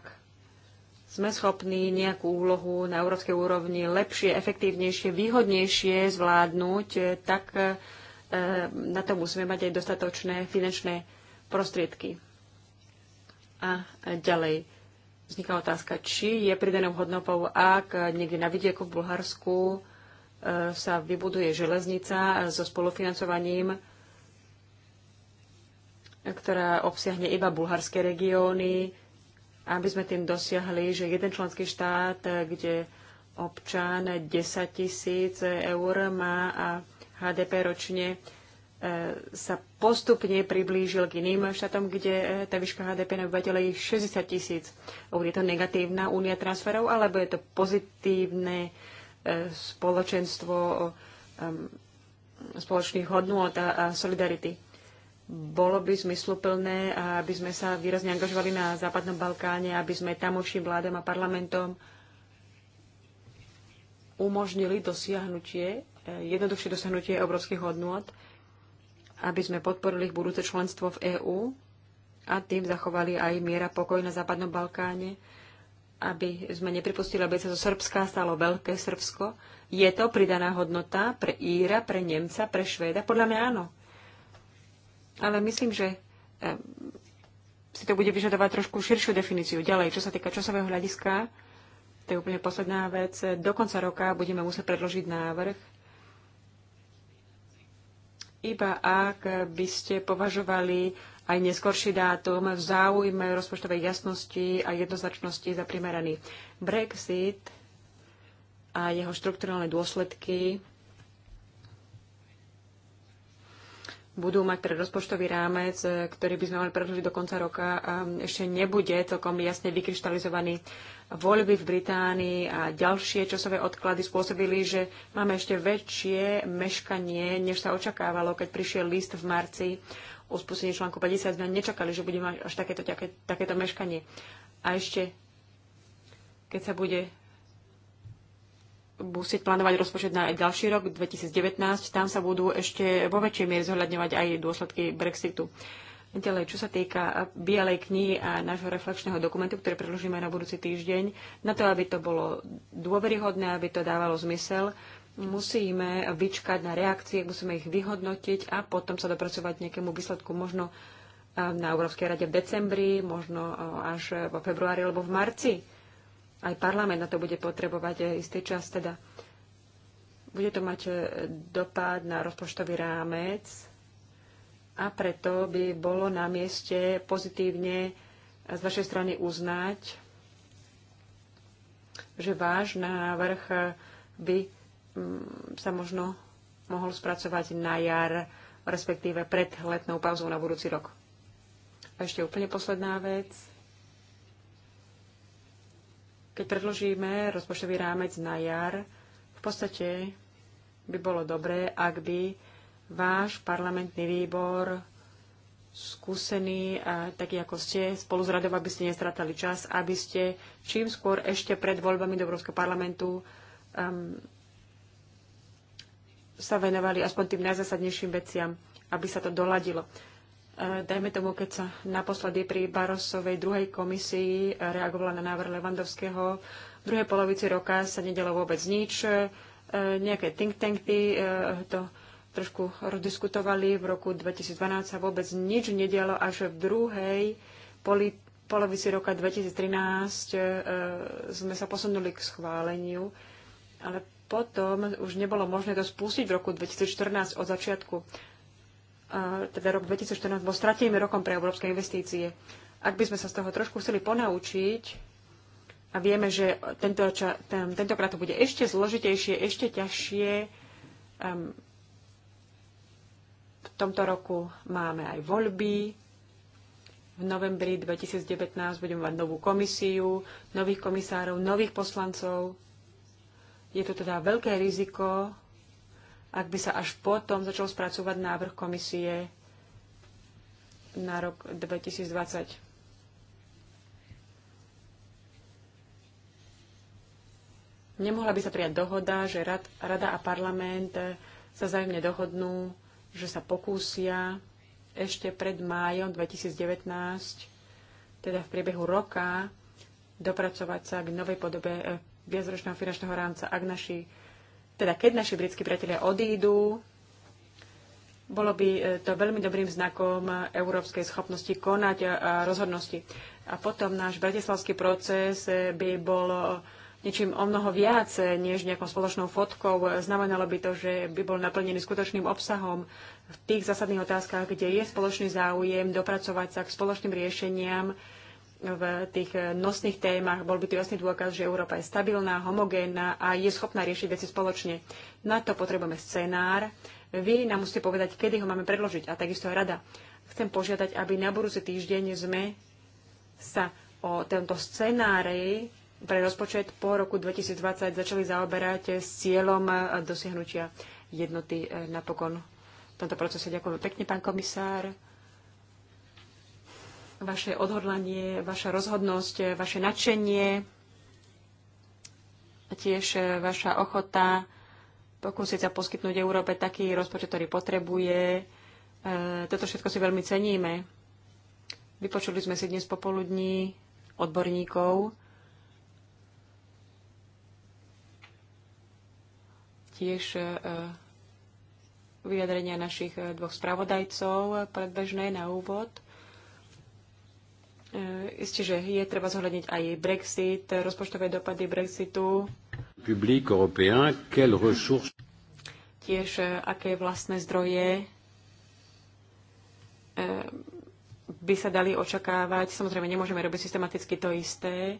sme schopní nejakú úlohu na európskej úrovni lepšie, efektívnejšie, výhodnejšie zvládnuť, eh, tak eh, na to musíme mať aj dostatočné finančné prostriedky. A eh, ďalej vzniká otázka, či je pridanou hodnotou, ak niekde na vidieku v Bulharsku sa vybuduje železnica so spolufinancovaním, ktorá obsiahne iba bulharské regióny, aby sme tým dosiahli, že jeden členský štát, eh, kde občan 10 tisíc eur má a HDP ročne eh, sa postupne priblížil k iným štátom, kde eh, tá výška HDP na obyvateľe je 60 tisíc. Je to negatívna únia transferov, alebo je to pozitívne spoločenstvo spoločných hodnôt a solidarity? bolo by zmysluplné, aby sme sa výrazne angažovali na Západnom Balkáne, aby sme tamovším vládam a parlamentom umožnili dosiahnutie, eh, jednoduchšie dosiahnutie európskych hodnôt, aby sme podporili ich budúce členstvo v EÚ a tým zachovali aj miera pokoj na Západnom Balkáne, aby sme nepripustili, aby sa zo Srbska stalo Veľké Srbsko. Je to pridaná hodnota pre Íra, pre Nemca, pre Švéda? Podľa mňa áno ale myslím, že ehm, si to bude vyžadovať trošku širšiu definíciu. Ďalej, čo sa týka časového hľadiska, to je úplne posledná vec, do konca roka budeme musieť predložiť návrh, iba ak by ste považovali aj neskorší dátum v záujme rozpočtovej jasnosti a jednoznačnosti za primeraný. Brexit a jeho štruktúrálne dôsledky budú mať pre rozpočtový rámec, e, ktorý by sme mali predložiť do konca roka, ešte nebude celkom jasne vykryštalizovaný. Voľby v Británii a ďalšie časové odklady spôsobili, že máme ešte väčšie meškanie, než sa očakávalo, keď prišiel list v marci o spustení článku 50. Sme nečakali, že budeme mať až takéto, také, takéto meškanie. A ešte, keď sa bude musieť plánovať rozpočet na ďalší rok, 2019. Tam sa budú ešte vo väčšej miere zohľadňovať aj dôsledky Brexitu. Ďalej, čo sa týka Bielej knihy a nášho reflexného dokumentu, ktorý predložíme na budúci týždeň, na to, aby to bolo dôveryhodné, aby to dávalo zmysel, musíme vyčkať na reakcie, musíme ich vyhodnotiť a potom sa dopracovať nejakému výsledku možno eh, na Európskej rade v decembri, možno eh, až vo februári alebo v marci aj parlament na to bude potrebovať eh, istý čas, teda bude to mať eh, dopad na rozpočtový rámec a preto by bolo na mieste pozitívne eh, z vašej strany uznať, že váš návrh by mm, sa možno mohol spracovať na jar, respektíve pred letnou pauzou na budúci rok. A ešte úplne posledná vec. Keď predložíme rozpočtový rámec na jar, v podstate by bolo dobré, ak by váš parlamentný výbor skúsený, taký ako ste, spolu s radov, aby ste nestratali čas, aby ste čím skôr ešte pred voľbami do Európskeho parlamentu um, sa venovali aspoň tým najzásadnejším veciam, aby sa to doladilo. Eh, dajme tomu, keď sa naposledy pri Barosovej druhej komisii eh, reagovala na návrh Levandovského, v druhej polovici roka sa nedelo vôbec nič. Eh, nejaké think tanky to trošku rozdiskutovali. V roku 2012 sa vôbec nič nedialo, až v druhej poli- polovici roka 2013 sme sa posunuli k schváleniu, ale potom už nebolo možné to spustiť v roku 2014 od začiatku teda rok 2014 bol strateným rokom pre európske investície. Ak by sme sa z toho trošku chceli ponaučiť a vieme, že tento, ča, ten, tentokrát to bude ešte zložitejšie, ešte ťažšie, um, v tomto roku máme aj voľby. V novembri 2019 budeme mať novú komisiu, nových komisárov, nových poslancov. Je tu teda veľké riziko, ak by sa až potom začal spracovať návrh komisie na rok 2020. Nemohla by sa prijať dohoda, že rad, Rada a parlament sa zájemne dohodnú, že sa pokúsia ešte pred májom 2019, teda v priebehu roka, dopracovať sa k novej podobe eh, viacročného finančného rámca, ak naši teda keď naši britskí priatelia odídu, bolo by e, to veľmi dobrým znakom e, európskej schopnosti konať e, a rozhodnosti. A potom náš bratislavský proces by bol niečím o mnoho viac než nejakou spoločnou fotkou. Znamenalo by to, že by bol naplnený skutočným obsahom v tých zásadných otázkach, kde je spoločný záujem dopracovať sa k spoločným riešeniam, v tých eh, nosných témach. Bol by to jasný dôkaz, že Európa je stabilná, homogénna a je schopná riešiť veci spoločne. Na to potrebujeme scenár. Vy nám musíte povedať, kedy ho máme predložiť a takisto aj rada. Chcem požiadať, aby na budúci týždeň sme sa o tento scenári pre rozpočet po roku 2020 začali zaoberať s cieľom eh, dosiahnutia jednoty eh, napokon. V tomto procese ďakujem pekne, pán komisár vaše odhodlanie, vaša rozhodnosť, vaše nadšenie a tiež e, vaša ochota pokúsiť sa poskytnúť Európe taký rozpočet, ktorý potrebuje. E, toto všetko si veľmi ceníme. Vypočuli sme si dnes popoludní odborníkov. Tiež e, vyjadrenia našich dvoch spravodajcov predbežné na úvod. E, isté, že je treba zohľadniť aj Brexit, rozpočtové dopady Brexitu. Public européen, quelles ressources... Tiež e, aké vlastné zdroje e, by sa dali očakávať. Samozrejme, nemôžeme robiť systematicky to isté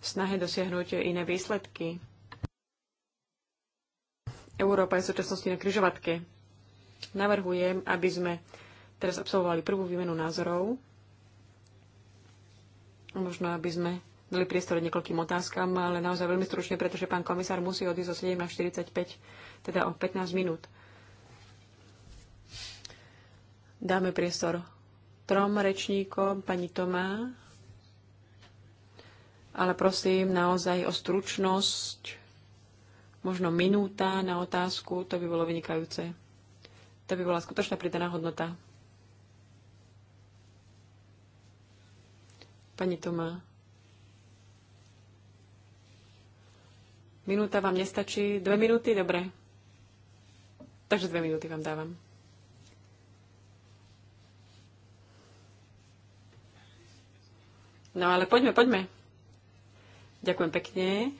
v snahe dosiahnuť iné výsledky. Európa je v súčasnosti na križovatke. Navrhujem, aby sme teraz absolvovali prvú výmenu názorov Možno, aby sme dali priestor niekoľkým otázkam, ale naozaj veľmi stručne, pretože pán komisár musí odísť o 7.45, teda o 15 minút. Dáme priestor trom rečníkom, pani Tomá, ale prosím naozaj o stručnosť, možno minúta na otázku, to by bolo vynikajúce. To by bola skutočná pridaná hodnota. Pani Tomá. Minúta vám nestačí? Dve minúty? Dobre. Takže dve minúty vám dávam. No ale poďme, poďme. Ďakujem pekne.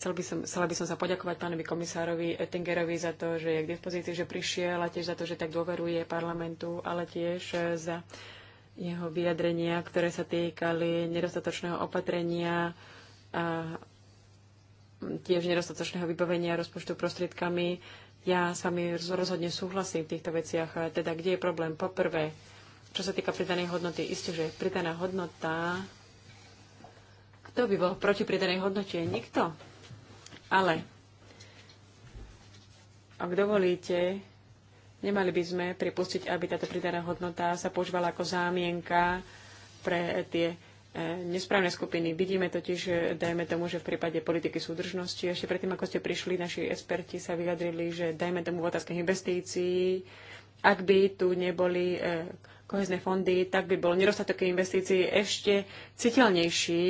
Chcel by som, chcela by som sa poďakovať pánovi komisárovi Ettingerovi za to, že je k dispozícii, že prišiel a tiež za to, že tak dôveruje parlamentu, ale tiež eh, za jeho vyjadrenia, ktoré sa týkali nedostatočného opatrenia a tiež nedostatočného vybavenia rozpočtu prostriedkami. Ja s vami rozhodne súhlasím v týchto veciach. Teda, kde je problém? Poprvé, čo sa týka pridanej hodnoty, isté, že pridaná hodnota... Kto by bol proti pridanej hodnote? Nikto. Ale, ak dovolíte, Nemali by sme pripustiť, aby táto pridaná hodnota sa používala ako zámienka pre tie e, nesprávne skupiny. Vidíme totiž, e, dajme tomu, že v prípade politiky súdržnosti, ešte predtým, ako ste prišli, naši experti sa vyjadrili, že dajme tomu v otázkach investícií, ak by tu neboli e, kohezné fondy, tak by bol nedostatok investícií ešte citeľnejší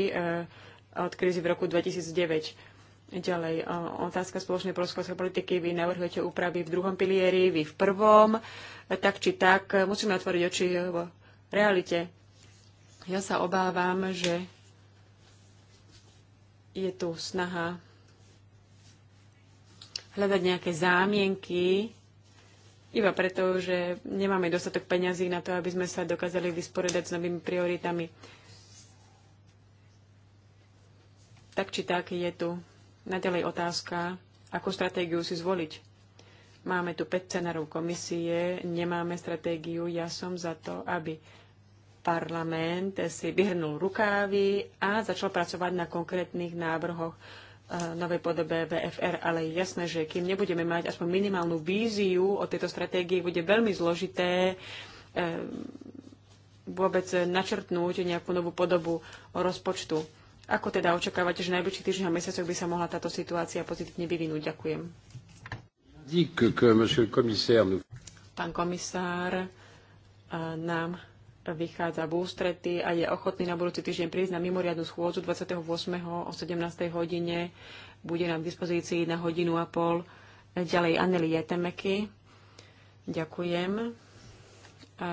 od krízy v roku 2009 Ďalej, otázka spoločnej proskúšnej politiky. Vy navrhujete úpravy v druhom pilieri, vy v prvom. Tak či tak, musíme otvoriť oči v realite. Ja sa obávam, že je tu snaha hľadať nejaké zámienky, iba preto, že nemáme dostatok peňazí na to, aby sme sa dokázali vysporiadať s novými prioritami. Tak či tak je tu Naďalej otázka, akú stratégiu si zvoliť. Máme tu 5 scenárov komisie, nemáme stratégiu. Ja som za to, aby parlament si vyhrnul rukávy a začal pracovať na konkrétnych návrhoch eh, novej podobe VFR, ale je jasné, že kým nebudeme mať aspoň minimálnu víziu o tejto stratégii, bude veľmi zložité eh, vôbec načrtnúť nejakú novú podobu rozpočtu. Ako teda očakávate, že najbližší najbližších týždňoch a mesiacoch by sa mohla táto situácia pozitívne vyvinúť? Ďakujem. Pán komisár e, nám vychádza v ústrety a je ochotný na budúci týždeň prísť na mimoriadnu schôdzu 28. o 17. hodine. Bude nám k dispozícii na hodinu a pol. Ďalej Anneli Jetemeky. Ďakujem. E,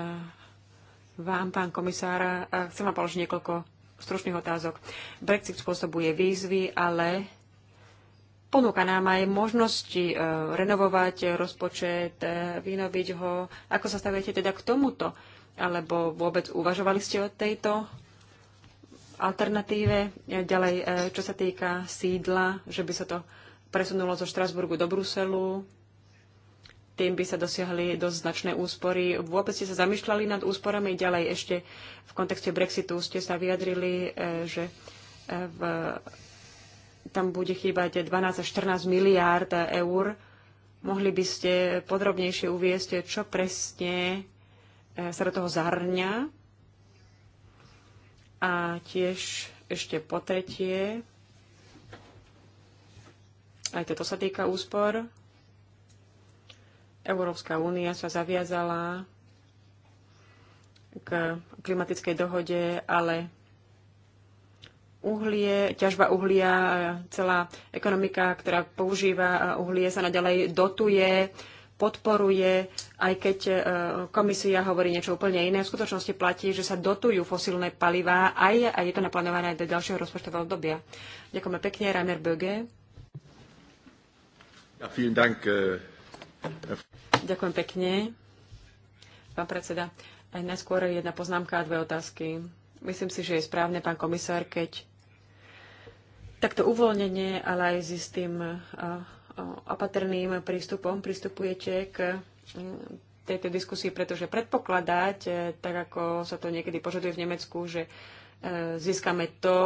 vám, pán komisár, e, chcem vám položiť niekoľko stručných otázok. Brexit spôsobuje výzvy, ale ponúka nám aj možnosti e, renovovať rozpočet, e, vynoviť ho. Ako sa staviete teda k tomuto? Alebo vôbec uvažovali ste o tejto alternatíve? E, ďalej, čo sa týka sídla, že by sa to presunulo zo Štrasburgu do Bruselu, tým by sa dosiahli dosť značné úspory. Vôbec ste sa zamýšľali nad úsporami ďalej ešte v kontexte Brexitu ste sa vyjadrili, e, že e, v, tam bude chýbať 12 až 14 miliárd eur. Mohli by ste podrobnejšie uviesť, čo presne e, sa do toho zahrňa. A tiež ešte po tretie, aj toto sa týka úspor, Európska únia sa zaviazala k klimatickej dohode, ale uhlie, ťažba uhlia, celá ekonomika, ktorá používa uhlie, sa naďalej dotuje, podporuje, aj keď e, komisia hovorí niečo úplne iné. V skutočnosti platí, že sa dotujú fosílne palivá aj, a je to naplánované aj do ďalšieho rozpočtového obdobia. Ďakujeme pekne, Rainer Böge. Ja, vielen Dank, uh... Ďakujem pekne. Pán predseda, aj najskôr jedna poznámka a dve otázky. Myslím si, že je správne, pán komisár, keď takto uvoľnenie, ale aj s istým eh, eh, opatrným prístupom pristupujete k eh, tejto diskusii, pretože predpokladať, tak ako sa to niekedy požaduje v Nemecku, že získame to,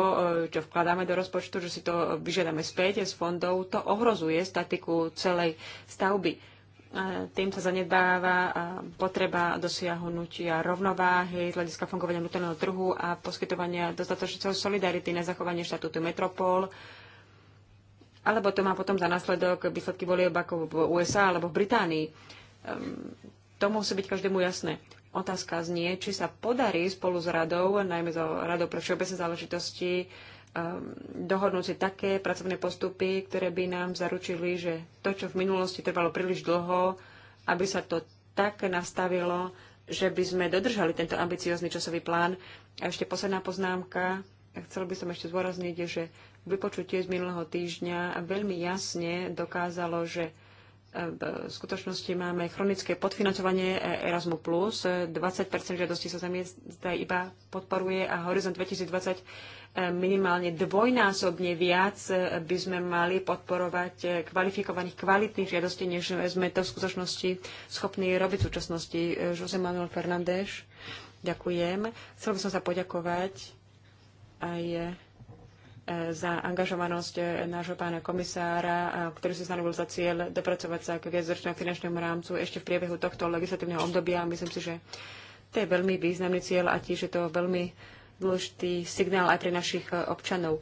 čo vkladáme do rozpočtu, že si to vyžiadame späť z fondov, to ohrozuje statiku celej stavby tým sa zanedbáva potreba dosiahnutia rovnováhy z hľadiska fungovania vnútorného trhu a poskytovania dostatočnej solidarity na zachovanie štatútu metropol. Alebo to má potom za následok výsledky volieb ako v USA alebo v Británii. Ehm, to musí byť každému jasné. Otázka znie, či sa podarí spolu s radou, najmä s radou pre všeobecné záležitosti, Um, dohodnúť si také pracovné postupy, ktoré by nám zaručili, že to, čo v minulosti trvalo príliš dlho, aby sa to tak nastavilo, že by sme dodržali tento ambiciózny časový plán. A ešte posledná poznámka. Chcel by som ešte zdôrazniť, že vypočutie z minulého týždňa veľmi jasne dokázalo, že E, v skutočnosti máme chronické podfinancovanie Erasmu+, 20% žiadostí sa zamiesta iba podporuje a Horizont 2020 e, minimálne dvojnásobne viac e, by sme mali podporovať kvalifikovaných, kvalitných žiadostí, než sme to v skutočnosti schopní robiť v súčasnosti. José Manuel Fernández, ďakujem. Chcel by som sa poďakovať aj E, za angažovanosť e, nášho pána komisára, ktorý si stanovil za cieľ dopracovať sa k viacročnému finančnému rámcu ešte v priebehu tohto legislatívneho obdobia. Myslím si, že to je veľmi významný cieľ a tiež je to veľmi dôležitý signál aj pre našich e, občanov.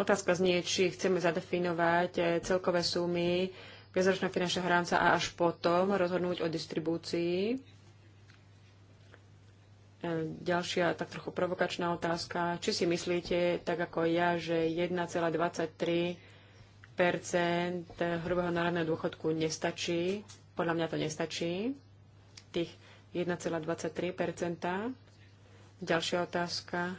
Otázka znie, či chceme zadefinovať celkové sumy viacročného finančného rámca a až potom rozhodnúť o distribúcii E, ďalšia tak trochu provokačná otázka. Či si myslíte, tak ako ja, že 1,23 hrubého národného dôchodku nestačí? Podľa mňa to nestačí. Tých 1,23 Ďalšia otázka.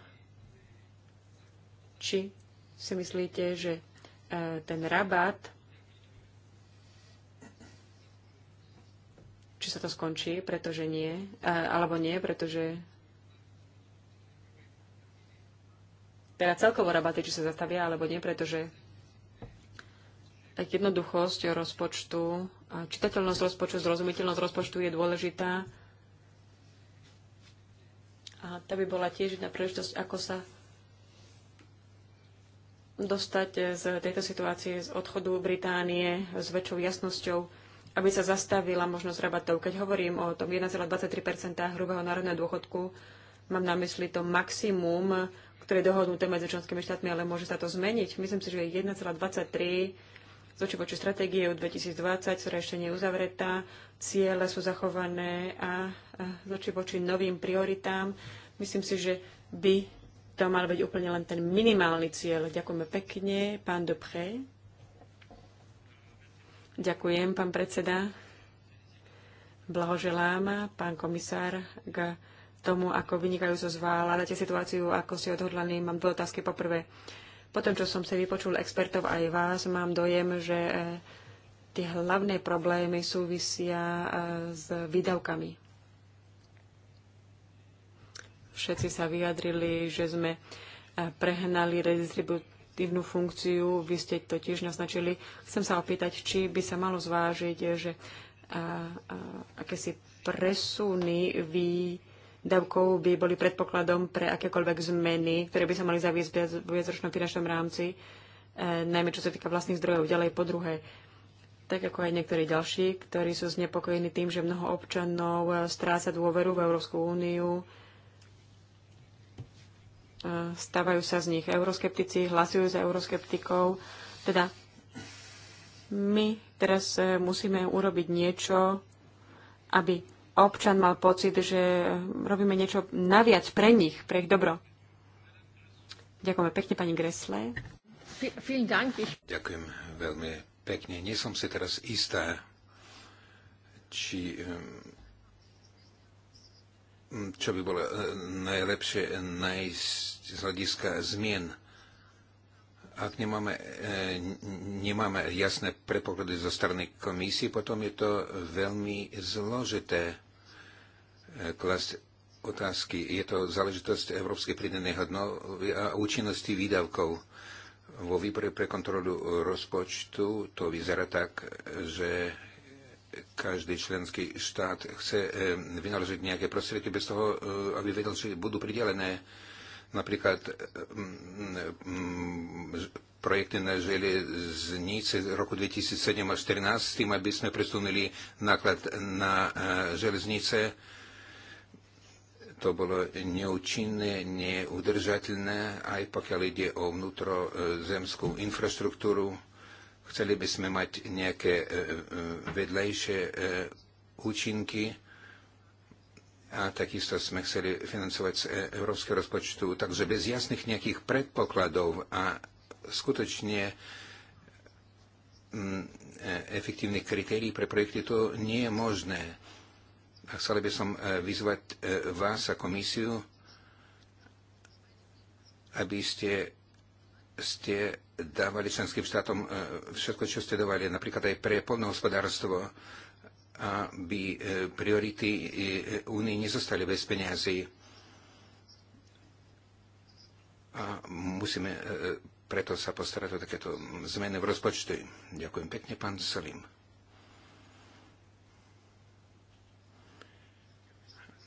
Či si myslíte, že e, ten rabat či sa to skončí, pretože nie, alebo nie, pretože teda celkovo rabaty, či sa zastavia alebo nie, pretože jednoduchosť rozpočtu, čitateľnosť rozpočtu, zrozumiteľnosť rozpočtu je dôležitá. A to by bola tiež jedna príležitosť, ako sa dostať z tejto situácie z odchodu Británie s väčšou jasnosťou aby sa zastavila možnosť rabatov. Keď hovorím o tom 1,23 hrubého národného dôchodku, mám na mysli to maximum, ktoré je dohodnuté medzi členskými štátmi, ale môže sa to zmeniť. Myslím si, že 1,23 z oči voči stratégie 2020, ktorá ešte nie je uzavretá, ciele sú zachované a z oči voči novým prioritám. Myslím si, že by to mal byť úplne len ten minimálny cieľ. Ďakujeme pekne, pán Dupré. Ďakujem, pán predseda. Blahoželám, pán komisár, k tomu, ako vynikajúco zvládate situáciu, ako si odhodlaní. Mám dve otázky. Poprvé, po tom, čo som si vypočul expertov aj vás, mám dojem, že eh, tie hlavné problémy súvisia eh, s výdavkami. Všetci sa vyjadrili, že sme eh, prehnali redistribúciu preventívnu funkciu, vy ste to tiež naznačili. Chcem sa opýtať, či by sa malo zvážiť, že a, a, akési presuny výdavkov by boli predpokladom pre akékoľvek zmeny, ktoré by sa mali zaviesť v viacročnom finančnom rámci, e, najmä čo sa týka vlastných zdrojov. Ďalej po druhé, tak ako aj niektorí ďalší, ktorí sú znepokojení tým, že mnoho občanov stráca dôveru v Európsku úniu, E, stávajú sa z nich euroskeptici, hlasujú za euroskeptikov. Teda my teraz e, musíme urobiť niečo, aby občan mal pocit, že robíme niečo naviac pre nich, pre ich dobro. Ďakujeme pekne, pani Gresle. Ďakujem veľmi pekne. Nie som si teraz istá, či čo by bolo eh, najlepšie eh, nájsť z hľadiska zmien. Ak nemáme, eh, nemáme jasné predpoklady zo strany komisie, potom je to veľmi zložité klasť otázky. Je to záležitosť Európskej prídenej hodnoty a účinnosti výdavkov. Vo výbore pre kontrolu rozpočtu to vyzerá tak, že každý členský štát chce eh, vynaložiť nejaké prostriedky bez toho, eh, aby vedel, či budú pridelené napríklad eh, mm, mm, mm, projekty na železnice z roku 2007 až 2014, s tým, aby sme presunuli náklad na železnice. To bolo neúčinné, neudržateľné, aj pokiaľ ide o vnútrozemskú infraštruktúru Chceli by sme mať nejaké e, e, vedlejšie e, účinky a takisto sme chceli financovať z európskeho rozpočtu. Takže bez jasných nejakých predpokladov a skutočne mm, efektívnych kritérií pre projekty to nie je možné. A chceli by som vyzvať vás a komisiu, aby ste, ste dávali členským štátom e, všetko, čo ste dovali, napríklad aj pre polnohospodárstvo, aby e, priority e, únie nezostali bez peniazy. A musíme preto sa postarať o takéto zmeny v rozpočte. Ďakujem pekne, pán Salim.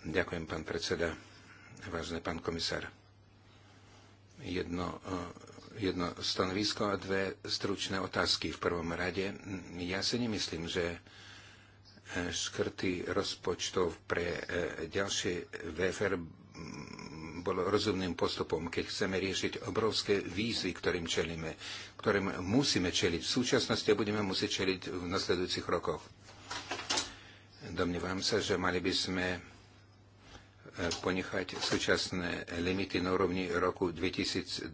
Ďakujem, pán predseda, vážne pán komisár. Jedno jedno stanovisko a dve stručné otázky. V prvom rade, ja si nemyslím, že e, škrty rozpočtov pre e, ďalšie VFR bolo rozumným postupom, keď chceme riešiť obrovské výzvy, ktorým čelíme, ktorým musíme čeliť v súčasnosti a budeme musieť čeliť v nasledujúcich rokoch. Domnievam sa, že mali by sme e, ponechať súčasné limity na úrovni roku 2020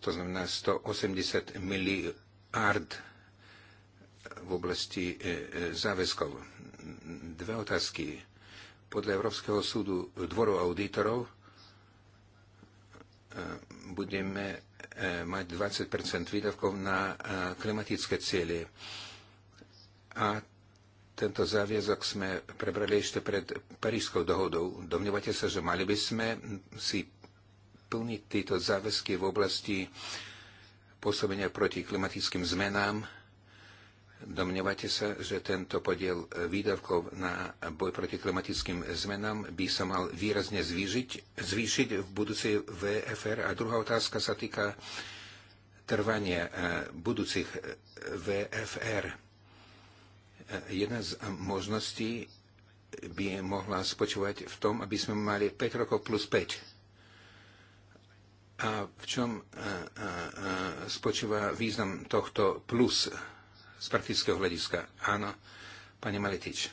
to znamená 180 miliard v oblasti e, e, záväzkov. Dve otázky. Podľa Európskeho súdu dvoru auditorov e, budeme mať 20 výdavkov na klimatické cieľe. A tento záväzok sme prebrali ešte pred Parížskou dohodou. Domnívate sa, že mali by sme si plniť tieto záväzky v oblasti pôsobenia proti klimatickým zmenám. Domnievate sa, že tento podiel výdavkov na boj proti klimatickým zmenám by sa mal výrazne zvýšiť, zvýšiť v budúcej VFR? A druhá otázka sa týka trvania e, budúcich e, VFR. E, jedna z možností by mohla spočívať v tom, aby sme mali 5 rokov plus 5 a v čom e, e, e, spočíva význam tohto plus z praktického hľadiska? Áno, pani Maletič.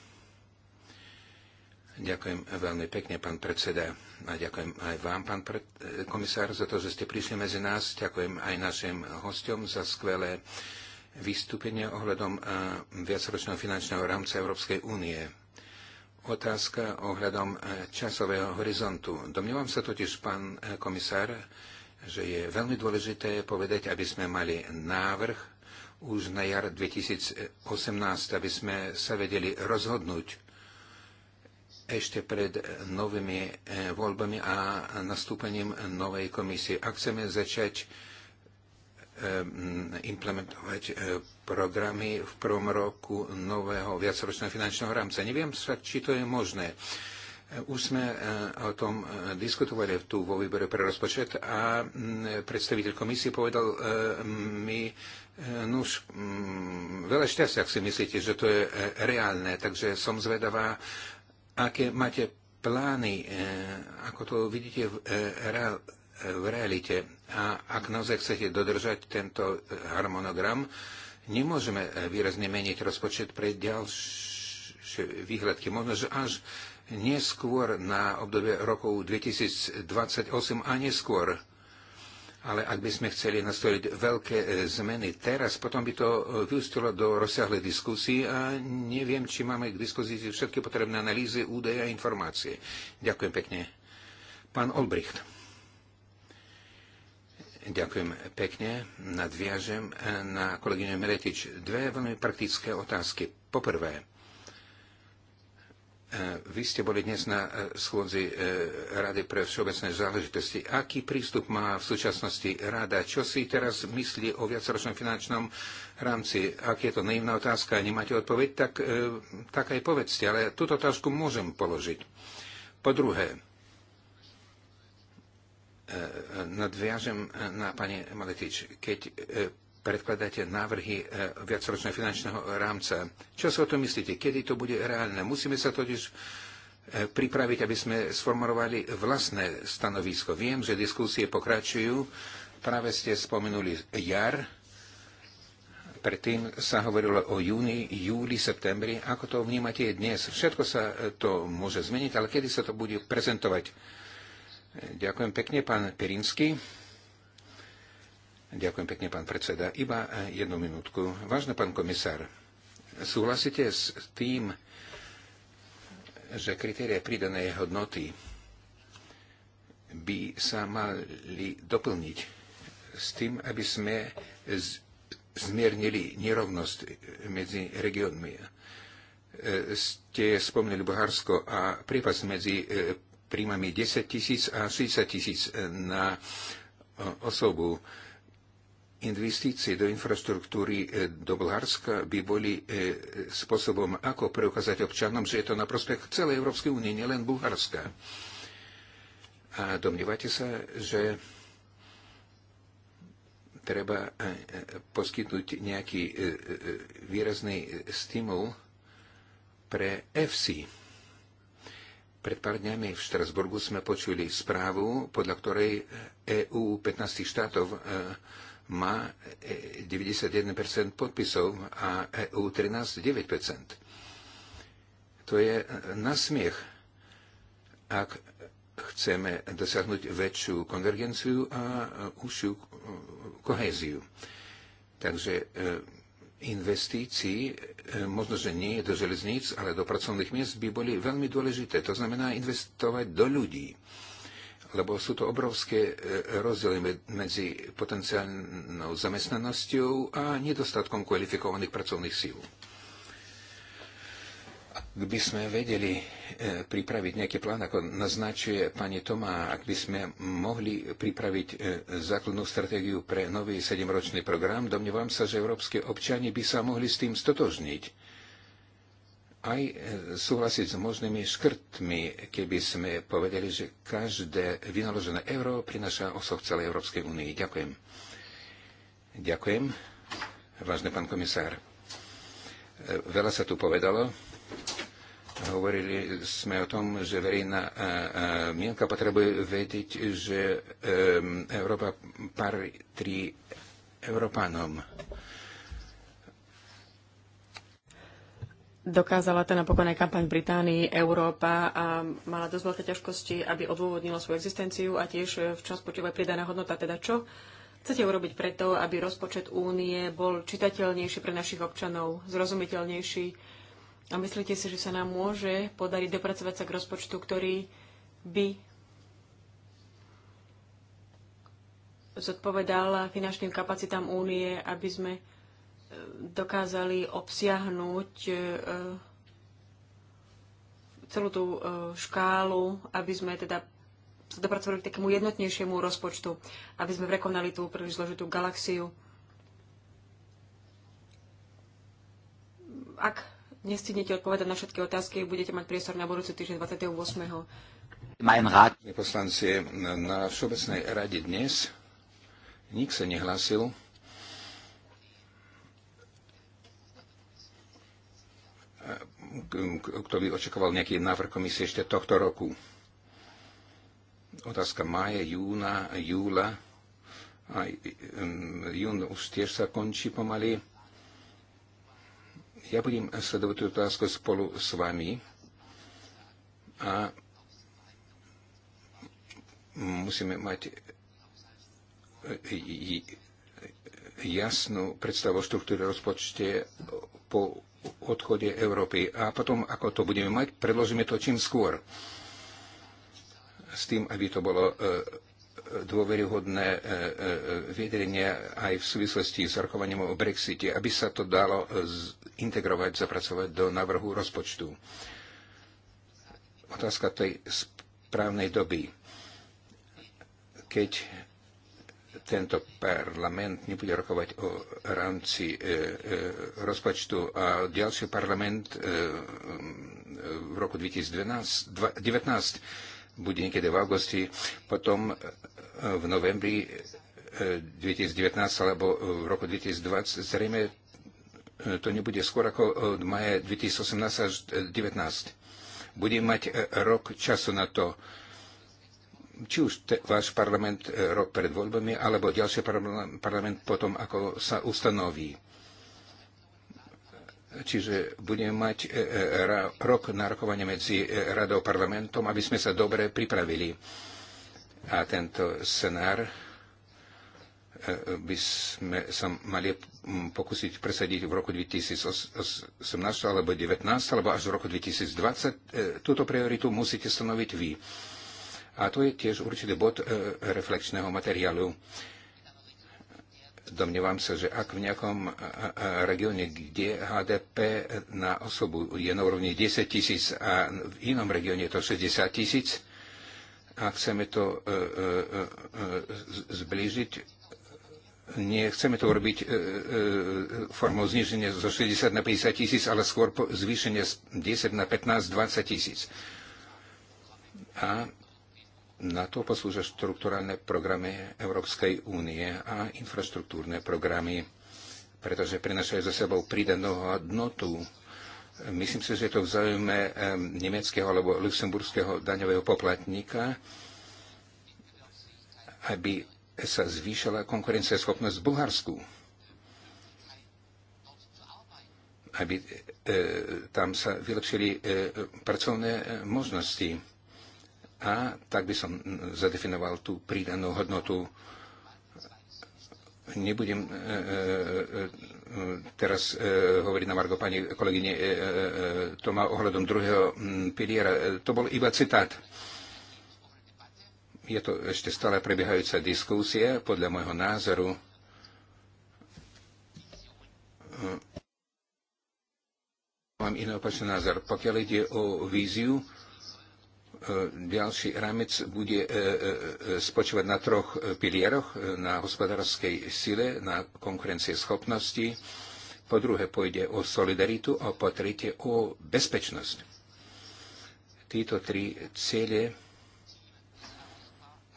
Ďakujem veľmi pekne, pán predseda. A ďakujem aj vám, pán pred... komisár, za to, že ste prišli medzi nás. Ďakujem aj našim hostom za skvelé vystúpenie ohľadom viacročného finančného rámca Európskej únie. Otázka ohľadom časového horizontu. Domnievam sa totiž, pán komisár, že je veľmi dôležité povedať, aby sme mali návrh už na jar 2018, aby sme sa vedeli rozhodnúť ešte pred novými eh, voľbami a nastúpením novej komisie. Ak chceme začať eh, implementovať eh, programy v prvom roku nového viacročného finančného rámca. Neviem však, či to je možné. Už sme e, o tom e, diskutovali tu vo výbore pre rozpočet a predstaviteľ komisie povedal e, mi, už veľa šťastia, ak si myslíte, že to je reálne, takže som zvedavá, aké máte plány, ako to vidíte v, reál, v realite. A ak naozaj chcete dodržať tento harmonogram, nemôžeme výrazne meniť rozpočet pre ďalšie výhľadky. Možno, že až neskôr na obdobie rokov 2028 a neskôr. Ale ak by sme chceli nastoliť veľké e, zmeny teraz, potom by to e, vyústilo do rozsiahlej diskusie a neviem, či máme k dispozícii všetky potrebné analýzy, údaje a informácie. Ďakujem pekne. Pán Olbricht. Ďakujem pekne. Nadviažem e, na kolegyňu Meretič dve veľmi praktické otázky. Poprvé, E, vy ste boli dnes na e, schôdzi e, Rady pre všeobecné záležitosti. Aký prístup má v súčasnosti Rada? Čo si teraz myslí o viacročnom finančnom rámci? Ak je to naivná otázka a nemáte odpoveď, tak, tak aj povedzte. Ale túto otázku môžem položiť. Po druhé, nadviažem na pani Maletič. Keď predkladáte návrhy e, viacročného finančného rámca. Čo si o tom myslíte? Kedy to bude reálne? Musíme sa totiž e, pripraviť, aby sme sformorovali vlastné stanovisko. Viem, že diskusie pokračujú. Práve ste spomenuli jar. Predtým sa hovorilo o júni, júli, septembri. Ako to vnímate dnes? Všetko sa e, to môže zmeniť, ale kedy sa to bude prezentovať? Ďakujem pekne, pán Perinsky. Ďakujem pekne, pán predseda. Iba e, jednu minútku. Vážne, pán komisár, súhlasíte s tým, že kritéria pridanej hodnoty by sa mali doplniť s tým, aby sme zmiernili nerovnosť medzi regiónmi. E, ste spomínali Bulharsko a prípad medzi e, príjmami 10 tisíc a 60 tisíc na osobu. Investície do infraštruktúry e, do Bulharska by boli e, spôsobom, ako preukázať občanom, že je to na prospech celej Európskej únie, nielen Bulharska. A domnievate sa, že treba e, poskytnúť nejaký výrazný stimul pre FC. Pred pár dňami v Štrasburgu sme počuli správu, podľa ktorej EU 15 štátov má 91% e, podpisov a EU 13,9%. To je e, nasmiech, ak chceme dosiahnuť väčšiu konvergenciu a e, užšiu kohéziu. Takže investícií, možno, že nie do železníc, ale do pracovných miest by boli veľmi dôležité. To znamená investovať do ľudí lebo sú to obrovské e, rozdiely medzi potenciálnou zamestnanosťou a nedostatkom kvalifikovaných pracovných síl. Ak by sme vedeli e, pripraviť nejaký plán, ako naznačuje pani Tomá, ak by sme mohli pripraviť e, základnú stratégiu pre nový sedemročný program, domnievam sa, že európske občania by sa mohli s tým stotožniť aj e, súhlasiť s možnými škrtmi, keby sme povedali, že každé vynaložené euro prináša osoch celej Európskej únii. Ďakujem. Ďakujem, vážny pán komisár. E, veľa sa tu povedalo. Hovorili sme o tom, že verejná e, mienka potrebuje vedieť, že Európa patrí Európanom. dokázala ten napokon aj kampaň Británii, Európa a mala dosť veľké ťažkosti, aby odôvodnila svoju existenciu a tiež e, v čom spočíva pridaná hodnota, teda čo chcete urobiť preto, aby rozpočet únie bol čitateľnejší pre našich občanov, zrozumiteľnejší a myslíte si, že sa nám môže podariť dopracovať sa k rozpočtu, ktorý by zodpovedal finančným kapacitám únie, aby sme dokázali obsiahnuť e, celú tú e, škálu, aby sme teda sa dopracovali k takému jednotnejšiemu rozpočtu, aby sme prekonali tú príliš zložitú galaxiu. Ak nestihnete odpovedať na všetky otázky, budete mať priestor na budúci týždeň 28. Poslanci, na Všeobecnej rade dnes nik sa nehlásil kto by očakoval nejaký návrh komisie ešte tohto roku. Otázka máje, júna, júla. A e, jún už tiež sa končí pomaly. Ja budem sledovať tú otázku spolu s vami a musíme mať e, e, jasnú predstavu o štruktúre rozpočte po odchode Európy. A potom, ako to budeme mať, predložíme to čím skôr. S tým, aby to bolo e, e, dôveryhodné e, vyjadrenie aj v súvislosti s rokovaním o Brexite, aby sa to dalo integrovať, zapracovať do návrhu rozpočtu. Otázka tej správnej doby. Keď tento parlament nebude rokovať o rámci e, e, rozpočtu a ďalší parlament e, v roku 2019 bude niekedy v augusti, potom v novembri 2019 alebo v roku 2020 zrejme to nebude skôr ako od maja 2018 až 2019. Budeme mať rok času na to, či už te, váš parlament e, rok pred voľbami, alebo ďalší parlament potom, ako sa ustanoví. Čiže budeme mať e, e, rok na rokovanie medzi radou a parlamentom, aby sme sa dobre pripravili. A tento scenár by sme sa mali pokúsiť presadiť v roku 2018 alebo 2019 alebo až v roku 2020. Túto prioritu musíte stanoviť vy. A to je tiež určitý bod e, reflexného materiálu. Domnievam sa, že ak v nejakom e, e, regióne, kde HDP na osobu je na úrovni 10 tisíc a v inom regióne je to 60 tisíc, a chceme to zblížiť, nechceme to urobiť formou zniženia zo 60 na 50 tisíc, ale skôr zvýšenie z 10 na 15, 20 tisíc. A na to poslúžia štrukturálne programy Európskej únie a infraštruktúrne programy, pretože prinašajú za sebou pridanú hodnotu. Myslím si, že je to v záujme nemeckého alebo luxemburského daňového poplatníka, aby sa zvýšila konkurencieschopnosť v Bulharsku. Aby e, tam sa vylepšili e, pracovné e, možnosti a tak by som mm, zadefinoval tú pridanú hodnotu. Nebudem e, e, e, teraz hovoriť na Margo pani kolegyne to má ohľadom druhého mm, piliera. To bol iba citát. Je to ešte stále prebiehajúca diskusia. Podľa môjho názoru mám iný opačný názor. Pokiaľ ide o víziu, E, ďalší rámec bude e, e, spočívať na troch pilieroch, na hospodárskej sile, na konkurencie schopnosti, po druhé pôjde o solidaritu a po tretie o bezpečnosť. Títo tri ciele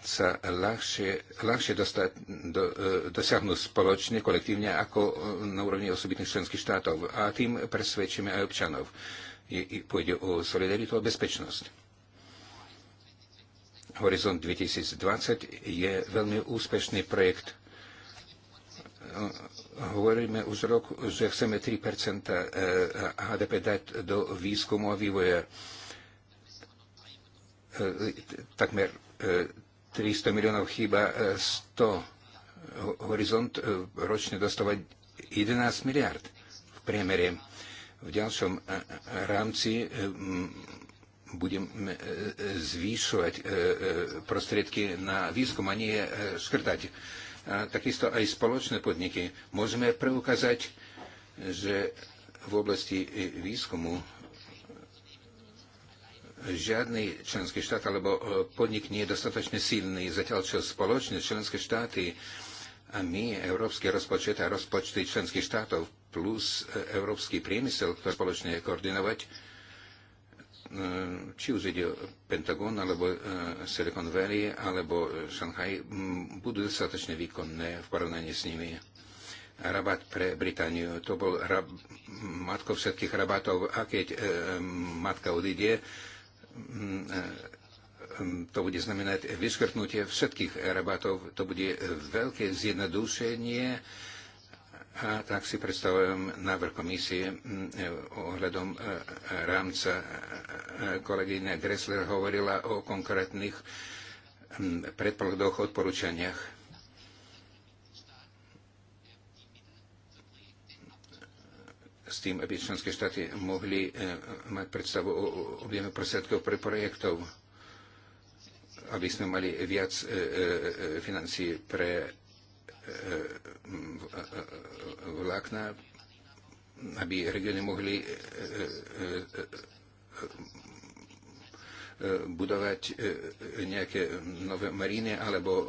sa ľahšie, ľahšie dostať, do, dosiahnu spoločne, kolektívne, ako na úrovni osobitných členských štátov. A tým presvedčíme aj občanov. Je, pôjde o solidaritu a bezpečnosť. Horizont 2020 je veľmi úspešný projekt. Hovoríme už rok, že chceme 3 eh, HDP dať do výskumu a vývoja. Eh, takmer 300 eh, miliónov chýba 100. Horizont ročne dostávať 11 miliard v priemere. V ďalšom rámci budeme e, e, zvýšovať e, prostriedky na výskum a nie škrtať. A takisto aj spoločné podniky. Môžeme preukázať, že v oblasti výskumu žiadny členský štát alebo podnik nie je dostatočne silný, zatiaľ čo spoločné členské štáty a my, európsky rozpočet a rozpočty členských štátov plus európsky priemysel, ktorý spoločne koordinovať, Eh, či už ide o Pentagon, alebo eh, Silicon Valley, alebo eh, Šanghaj, mm, budú dostatočne výkonné v porovnaní s nimi. Rabat pre Britániu, to bol rab, matko všetkých rabatov a keď e, matka odíde, mm, mm, to bude znamenať vyškrtnutie všetkých rabatov, to bude veľké zjednodušenie a tak si predstavujem návrh komisie mm, eh, ohľadom eh, rámca. Eh, Kolegyňa Gressler hovorila o konkrétnych mm, predpokladoch, odporúčaniach. S tým, aby členské štáty mohli mať predstavu o objeme prostriedkov pre projektov, aby sme mali viac financí pre vlákna, aby regióny mohli e, e, e, budovať nejaké nové maríny alebo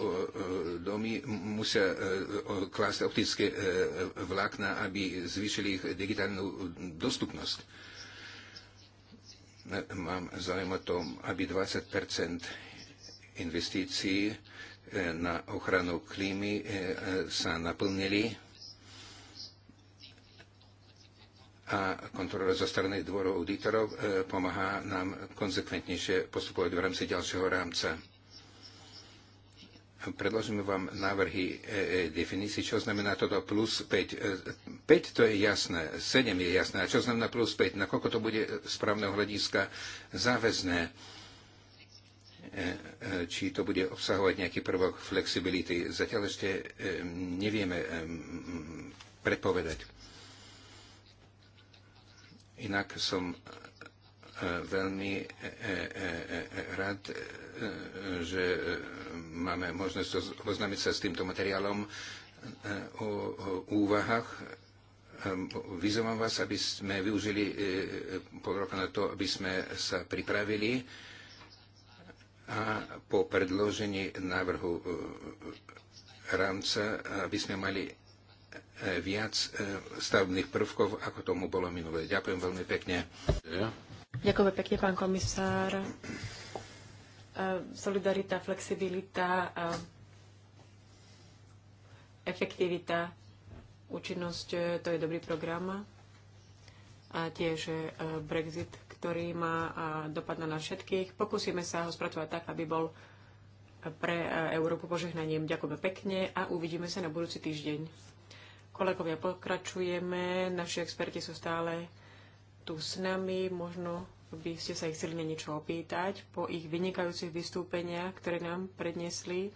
domy, musia klásť optické vlákna, aby zvýšili ich digitálnu dostupnosť. Mám záujem o tom, aby 20 investícií E, na ochranu klímy e, e, sa naplnili a kontrola zo strany dvoru auditorov pomáha nám konzekventnejšie postupovať v rámci ďalšieho rámca. Predložíme vám návrhy definícií, čo znamená toto plus 5. 5 to je jasné, 7 je jasné. A čo znamená plus 5? Nakoľko to bude z právneho hľadiska záväzné? či to bude obsahovať nejaký prvok flexibility. Zatiaľ ešte e, nevieme e, predpovedať. Inak som e, veľmi rád, že máme možnosť oznámiť sa s týmto materiálom o úvahách. Ehm, vyzývam vás, aby sme využili pol roka na to, aby sme sa pripravili a po predložení návrhu e, e, rámca, aby sme mali e, viac stavebných prvkov, ako tomu bolo minulé. Ďakujem veľmi pekne. Ďakujem pekne, pán komisár. Solidarita, flexibilita, efektivita, účinnosť, to je dobrý program. A tiež Brexit ktorý má dopad na nás všetkých. Pokúsime sa ho spracovať tak, aby bol pre e, Európu požehnaním. Ďakujeme pekne a uvidíme sa na budúci týždeň. Kolegovia, pokračujeme. Naši experti sú stále tu s nami. Možno by ste sa ich chceli na niečo opýtať po ich vynikajúcich vystúpeniach, ktoré nám predniesli.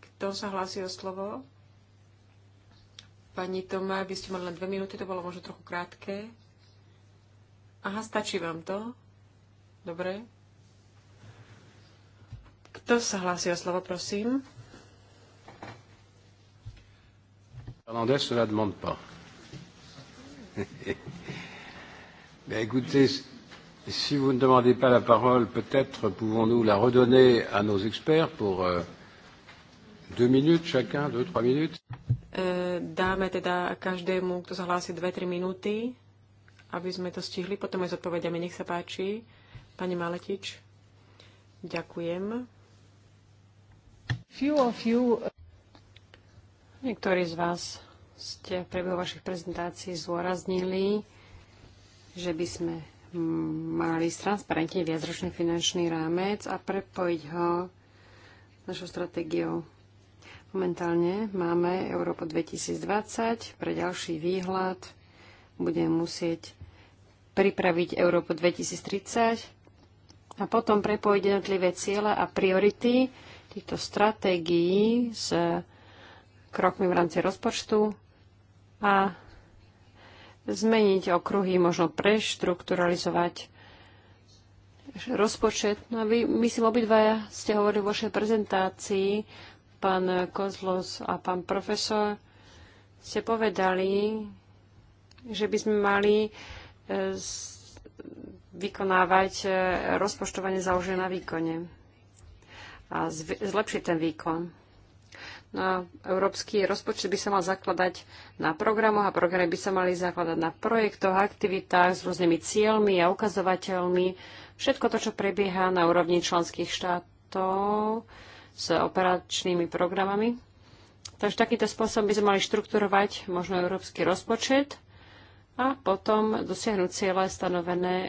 Kto sa hlási o slovo? Pani Toma, by ste mali len dve minúty, to bolo možno trochu krátke. Aha, stačí vám to? Dobre. Kto sa hlási o slovo, prosím? ne demande pas. [LAUGHS] ben écoutez, si vous ne demandez pas la parole, peut-être pouvons-nous la redonner à nos experts pour euh, deux minutes chacun, deux, trois minutes. Euh, dáme teda každému, kto sa hlási, dve, tri minúty aby sme to stihli. Potom aj s odpovediami. Nech sa páči. Pani Maletič, ďakujem. Few of you... Uh, Niektorí z vás ste v priebehu vašich prezentácií zdôraznili, že by sme mali transparentne viacročný finančný rámec a prepojiť ho našou stratégiou. Momentálne máme Európa 2020 pre ďalší výhľad. Budeme musieť pripraviť Európu 2030 a potom prepojiť jednotlivé ciele a priority týchto stratégií s krokmi v rámci rozpočtu a zmeniť okruhy, možno preštrukturalizovať rozpočet. No a vy, myslím, obidvaja ste hovorili vo vašej prezentácii, pán Kozlos a pán profesor, ste povedali, že by sme mali vykonávať e, rozpočtovanie založené na výkone a zlepšiť ten výkon. No a európsky rozpočet by sa mal zakladať na programoch a programy by sa mali zakladať na projektoch, aktivitách s rôznymi cieľmi a ukazovateľmi. Všetko to, čo prebieha na úrovni členských štátov s operačnými programami. Takže takýto spôsob by sme mali štrukturovať možno európsky rozpočet a potom dosiahnuť cieľe stanovené e,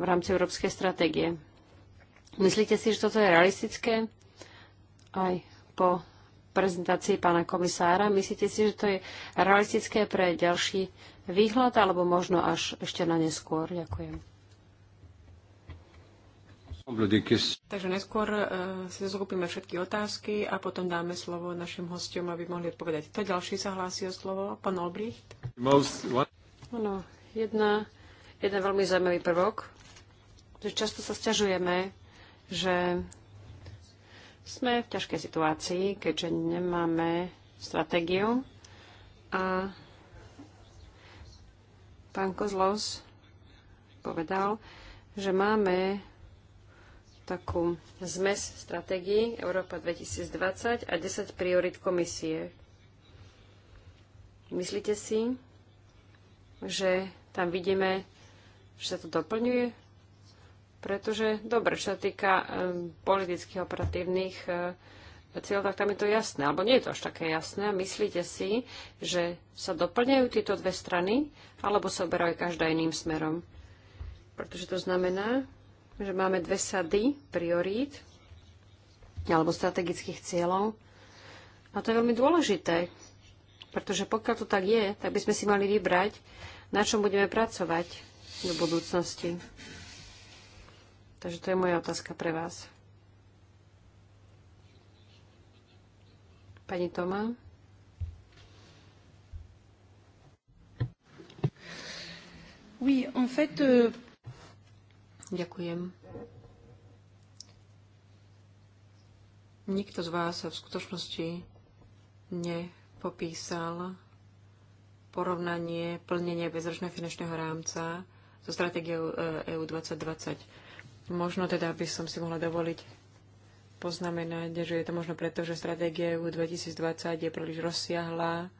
v rámci európskej stratégie. Myslíte si, že toto je realistické? Aj po prezentácii pána komisára. Myslíte si, že to je realistické pre ďalší výhľad, alebo možno až ešte na neskôr? Ďakujem. Takže neskôr uh, si zokupíme všetky otázky a potom dáme slovo našim hostiom, aby mohli odpovedať. To ďalší sa hlási o slovo, pán Olbricht. Áno, jedna, jeden veľmi zaujímavý prvok, že často sa stiažujeme, že sme v ťažkej situácii, keďže nemáme stratégiu a pán Kozlos povedal, že máme takú zmes stratégií Európa 2020 a 10 priorit komisie. Myslíte si, že tam vidíme, že sa to doplňuje, pretože dobre, čo sa týka eh, politických operatívnych eh, cieľ, tak tam je to jasné, alebo nie je to až také jasné. Myslíte si, že sa doplňajú tieto dve strany, alebo sa oberajú každá iným smerom? Pretože to znamená, že máme dve sady priorít alebo strategických cieľov. A to je veľmi dôležité, pretože pokiaľ to tak je, tak by sme si mali vybrať na čom budeme pracovať do budúcnosti. Takže to je moja otázka pre vás. Pani Toma. Oui, en fait, euh... Ďakujem. Nikto z vás v skutočnosti nepopísal porovnanie plnenie bezročného finančného rámca so stratégiou EU e 2020. Možno teda by som si mohla dovoliť poznamenať, že je to možno preto, že stratégia EU 2020 je príliš rozsiahla,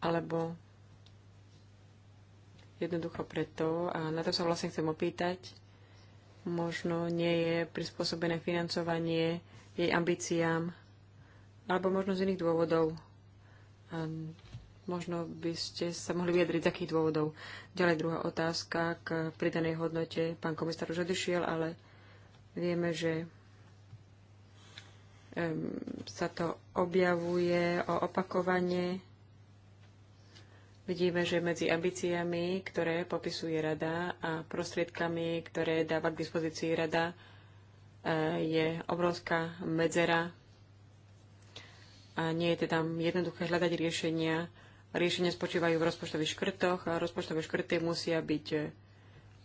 alebo jednoducho preto, a na to sa vlastne chcem opýtať, možno nie je prispôsobené financovanie jej ambíciám, alebo možno z iných dôvodov. A ehm, Možno by ste sa mohli vyjadriť z akých dôvodov. Ďalej druhá otázka k pridanej hodnote. Pán komisár už odišiel, ale vieme, že sa to objavuje o opakovanie. Vidíme, že medzi ambíciami, ktoré popisuje rada a prostriedkami, ktoré dáva k dispozícii rada, e, je obrovská medzera a nie je teda jednoduché hľadať riešenia riešenia spočívajú v rozpočtových škrtoch a rozpočtové škrty musia byť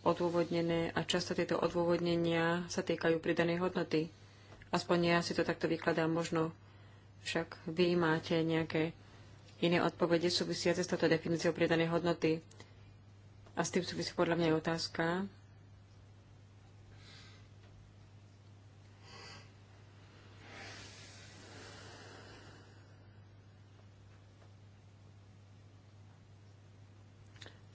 odôvodnené a často tieto odôvodnenia sa týkajú pridanej hodnoty. Aspoň ja si to takto vykladám, možno však vy máte nejaké iné odpovede súvisiace s touto definíciou pridanej hodnoty. A s tým súvisí podľa mňa aj otázka,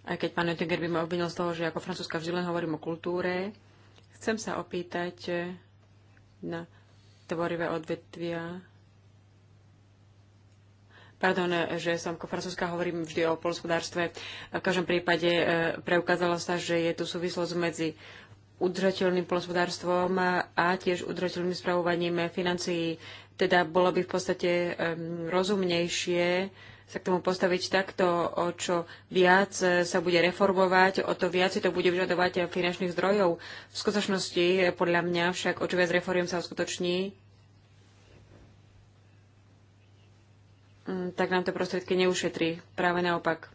aj keď pán Oettinger by ma obvinil z toho, že ako francúzska vždy len hovorím o kultúre, chcem sa opýtať e, na tvorivé odvetvia. Pardon, e, že som ako francúzska hovorím vždy o polospodárstve. V každom prípade e, preukázalo sa, že je tu súvislosť medzi udržateľným polospodárstvom a tiež udržateľným spravovaním financií. Teda bolo by v podstate rozumnejšie sa k tomu postaviť takto, o čo viac e, sa bude reformovať, o to viac si to bude vyžadovať finančných zdrojov. V skutočnosti, e, podľa mňa, však o čo viac reformiem sa uskutoční, mm, tak nám to prostriedky neušetrí. Práve naopak.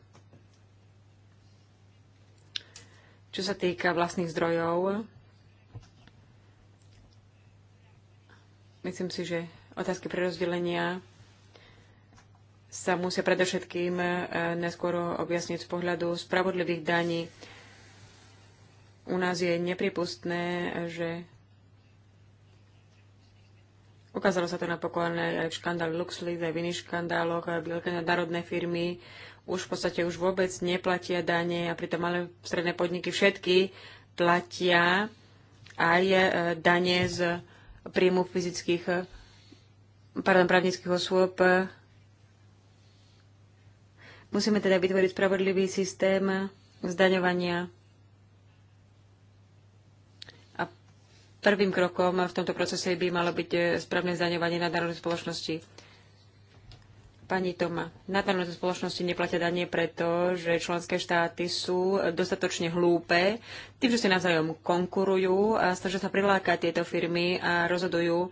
Čo sa týka vlastných zdrojov, myslím si, že otázky prerozdelenia rozdelenia sa musia predovšetkým e, neskôr objasniť z pohľadu spravodlivých daní. U nás je nepripustné, že ukázalo sa to napokon aj e, v škandál LuxLeaks, aj v iných škandáloch, aj e, veľké národné firmy už v podstate už vôbec neplatia dane a pritom malé stredné podniky všetky platia aj dane z príjmu fyzických, pardon, právnických osôb Musíme teda vytvoriť spravodlivý systém zdaňovania. A prvým krokom v tomto procese by malo byť eh, správne zdaňovanie nadnárodnej spoločnosti. Pani Toma, nadnárodné spoločnosti neplatia danie preto, že členské štáty sú dostatočne hlúpe, tým, že si navzájom konkurujú a snažia sa prilákať tieto firmy a rozhodujú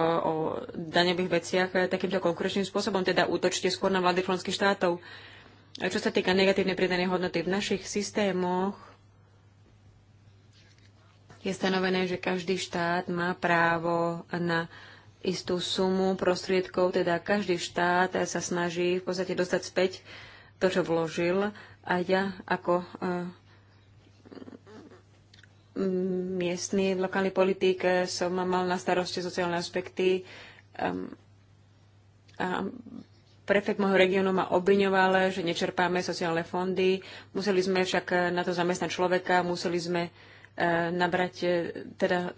o daňových veciach takýmto konkurenčným spôsobom, teda útočte skôr na vlády členských štátov. A čo sa týka negatívnej pridanej hodnoty v našich systémoch, je stanovené, že každý štát má právo na istú sumu prostriedkov, teda každý štát sa snaží v podstate dostať späť to, čo vložil. A ja ako e, miestny, lokálny politik eh, som mal na starosti sociálne aspekty a prefekt môjho regiónu ma obviňoval, že nečerpáme sociálne fondy. Museli sme však eh, na to zamestnať človeka, museli sme eh, nabrať teda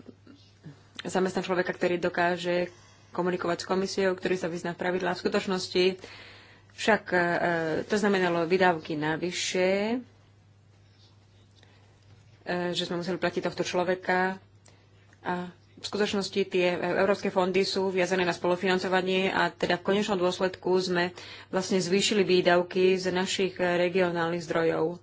zamestnať človeka, ktorý dokáže komunikovať s komisiou, ktorý sa vyzná v pravidlách V skutočnosti však to znamenalo vydávky navyše, E, že sme museli platiť tohto človeka. A v skutočnosti tie e, európske fondy sú viazané na spolufinancovanie a teda v konečnom dôsledku sme vlastne zvýšili výdavky z našich e, regionálnych zdrojov.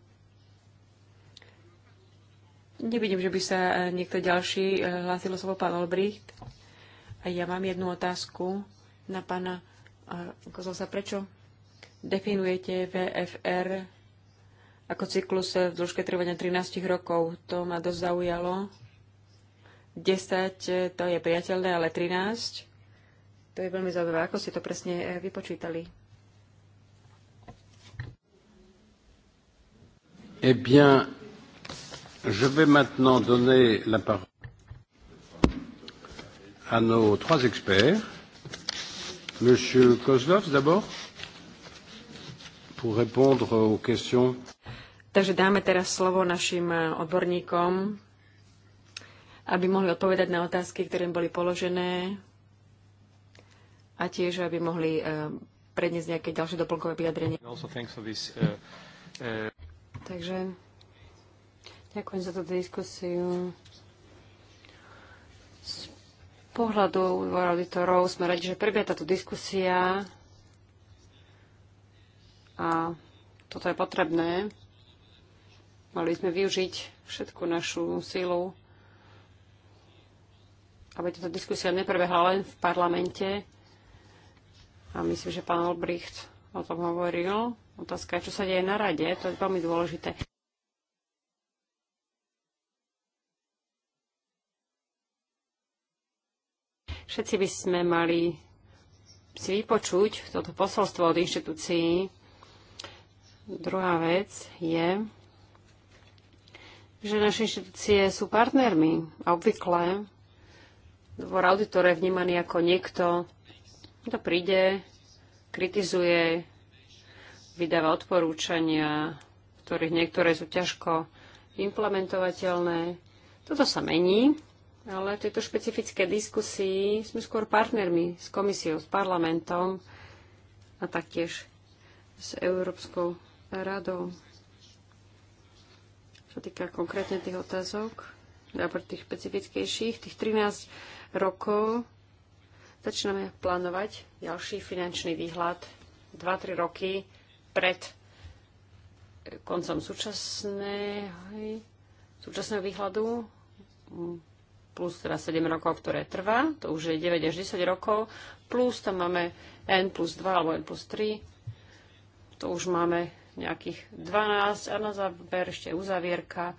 Nevidím, že by sa niekto ďalší hlásil slovo pán Olbricht. A ja mám jednu otázku na pána Kozosa. Prečo definujete VFR ako cyklus eh, v dĺžke trvania 13 rokov. To ma dosť zaujalo. 10 eh, to je priateľné, ale 13 to je veľmi zaujímavé. Ako ste to presne eh, vypočítali? Eh bien, je vais maintenant donner la parole à nos trois experts. Monsieur Kozlov, d'abord, pour répondre aux questions. Takže dáme teraz slovo našim e, odborníkom, aby mohli odpovedať na otázky, ktoré im boli položené a tiež, aby mohli e, predniesť nejaké ďalšie doplnkové vyjadrenie. E, Takže ďakujem za túto diskusiu. Z pohľadu auditorov sme radi, že prebieha táto diskusia a toto je potrebné, Mali sme využiť všetku našu silu, aby táto diskusia neprebehla len v parlamente. A myslím, že pán Olbricht o tom hovoril. Otázka čo sa deje na rade. To je veľmi dôležité. Všetci by sme mali si vypočuť toto posolstvo od inštitúcií. Druhá vec je, že naše inštitúcie sú partnermi a obvykle dvor auditor je vnímaný ako niekto, kto príde, kritizuje, vydáva odporúčania, ktorých niektoré sú ťažko implementovateľné. Toto sa mení, ale tieto špecifické diskusii sme skôr partnermi s komisiou, s parlamentom a taktiež s Európskou radou čo týka konkrétne tých otázok, napríklad teda tých špecifickejších, tých 13 rokov začíname plánovať ďalší finančný výhľad 2-3 roky pred eh, koncom súčasného, súčasného výhľadu hm, plus teda 7 rokov, ktoré trvá, to už je 9 až 10 rokov, plus tam máme N plus 2 alebo N plus 3, to už máme nejakých 12 a na záver ešte uzavierka,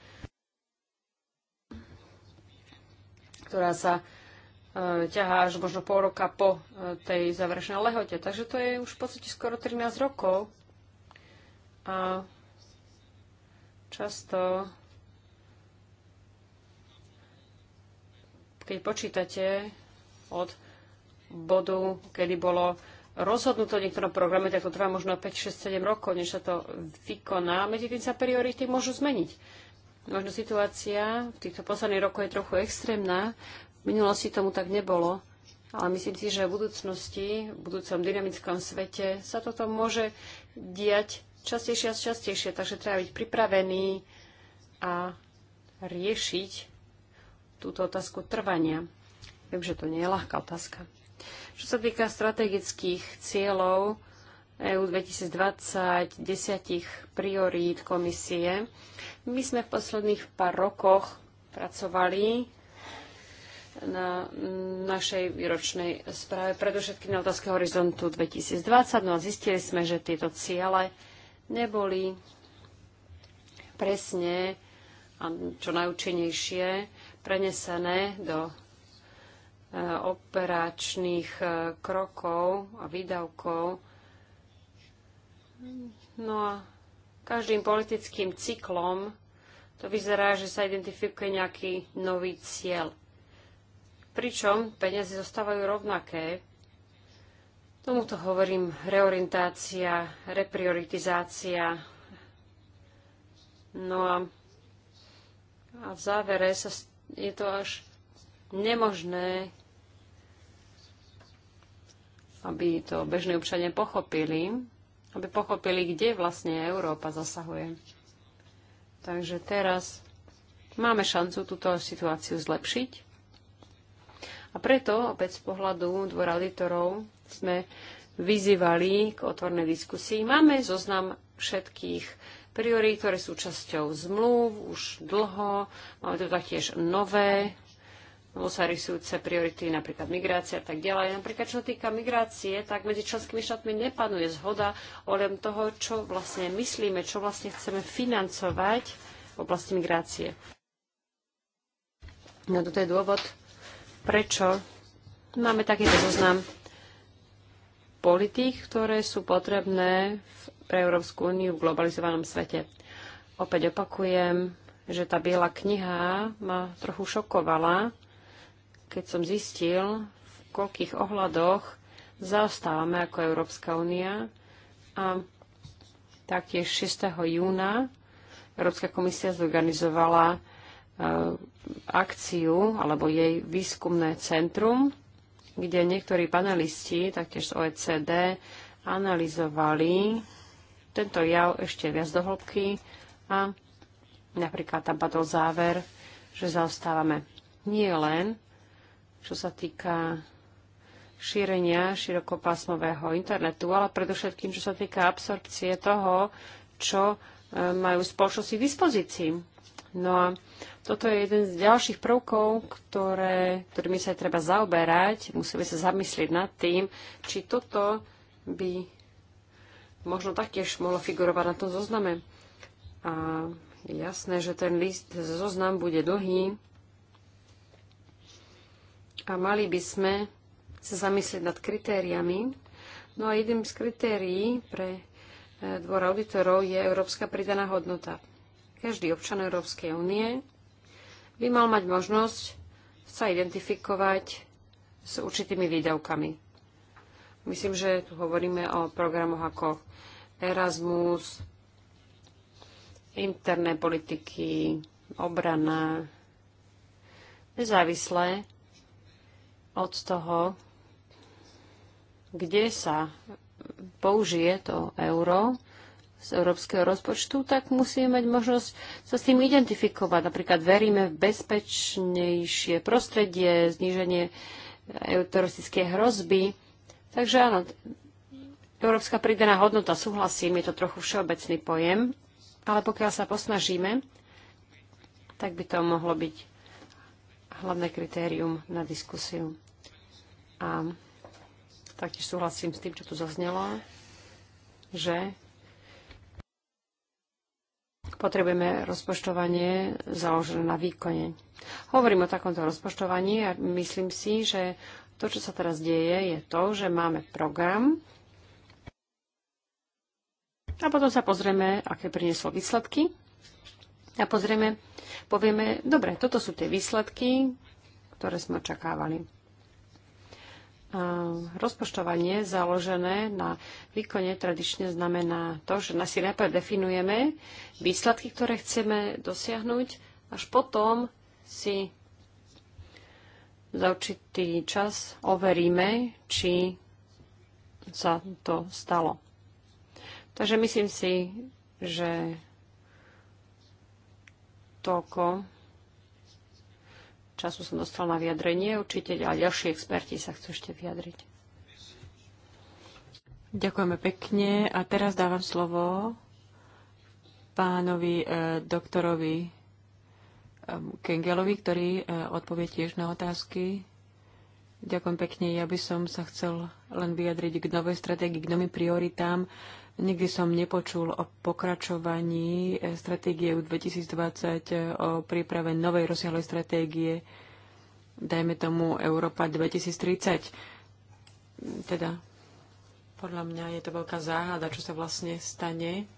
ktorá sa e, ťahá až možno pol roka po e, tej záverečnej lehote. Takže to je už v podstate skoro 13 rokov. A často, keď počítate od bodu, kedy bolo rozhodnúť o niektorom programe, tak to trvá možno 5, 6, 7 rokov, než sa to vykoná. Medzi tým sa priority môžu zmeniť. Možno situácia v týchto posledných rokoch je trochu extrémna. V minulosti tomu tak nebolo, ale myslím si, že v budúcnosti, v budúcom dynamickom svete sa toto môže diať častejšie a častejšie, takže treba byť pripravený a riešiť túto otázku trvania. Viem, že to nie je ľahká otázka. Čo sa týka strategických cieľov EU 2020, desiatich priorít komisie, my sme v posledných pár rokoch pracovali na našej výročnej správe, predovšetkým na otázke horizontu 2020. No a zistili sme, že tieto ciele neboli presne a čo najúčinnejšie prenesené do Eh, operačných eh, krokov a výdavkov. No a každým politickým cyklom to vyzerá, že sa identifikuje nejaký nový cieľ. Pričom peniaze zostávajú rovnaké. Tomuto hovorím reorientácia, reprioritizácia. No a, a v závere sa, je to až nemožné aby to bežní občania pochopili, aby pochopili, kde vlastne Európa zasahuje. Takže teraz máme šancu túto situáciu zlepšiť. A preto opäť z pohľadu dvora auditorov sme vyzývali k otvornej diskusii. Máme zoznam všetkých priorít, ktoré sú časťou zmluv už dlho. Máme tu taktiež nové sa rysujúce priority, napríklad migrácia a tak ďalej. Napríklad, čo týka migrácie, tak medzi členskými štátmi nepanuje zhoda len toho, čo vlastne myslíme, čo vlastne chceme financovať v oblasti migrácie. No toto je dôvod, prečo máme takýto zoznam politík, ktoré sú potrebné pre Európsku úniu v globalizovanom svete. Opäť opakujem, že tá biela kniha ma trochu šokovala, keď som zistil, v koľkých ohľadoch zaostávame ako Európska únia a taktiež 6. júna Európska komisia zorganizovala e, akciu alebo jej výskumné centrum, kde niektorí panelisti, taktiež z OECD, analyzovali tento jav ešte viac do hĺbky a napríklad tam padol záver, že zaostávame nie len čo sa týka šírenia širokopásmového internetu, ale predovšetkým, čo sa týka absorpcie toho, čo e, majú spoločnosti k dispozícii. No a toto je jeden z ďalších prvkov, ktoré, ktorými sa treba zaoberať. Musíme sa zamyslieť nad tým, či toto by možno taktiež mohlo figurovať na tom zozname. A jasné, že ten list zoznam bude dlhý, a mali by sme sa zamyslieť nad kritériami. No a jedným z kritérií pre e, dvor auditorov je európska pridaná hodnota. Každý občan Európskej únie by mal mať možnosť sa identifikovať s určitými výdavkami. Myslím, že tu hovoríme o programoch ako Erasmus, interné politiky, obrana, nezávislé od toho, kde sa použije to euro z európskeho rozpočtu, tak musíme mať možnosť sa s tým identifikovať. Napríklad veríme v bezpečnejšie prostredie, zníženie eh, teroristické hrozby. Takže áno, európska pridaná hodnota, súhlasím, je to trochu všeobecný pojem, ale pokiaľ sa posnažíme, tak by to mohlo byť hlavné kritérium na diskusiu. A taktiež súhlasím s tým, čo tu zaznelo, že potrebujeme rozpočtovanie založené na výkone. Hovorím o takomto rozpočtovaní a myslím si, že to, čo sa teraz deje, je to, že máme program a potom sa pozrieme, aké prinieslo výsledky a pozrieme, povieme, dobre, toto sú tie výsledky, ktoré sme očakávali rozpočtovanie založené na výkone tradične znamená to, že na si najprv definujeme výsledky, ktoré chceme dosiahnuť, až potom si za určitý čas overíme, či sa to stalo. Takže myslím si, že toľko času som dostal na vyjadrenie. Určite ale ďalší experti sa chcú ešte vyjadriť. Ďakujeme pekne. A teraz dávam slovo pánovi e, doktorovi e, Kengelovi, ktorý e, odpovie tiež na otázky. Ďakujem pekne. Ja by som sa chcel len vyjadriť k novej stratégii, k novým prioritám Nikdy som nepočul o pokračovaní eh, stratégie 2020, eh, o príprave novej rozsiahlej stratégie, dajme tomu Európa 2030. Teda podľa mňa je to veľká záhada, čo sa vlastne stane.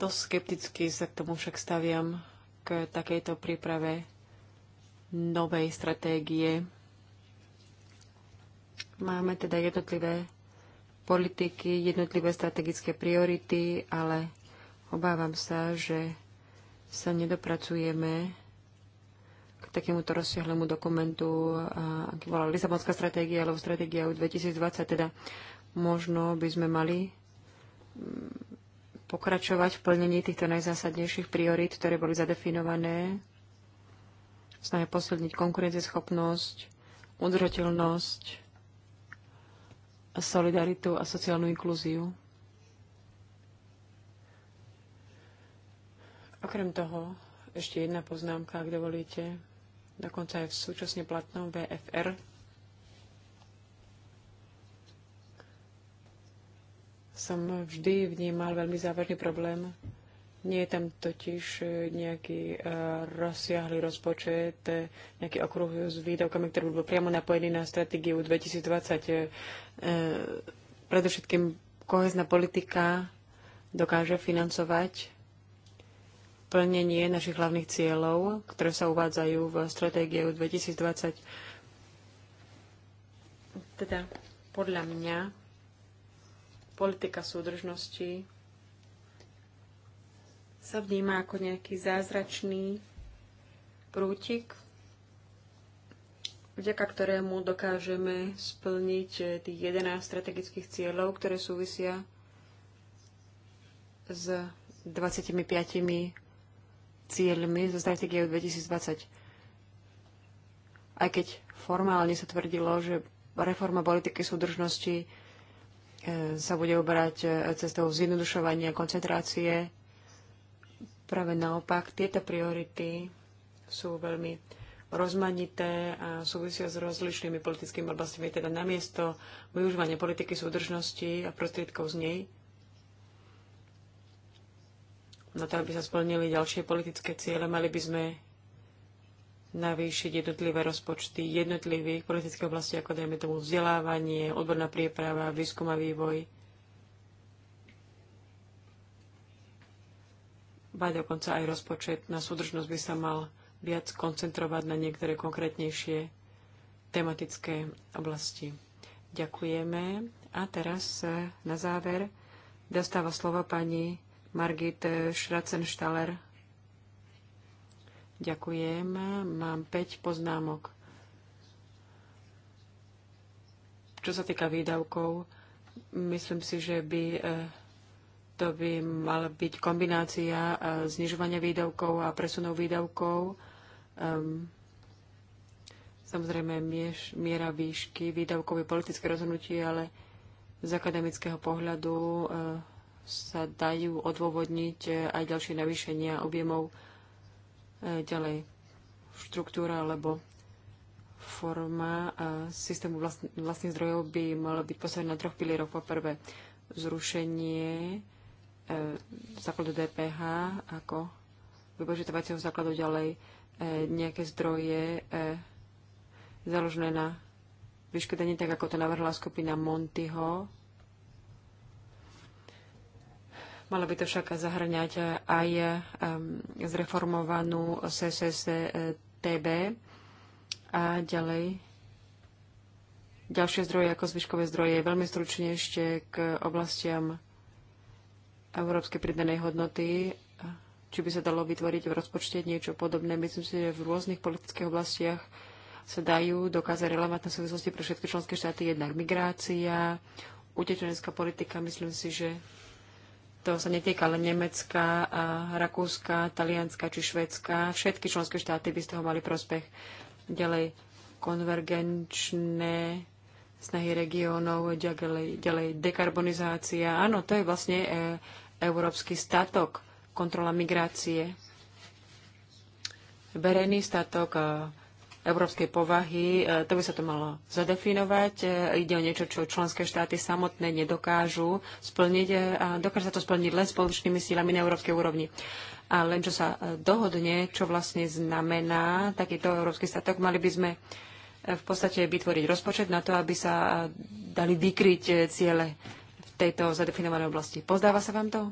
Dosť skepticky sa k tomu však staviam k takejto príprave novej stratégie. Máme teda jednotlivé politiky, jednotlivé strategické priority, ale obávam sa, že sa nedopracujeme k takémuto rozsiahlemu dokumentu, aký bola Lisabonská stratégia alebo stratégia u 2020. Teda možno by sme mali mm, pokračovať v plnení týchto najzásadnejších priorít, ktoré boli zadefinované, snahe posilniť konkurencieschopnosť, udržateľnosť, solidaritu a sociálnu inklúziu. Okrem toho, ešte jedna poznámka, ak dovolíte, dokonca aj v súčasne platnom VFR. Som vždy vnímal veľmi závažný problém nie je tam totiž e, nejaký e, rozsiahly rozpočet, e, nejaký okruh s výdavkami, ktorý bol priamo napojený na stratégiu 2020. Predovšetkým kohezná politika dokáže financovať plnenie našich hlavných cieľov, ktoré sa uvádzajú v stratégie 2020. Teda podľa mňa politika súdržnosti sa vníma ako nejaký zázračný prútik, vďaka ktorému dokážeme splniť eh, tých 11 strategických cieľov, ktoré súvisia s 25 cieľmi zo stratégie 2020. Aj keď formálne sa tvrdilo, že reforma politiky súdržnosti eh, sa bude uberať eh, cestou zjednodušovania koncentrácie Práve naopak, tieto priority sú veľmi rozmanité a súvisia s rozlišnými politickými oblastiami, teda namiesto využívania politiky súdržnosti a prostriedkov z nej, na to, aby sa splnili ďalšie politické ciele, mali by sme navýšiť jednotlivé rozpočty jednotlivých politických oblastí, ako dajme tomu vzdelávanie, odborná príprava, výskum a vývoj, ba dokonca aj rozpočet na súdržnosť by sa mal viac koncentrovať na niektoré konkrétnejšie tematické oblasti. Ďakujeme. A teraz e, na záver dostáva slovo pani Margit Schratzenstaller. Ďakujem. Mám 5 poznámok. Čo sa týka výdavkov, myslím si, že by e, to by mala byť kombinácia eh, znižovania výdavkov a presunov výdavkov. Um, samozrejme, mieš, miera výšky výdavkov je politické rozhodnutie, ale z akademického pohľadu uh, sa dajú odôvodniť eh, aj ďalšie navýšenia objemov uh, ďalej štruktúra alebo forma uh, systému vlastn- vlastných zdrojov by mala byť postavená na troch pilieroch. Po prvé, zrušenie E, základu DPH ako vypočítavacieho základu ďalej e, nejaké zdroje e, založené na vyškodenie, tak ako to navrhla skupina Montyho. Malo by to však zahrňať aj zreformovanú SSTB a ďalej ďalšie zdroje ako zvyškové zdroje. Veľmi stručne ešte k oblastiam európskej pridanej hodnoty, či by sa dalo vytvoriť v rozpočte niečo podobné. Myslím si, že v rôznych politických oblastiach sa dajú dokázať relevantné súvislosti pre všetky členské štáty, jednak migrácia, utečenecká politika, myslím si, že to sa netýka len Nemecka, a Rakúska, Talianska či Švedska. Všetky členské štáty by z toho mali prospech. Ďalej konvergenčné snahy regiónov, ďalej, ďalej dekarbonizácia. Áno, to je vlastne e, európsky statok, kontrola migrácie, verejný statok e, európskej povahy, e, to by sa to malo zadefinovať. E, ide o niečo, čo členské štáty samotné nedokážu splniť a dokáže sa to splniť len spoločnými sílami na európskej úrovni. A len čo sa dohodne, čo vlastne znamená takýto európsky statok, mali by sme v podstate vytvoriť rozpočet na to, aby sa dali vykryť ciele tejto zadefinovanej oblasti. Pozdáva sa vám to?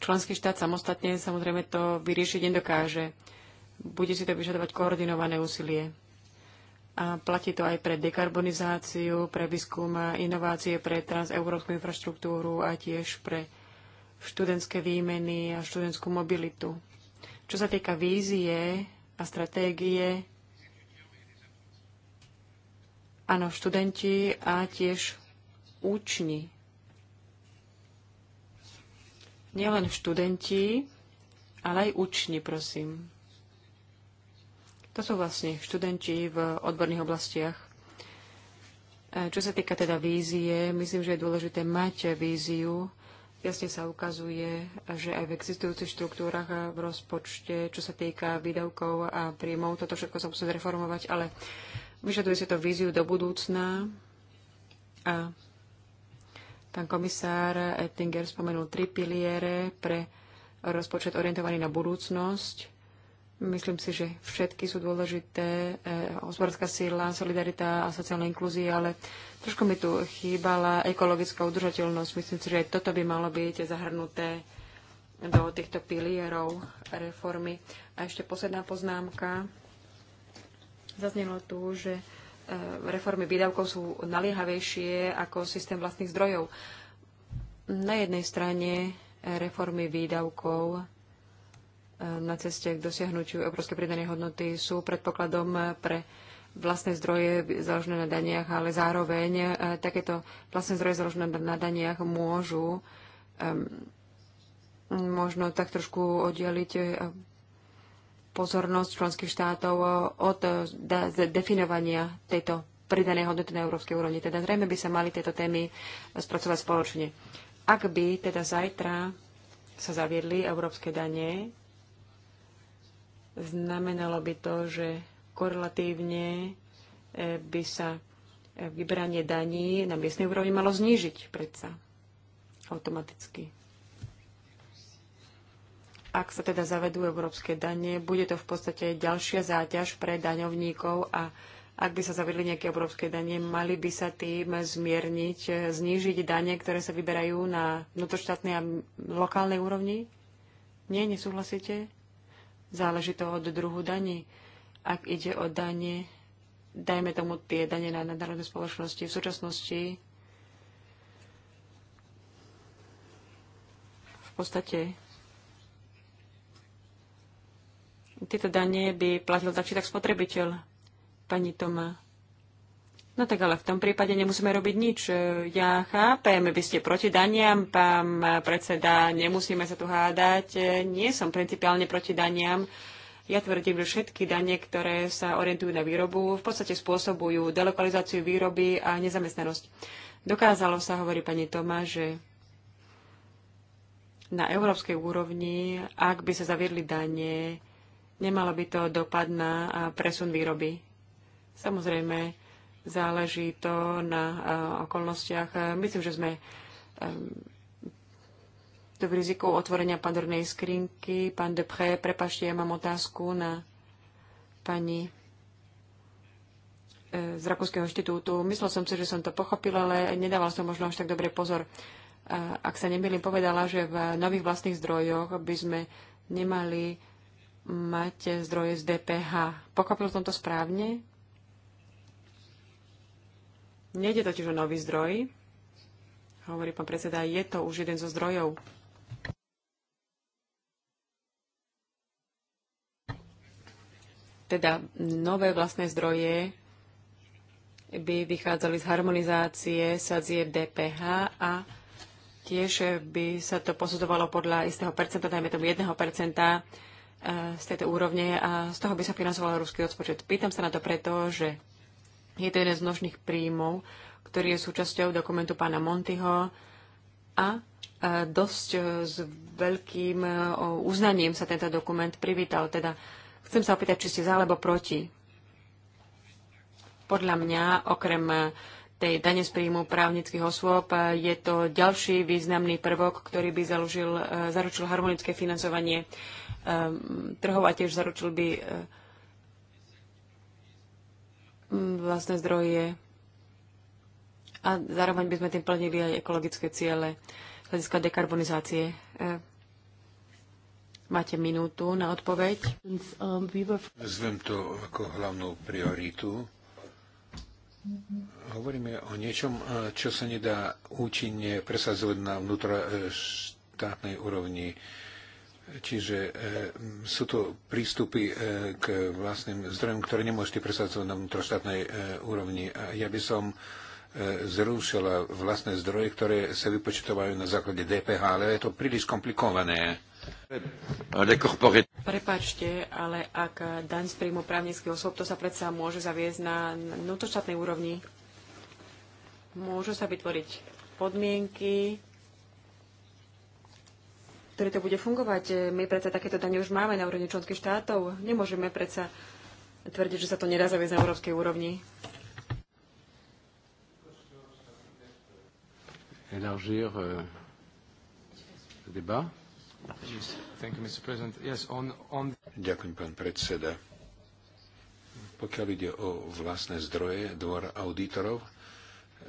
Členský štát samostatne samozrejme to vyriešiť nedokáže. Bude si to vyžadovať koordinované úsilie. A platí to aj pre dekarbonizáciu, pre výskum a inovácie, pre transeurópsku infraštruktúru a tiež pre študentské výmeny a študentskú mobilitu. Čo sa týka vízie a stratégie. Áno, študenti a tiež účni. Nielen študenti, ale aj účni, prosím. To sú vlastne študenti v odborných oblastiach. E, čo sa týka teda vízie, myslím, že je dôležité mať víziu jasne sa ukazuje, že aj v existujúcich štruktúrach v rozpočte, čo sa týka výdavkov a príjmov, toto všetko sa musí zreformovať, ale vyžaduje si to víziu do budúcna a pán komisár Ettinger spomenul tri piliere pre rozpočet orientovaný na budúcnosť, Myslím si, že všetky sú dôležité. Eh, hospodárska síla, solidarita a sociálna inklúzia, ale trošku mi tu chýbala ekologická udržateľnosť. Myslím si, že aj toto by malo byť zahrnuté do týchto pilierov reformy. A ešte posledná poznámka. Zaznelo tu, že eh, reformy výdavkov sú naliehavejšie ako systém vlastných zdrojov. Na jednej strane eh, reformy výdavkov na ceste k dosiahnutiu európskej pridanej hodnoty sú predpokladom pre vlastné zdroje založené na daniach, ale zároveň e, takéto vlastné zdroje založené na daniach môžu um, možno tak trošku oddeliť e, pozornosť členských štátov e, od definovania tejto pridanej hodnoty na európskej úrovni. Teda zrejme by sa mali tieto témy spracovať spoločne. Ak by teda zajtra sa zaviedli európske dane, Znamenalo by to, že korelatívne eh, by sa eh, vybranie daní na miestnej úrovni malo znížiť predsa automaticky. Ak sa teda zavedú európske dane, bude to v podstate ďalšia záťaž pre daňovníkov a ak by sa zavedli nejaké európske dane, mali by sa tým zmierniť, eh, znížiť dane, ktoré sa vyberajú na vnútroštátnej a lokálnej úrovni? Nie, nesúhlasíte? Záleží to od druhu daní. Ak ide o dane, dajme tomu tie dane na nadnárodné spoločnosti v súčasnosti, v podstate tieto dane by platil tak či tak spotrebiteľ. Pani Toma, No tak ale v tom prípade nemusíme robiť nič. E, ja chápem, vy ste proti daniam, pán predseda, nemusíme sa tu hádať. E, nie som principiálne proti daniam. Ja tvrdím, že všetky dane, ktoré sa orientujú na výrobu, v podstate spôsobujú delokalizáciu výroby a nezamestnanosť. Dokázalo sa, hovorí pani Toma, že na európskej úrovni, ak by sa zaviedli dane, nemalo by to dopad na presun výroby. Samozrejme, záleží to na eh, okolnostiach. Myslím, že sme tu eh, v riziku otvorenia pandornej skrinky. Pán Depré, prepašte, ja mám otázku na pani eh, z Rakúskeho inštitútu. Myslel som si, že som to pochopil, ale nedával som možno až tak dobre pozor. Ak sa nemýlim, povedala, že v nových vlastných zdrojoch by sme nemali mať zdroje z DPH. Pochopil som to správne? Nejde totiž o nový zdroj, hovorí pán predseda, je to už jeden zo zdrojov. Teda nové vlastné zdroje by vychádzali z harmonizácie sadzie DPH a tiež by sa to posudzovalo podľa istého percenta, dajme tomu 1% e, z tejto úrovne a z toho by sa financoval ruský rozpočet. Pýtam sa na to preto, že je to jeden z množných príjmov, ktorý je súčasťou dokumentu pána Montyho a e, dosť e, s veľkým e, uznaním sa tento dokument privítal. Teda chcem sa opýtať, či ste za alebo proti. Podľa mňa, okrem tej dane z príjmu právnických osôb je to ďalší významný prvok, ktorý by založil, zaručil harmonické financovanie trhov a tiež zaručil by vlastné zdroje a zároveň by sme tým plnili aj ekologické ciele z hľadiska dekarbonizácie. E, máte minútu na odpoveď. Vezmem to ako hlavnú prioritu. Hovoríme o niečom, e, čo sa nedá účinne presadzovať na vnútroštátnej úrovni. Čiže e, sú to prístupy e, k vlastným zdrojom, ktoré nemôžete presadzovať na vnútroštátnej e, úrovni. A ja by som e, zrušila vlastné zdroje, ktoré sa vypočítavajú na základe DPH, ale je to príliš komplikované. Prepačte, ale ak daň z príjmu právnických osôb, to sa predsa môže zaviesť na vnútroštátnej úrovni. Môžu sa vytvoriť podmienky, ktorý to bude fungovať. E, my predsa takéto dane už máme na úrovni členských štátov. Nemôžeme predsa tvrdiť, že sa to nedá zaviesť na európskej úrovni. Élargir euh, le débat. Ďakujem, pán predseda. Pokiaľ ide o vlastné zdroje, dvor auditorov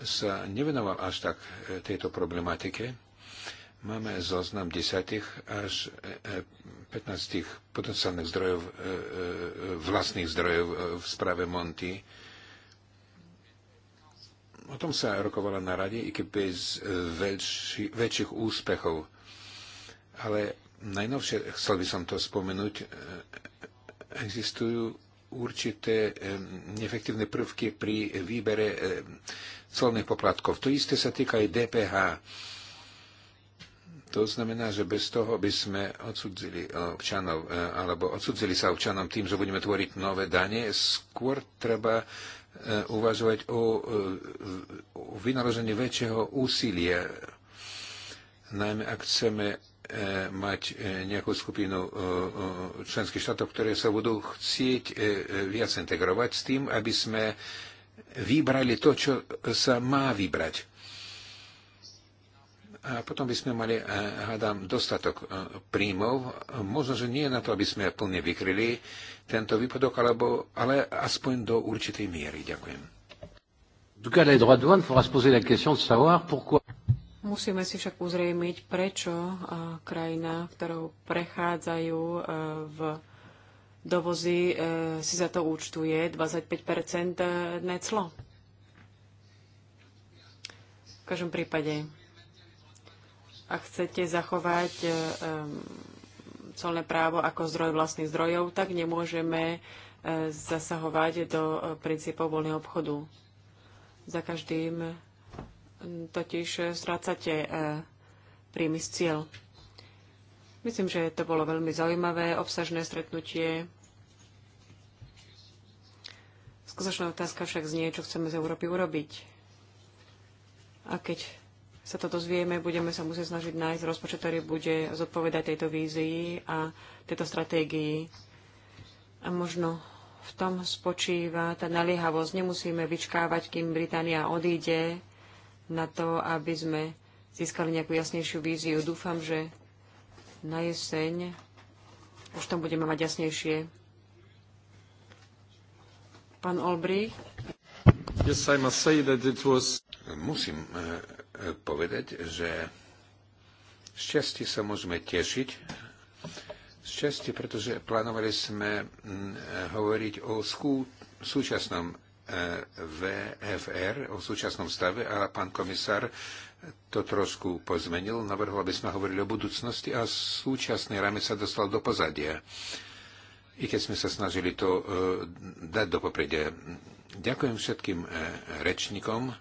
sa nevenoval až tak e, tejto problematike Máme zoznam 10 až 15 e, e, potenciálnych zdrojov, e, vlastných zdrojov v správe Monty. O tom sa rokovala na rade, i keď bez väčši, väčších úspechov. Ale najnovšie, chcel by som to spomenúť, existujú určité neefektívne prvky pri výbere colných poplatkov. To isté sa týka aj DPH. To znamená, že bez toho by sme odsudzili eh, občanov, eh, alebo odsudzili sa občanom tým, že budeme tvoriť nové dane, skôr treba eh, uvažovať o vynaložení väčšieho úsilia, najmä ak chceme mať nejakú skupinu členských štátov, ktoré sa budú chcieť viac integrovať s tým, aby sme vybrali to, čo sa má vybrať. A potom by sme mali, eh, hádam, dostatok eh, príjmov. Možno, že nie na to, aby sme plne vykryli tento výpadok, alebo, ale aspoň do určitej miery. Ďakujem. Musíme si však uzrejmiť, prečo eh, krajina, ktorou prechádzajú v dovozy, si za to účtuje 25 clo. V každom prípade a chcete zachovať e, e, colné právo ako zdroj vlastných zdrojov, tak nemôžeme e, zasahovať do princípov voľného obchodu. Za každým totiž strácate príjmy z cieľ. Myslím, že to bolo veľmi zaujímavé, obsažné stretnutie. Skutočná otázka však znie, čo chceme z Európy urobiť. A keď sa to dozvieme, budeme sa musieť snažiť nájsť rozpočet, ktorý bude zodpovedať tejto vízii a tejto stratégii. A možno v tom spočíva tá naliehavosť. Nemusíme vyčkávať, kým Británia odíde na to, aby sme získali nejakú jasnejšiu víziu. Dúfam, že na jeseň už tam budeme mať jasnejšie. Pán Olbrich. Yes, I must say that it was... Musím eh, povedať, že šťastie sa môžeme tešiť. Šťastie, pretože plánovali sme mm, hovoriť o skú, súčasnom e, VFR, o súčasnom stave, a pán komisár to trošku pozmenil. Navrhol, aby sme hovorili o budúcnosti a súčasný rame sa dostal do pozadia. I keď sme sa snažili to e, dať do popredia. Ďakujem všetkým e, rečníkom.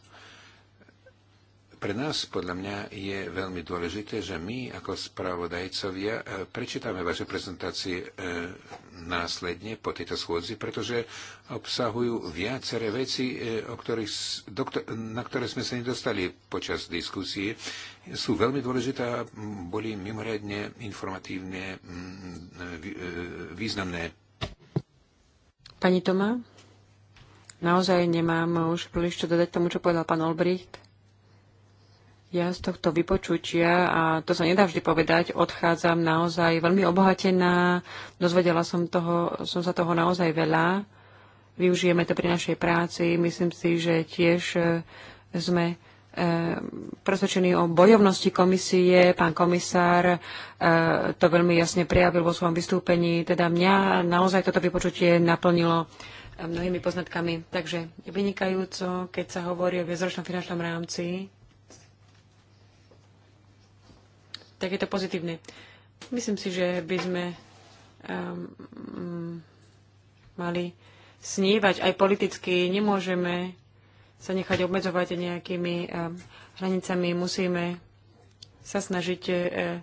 Pre nás, podľa mňa, je veľmi dôležité, že my ako spravodajcovia e, prečítame vaše prezentácie e, následne po tejto schôdzi, pretože obsahujú viaceré veci, e, o ktorých, na ktoré sme sa nedostali počas diskusie. Sú veľmi dôležité a boli mimoriadne informatívne, významné. Pani Toma, naozaj nemám už príliš čo dodať tomu, čo povedal pán Olbricht. Ja z tohto vypočutia, a to sa nedá vždy povedať, odchádzam naozaj veľmi obohatená. Dozvedela som, toho, som sa toho naozaj veľa. Využijeme to pri našej práci. Myslím si, že tiež e, sme e, presvedčený o bojovnosti komisie. Pán komisár e, to veľmi jasne prejavil vo svojom vystúpení. Teda mňa naozaj toto vypočutie naplnilo mnohými poznatkami. Takže vynikajúco, keď sa hovorí o viezročnom finančnom rámci, tak je to pozitívne. Myslím si, že by sme um, mali snívať aj politicky. Nemôžeme sa nechať obmedzovať nejakými um, hranicami. Musíme sa snažiť uh,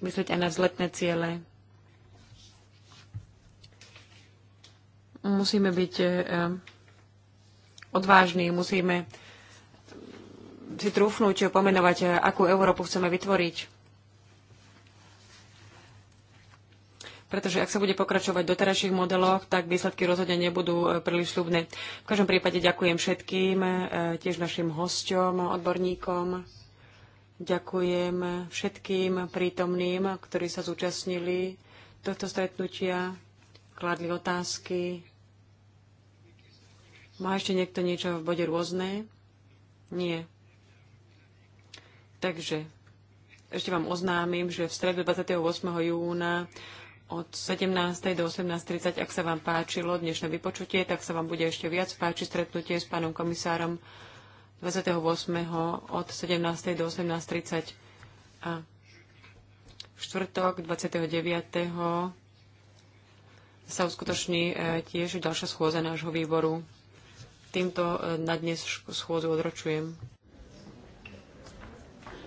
myslieť aj na zletné ciele. Musíme byť um, odvážni, musíme si trúfnúť, pomenovať, akú Európu chceme vytvoriť. pretože ak sa bude pokračovať v doterajších modeloch, tak výsledky rozhodne nebudú e, príliš slubné. V každom prípade ďakujem všetkým, e, tiež našim hosťom, odborníkom. Ďakujem všetkým prítomným, ktorí sa zúčastnili tohto stretnutia, kladli otázky. Má ešte niekto niečo v bode rôzne? Nie. Takže ešte vám oznámim, že v stredu 28. júna od 17. do 18.30. Ak sa vám páčilo dnešné vypočutie, tak sa vám bude ešte viac páčiť stretnutie s pánom komisárom 28. od 17. do 18.30. A v štvrtok 29. sa uskutoční e, tiež ďalšia schôza nášho výboru. Týmto e, na dnes schôzu odročujem.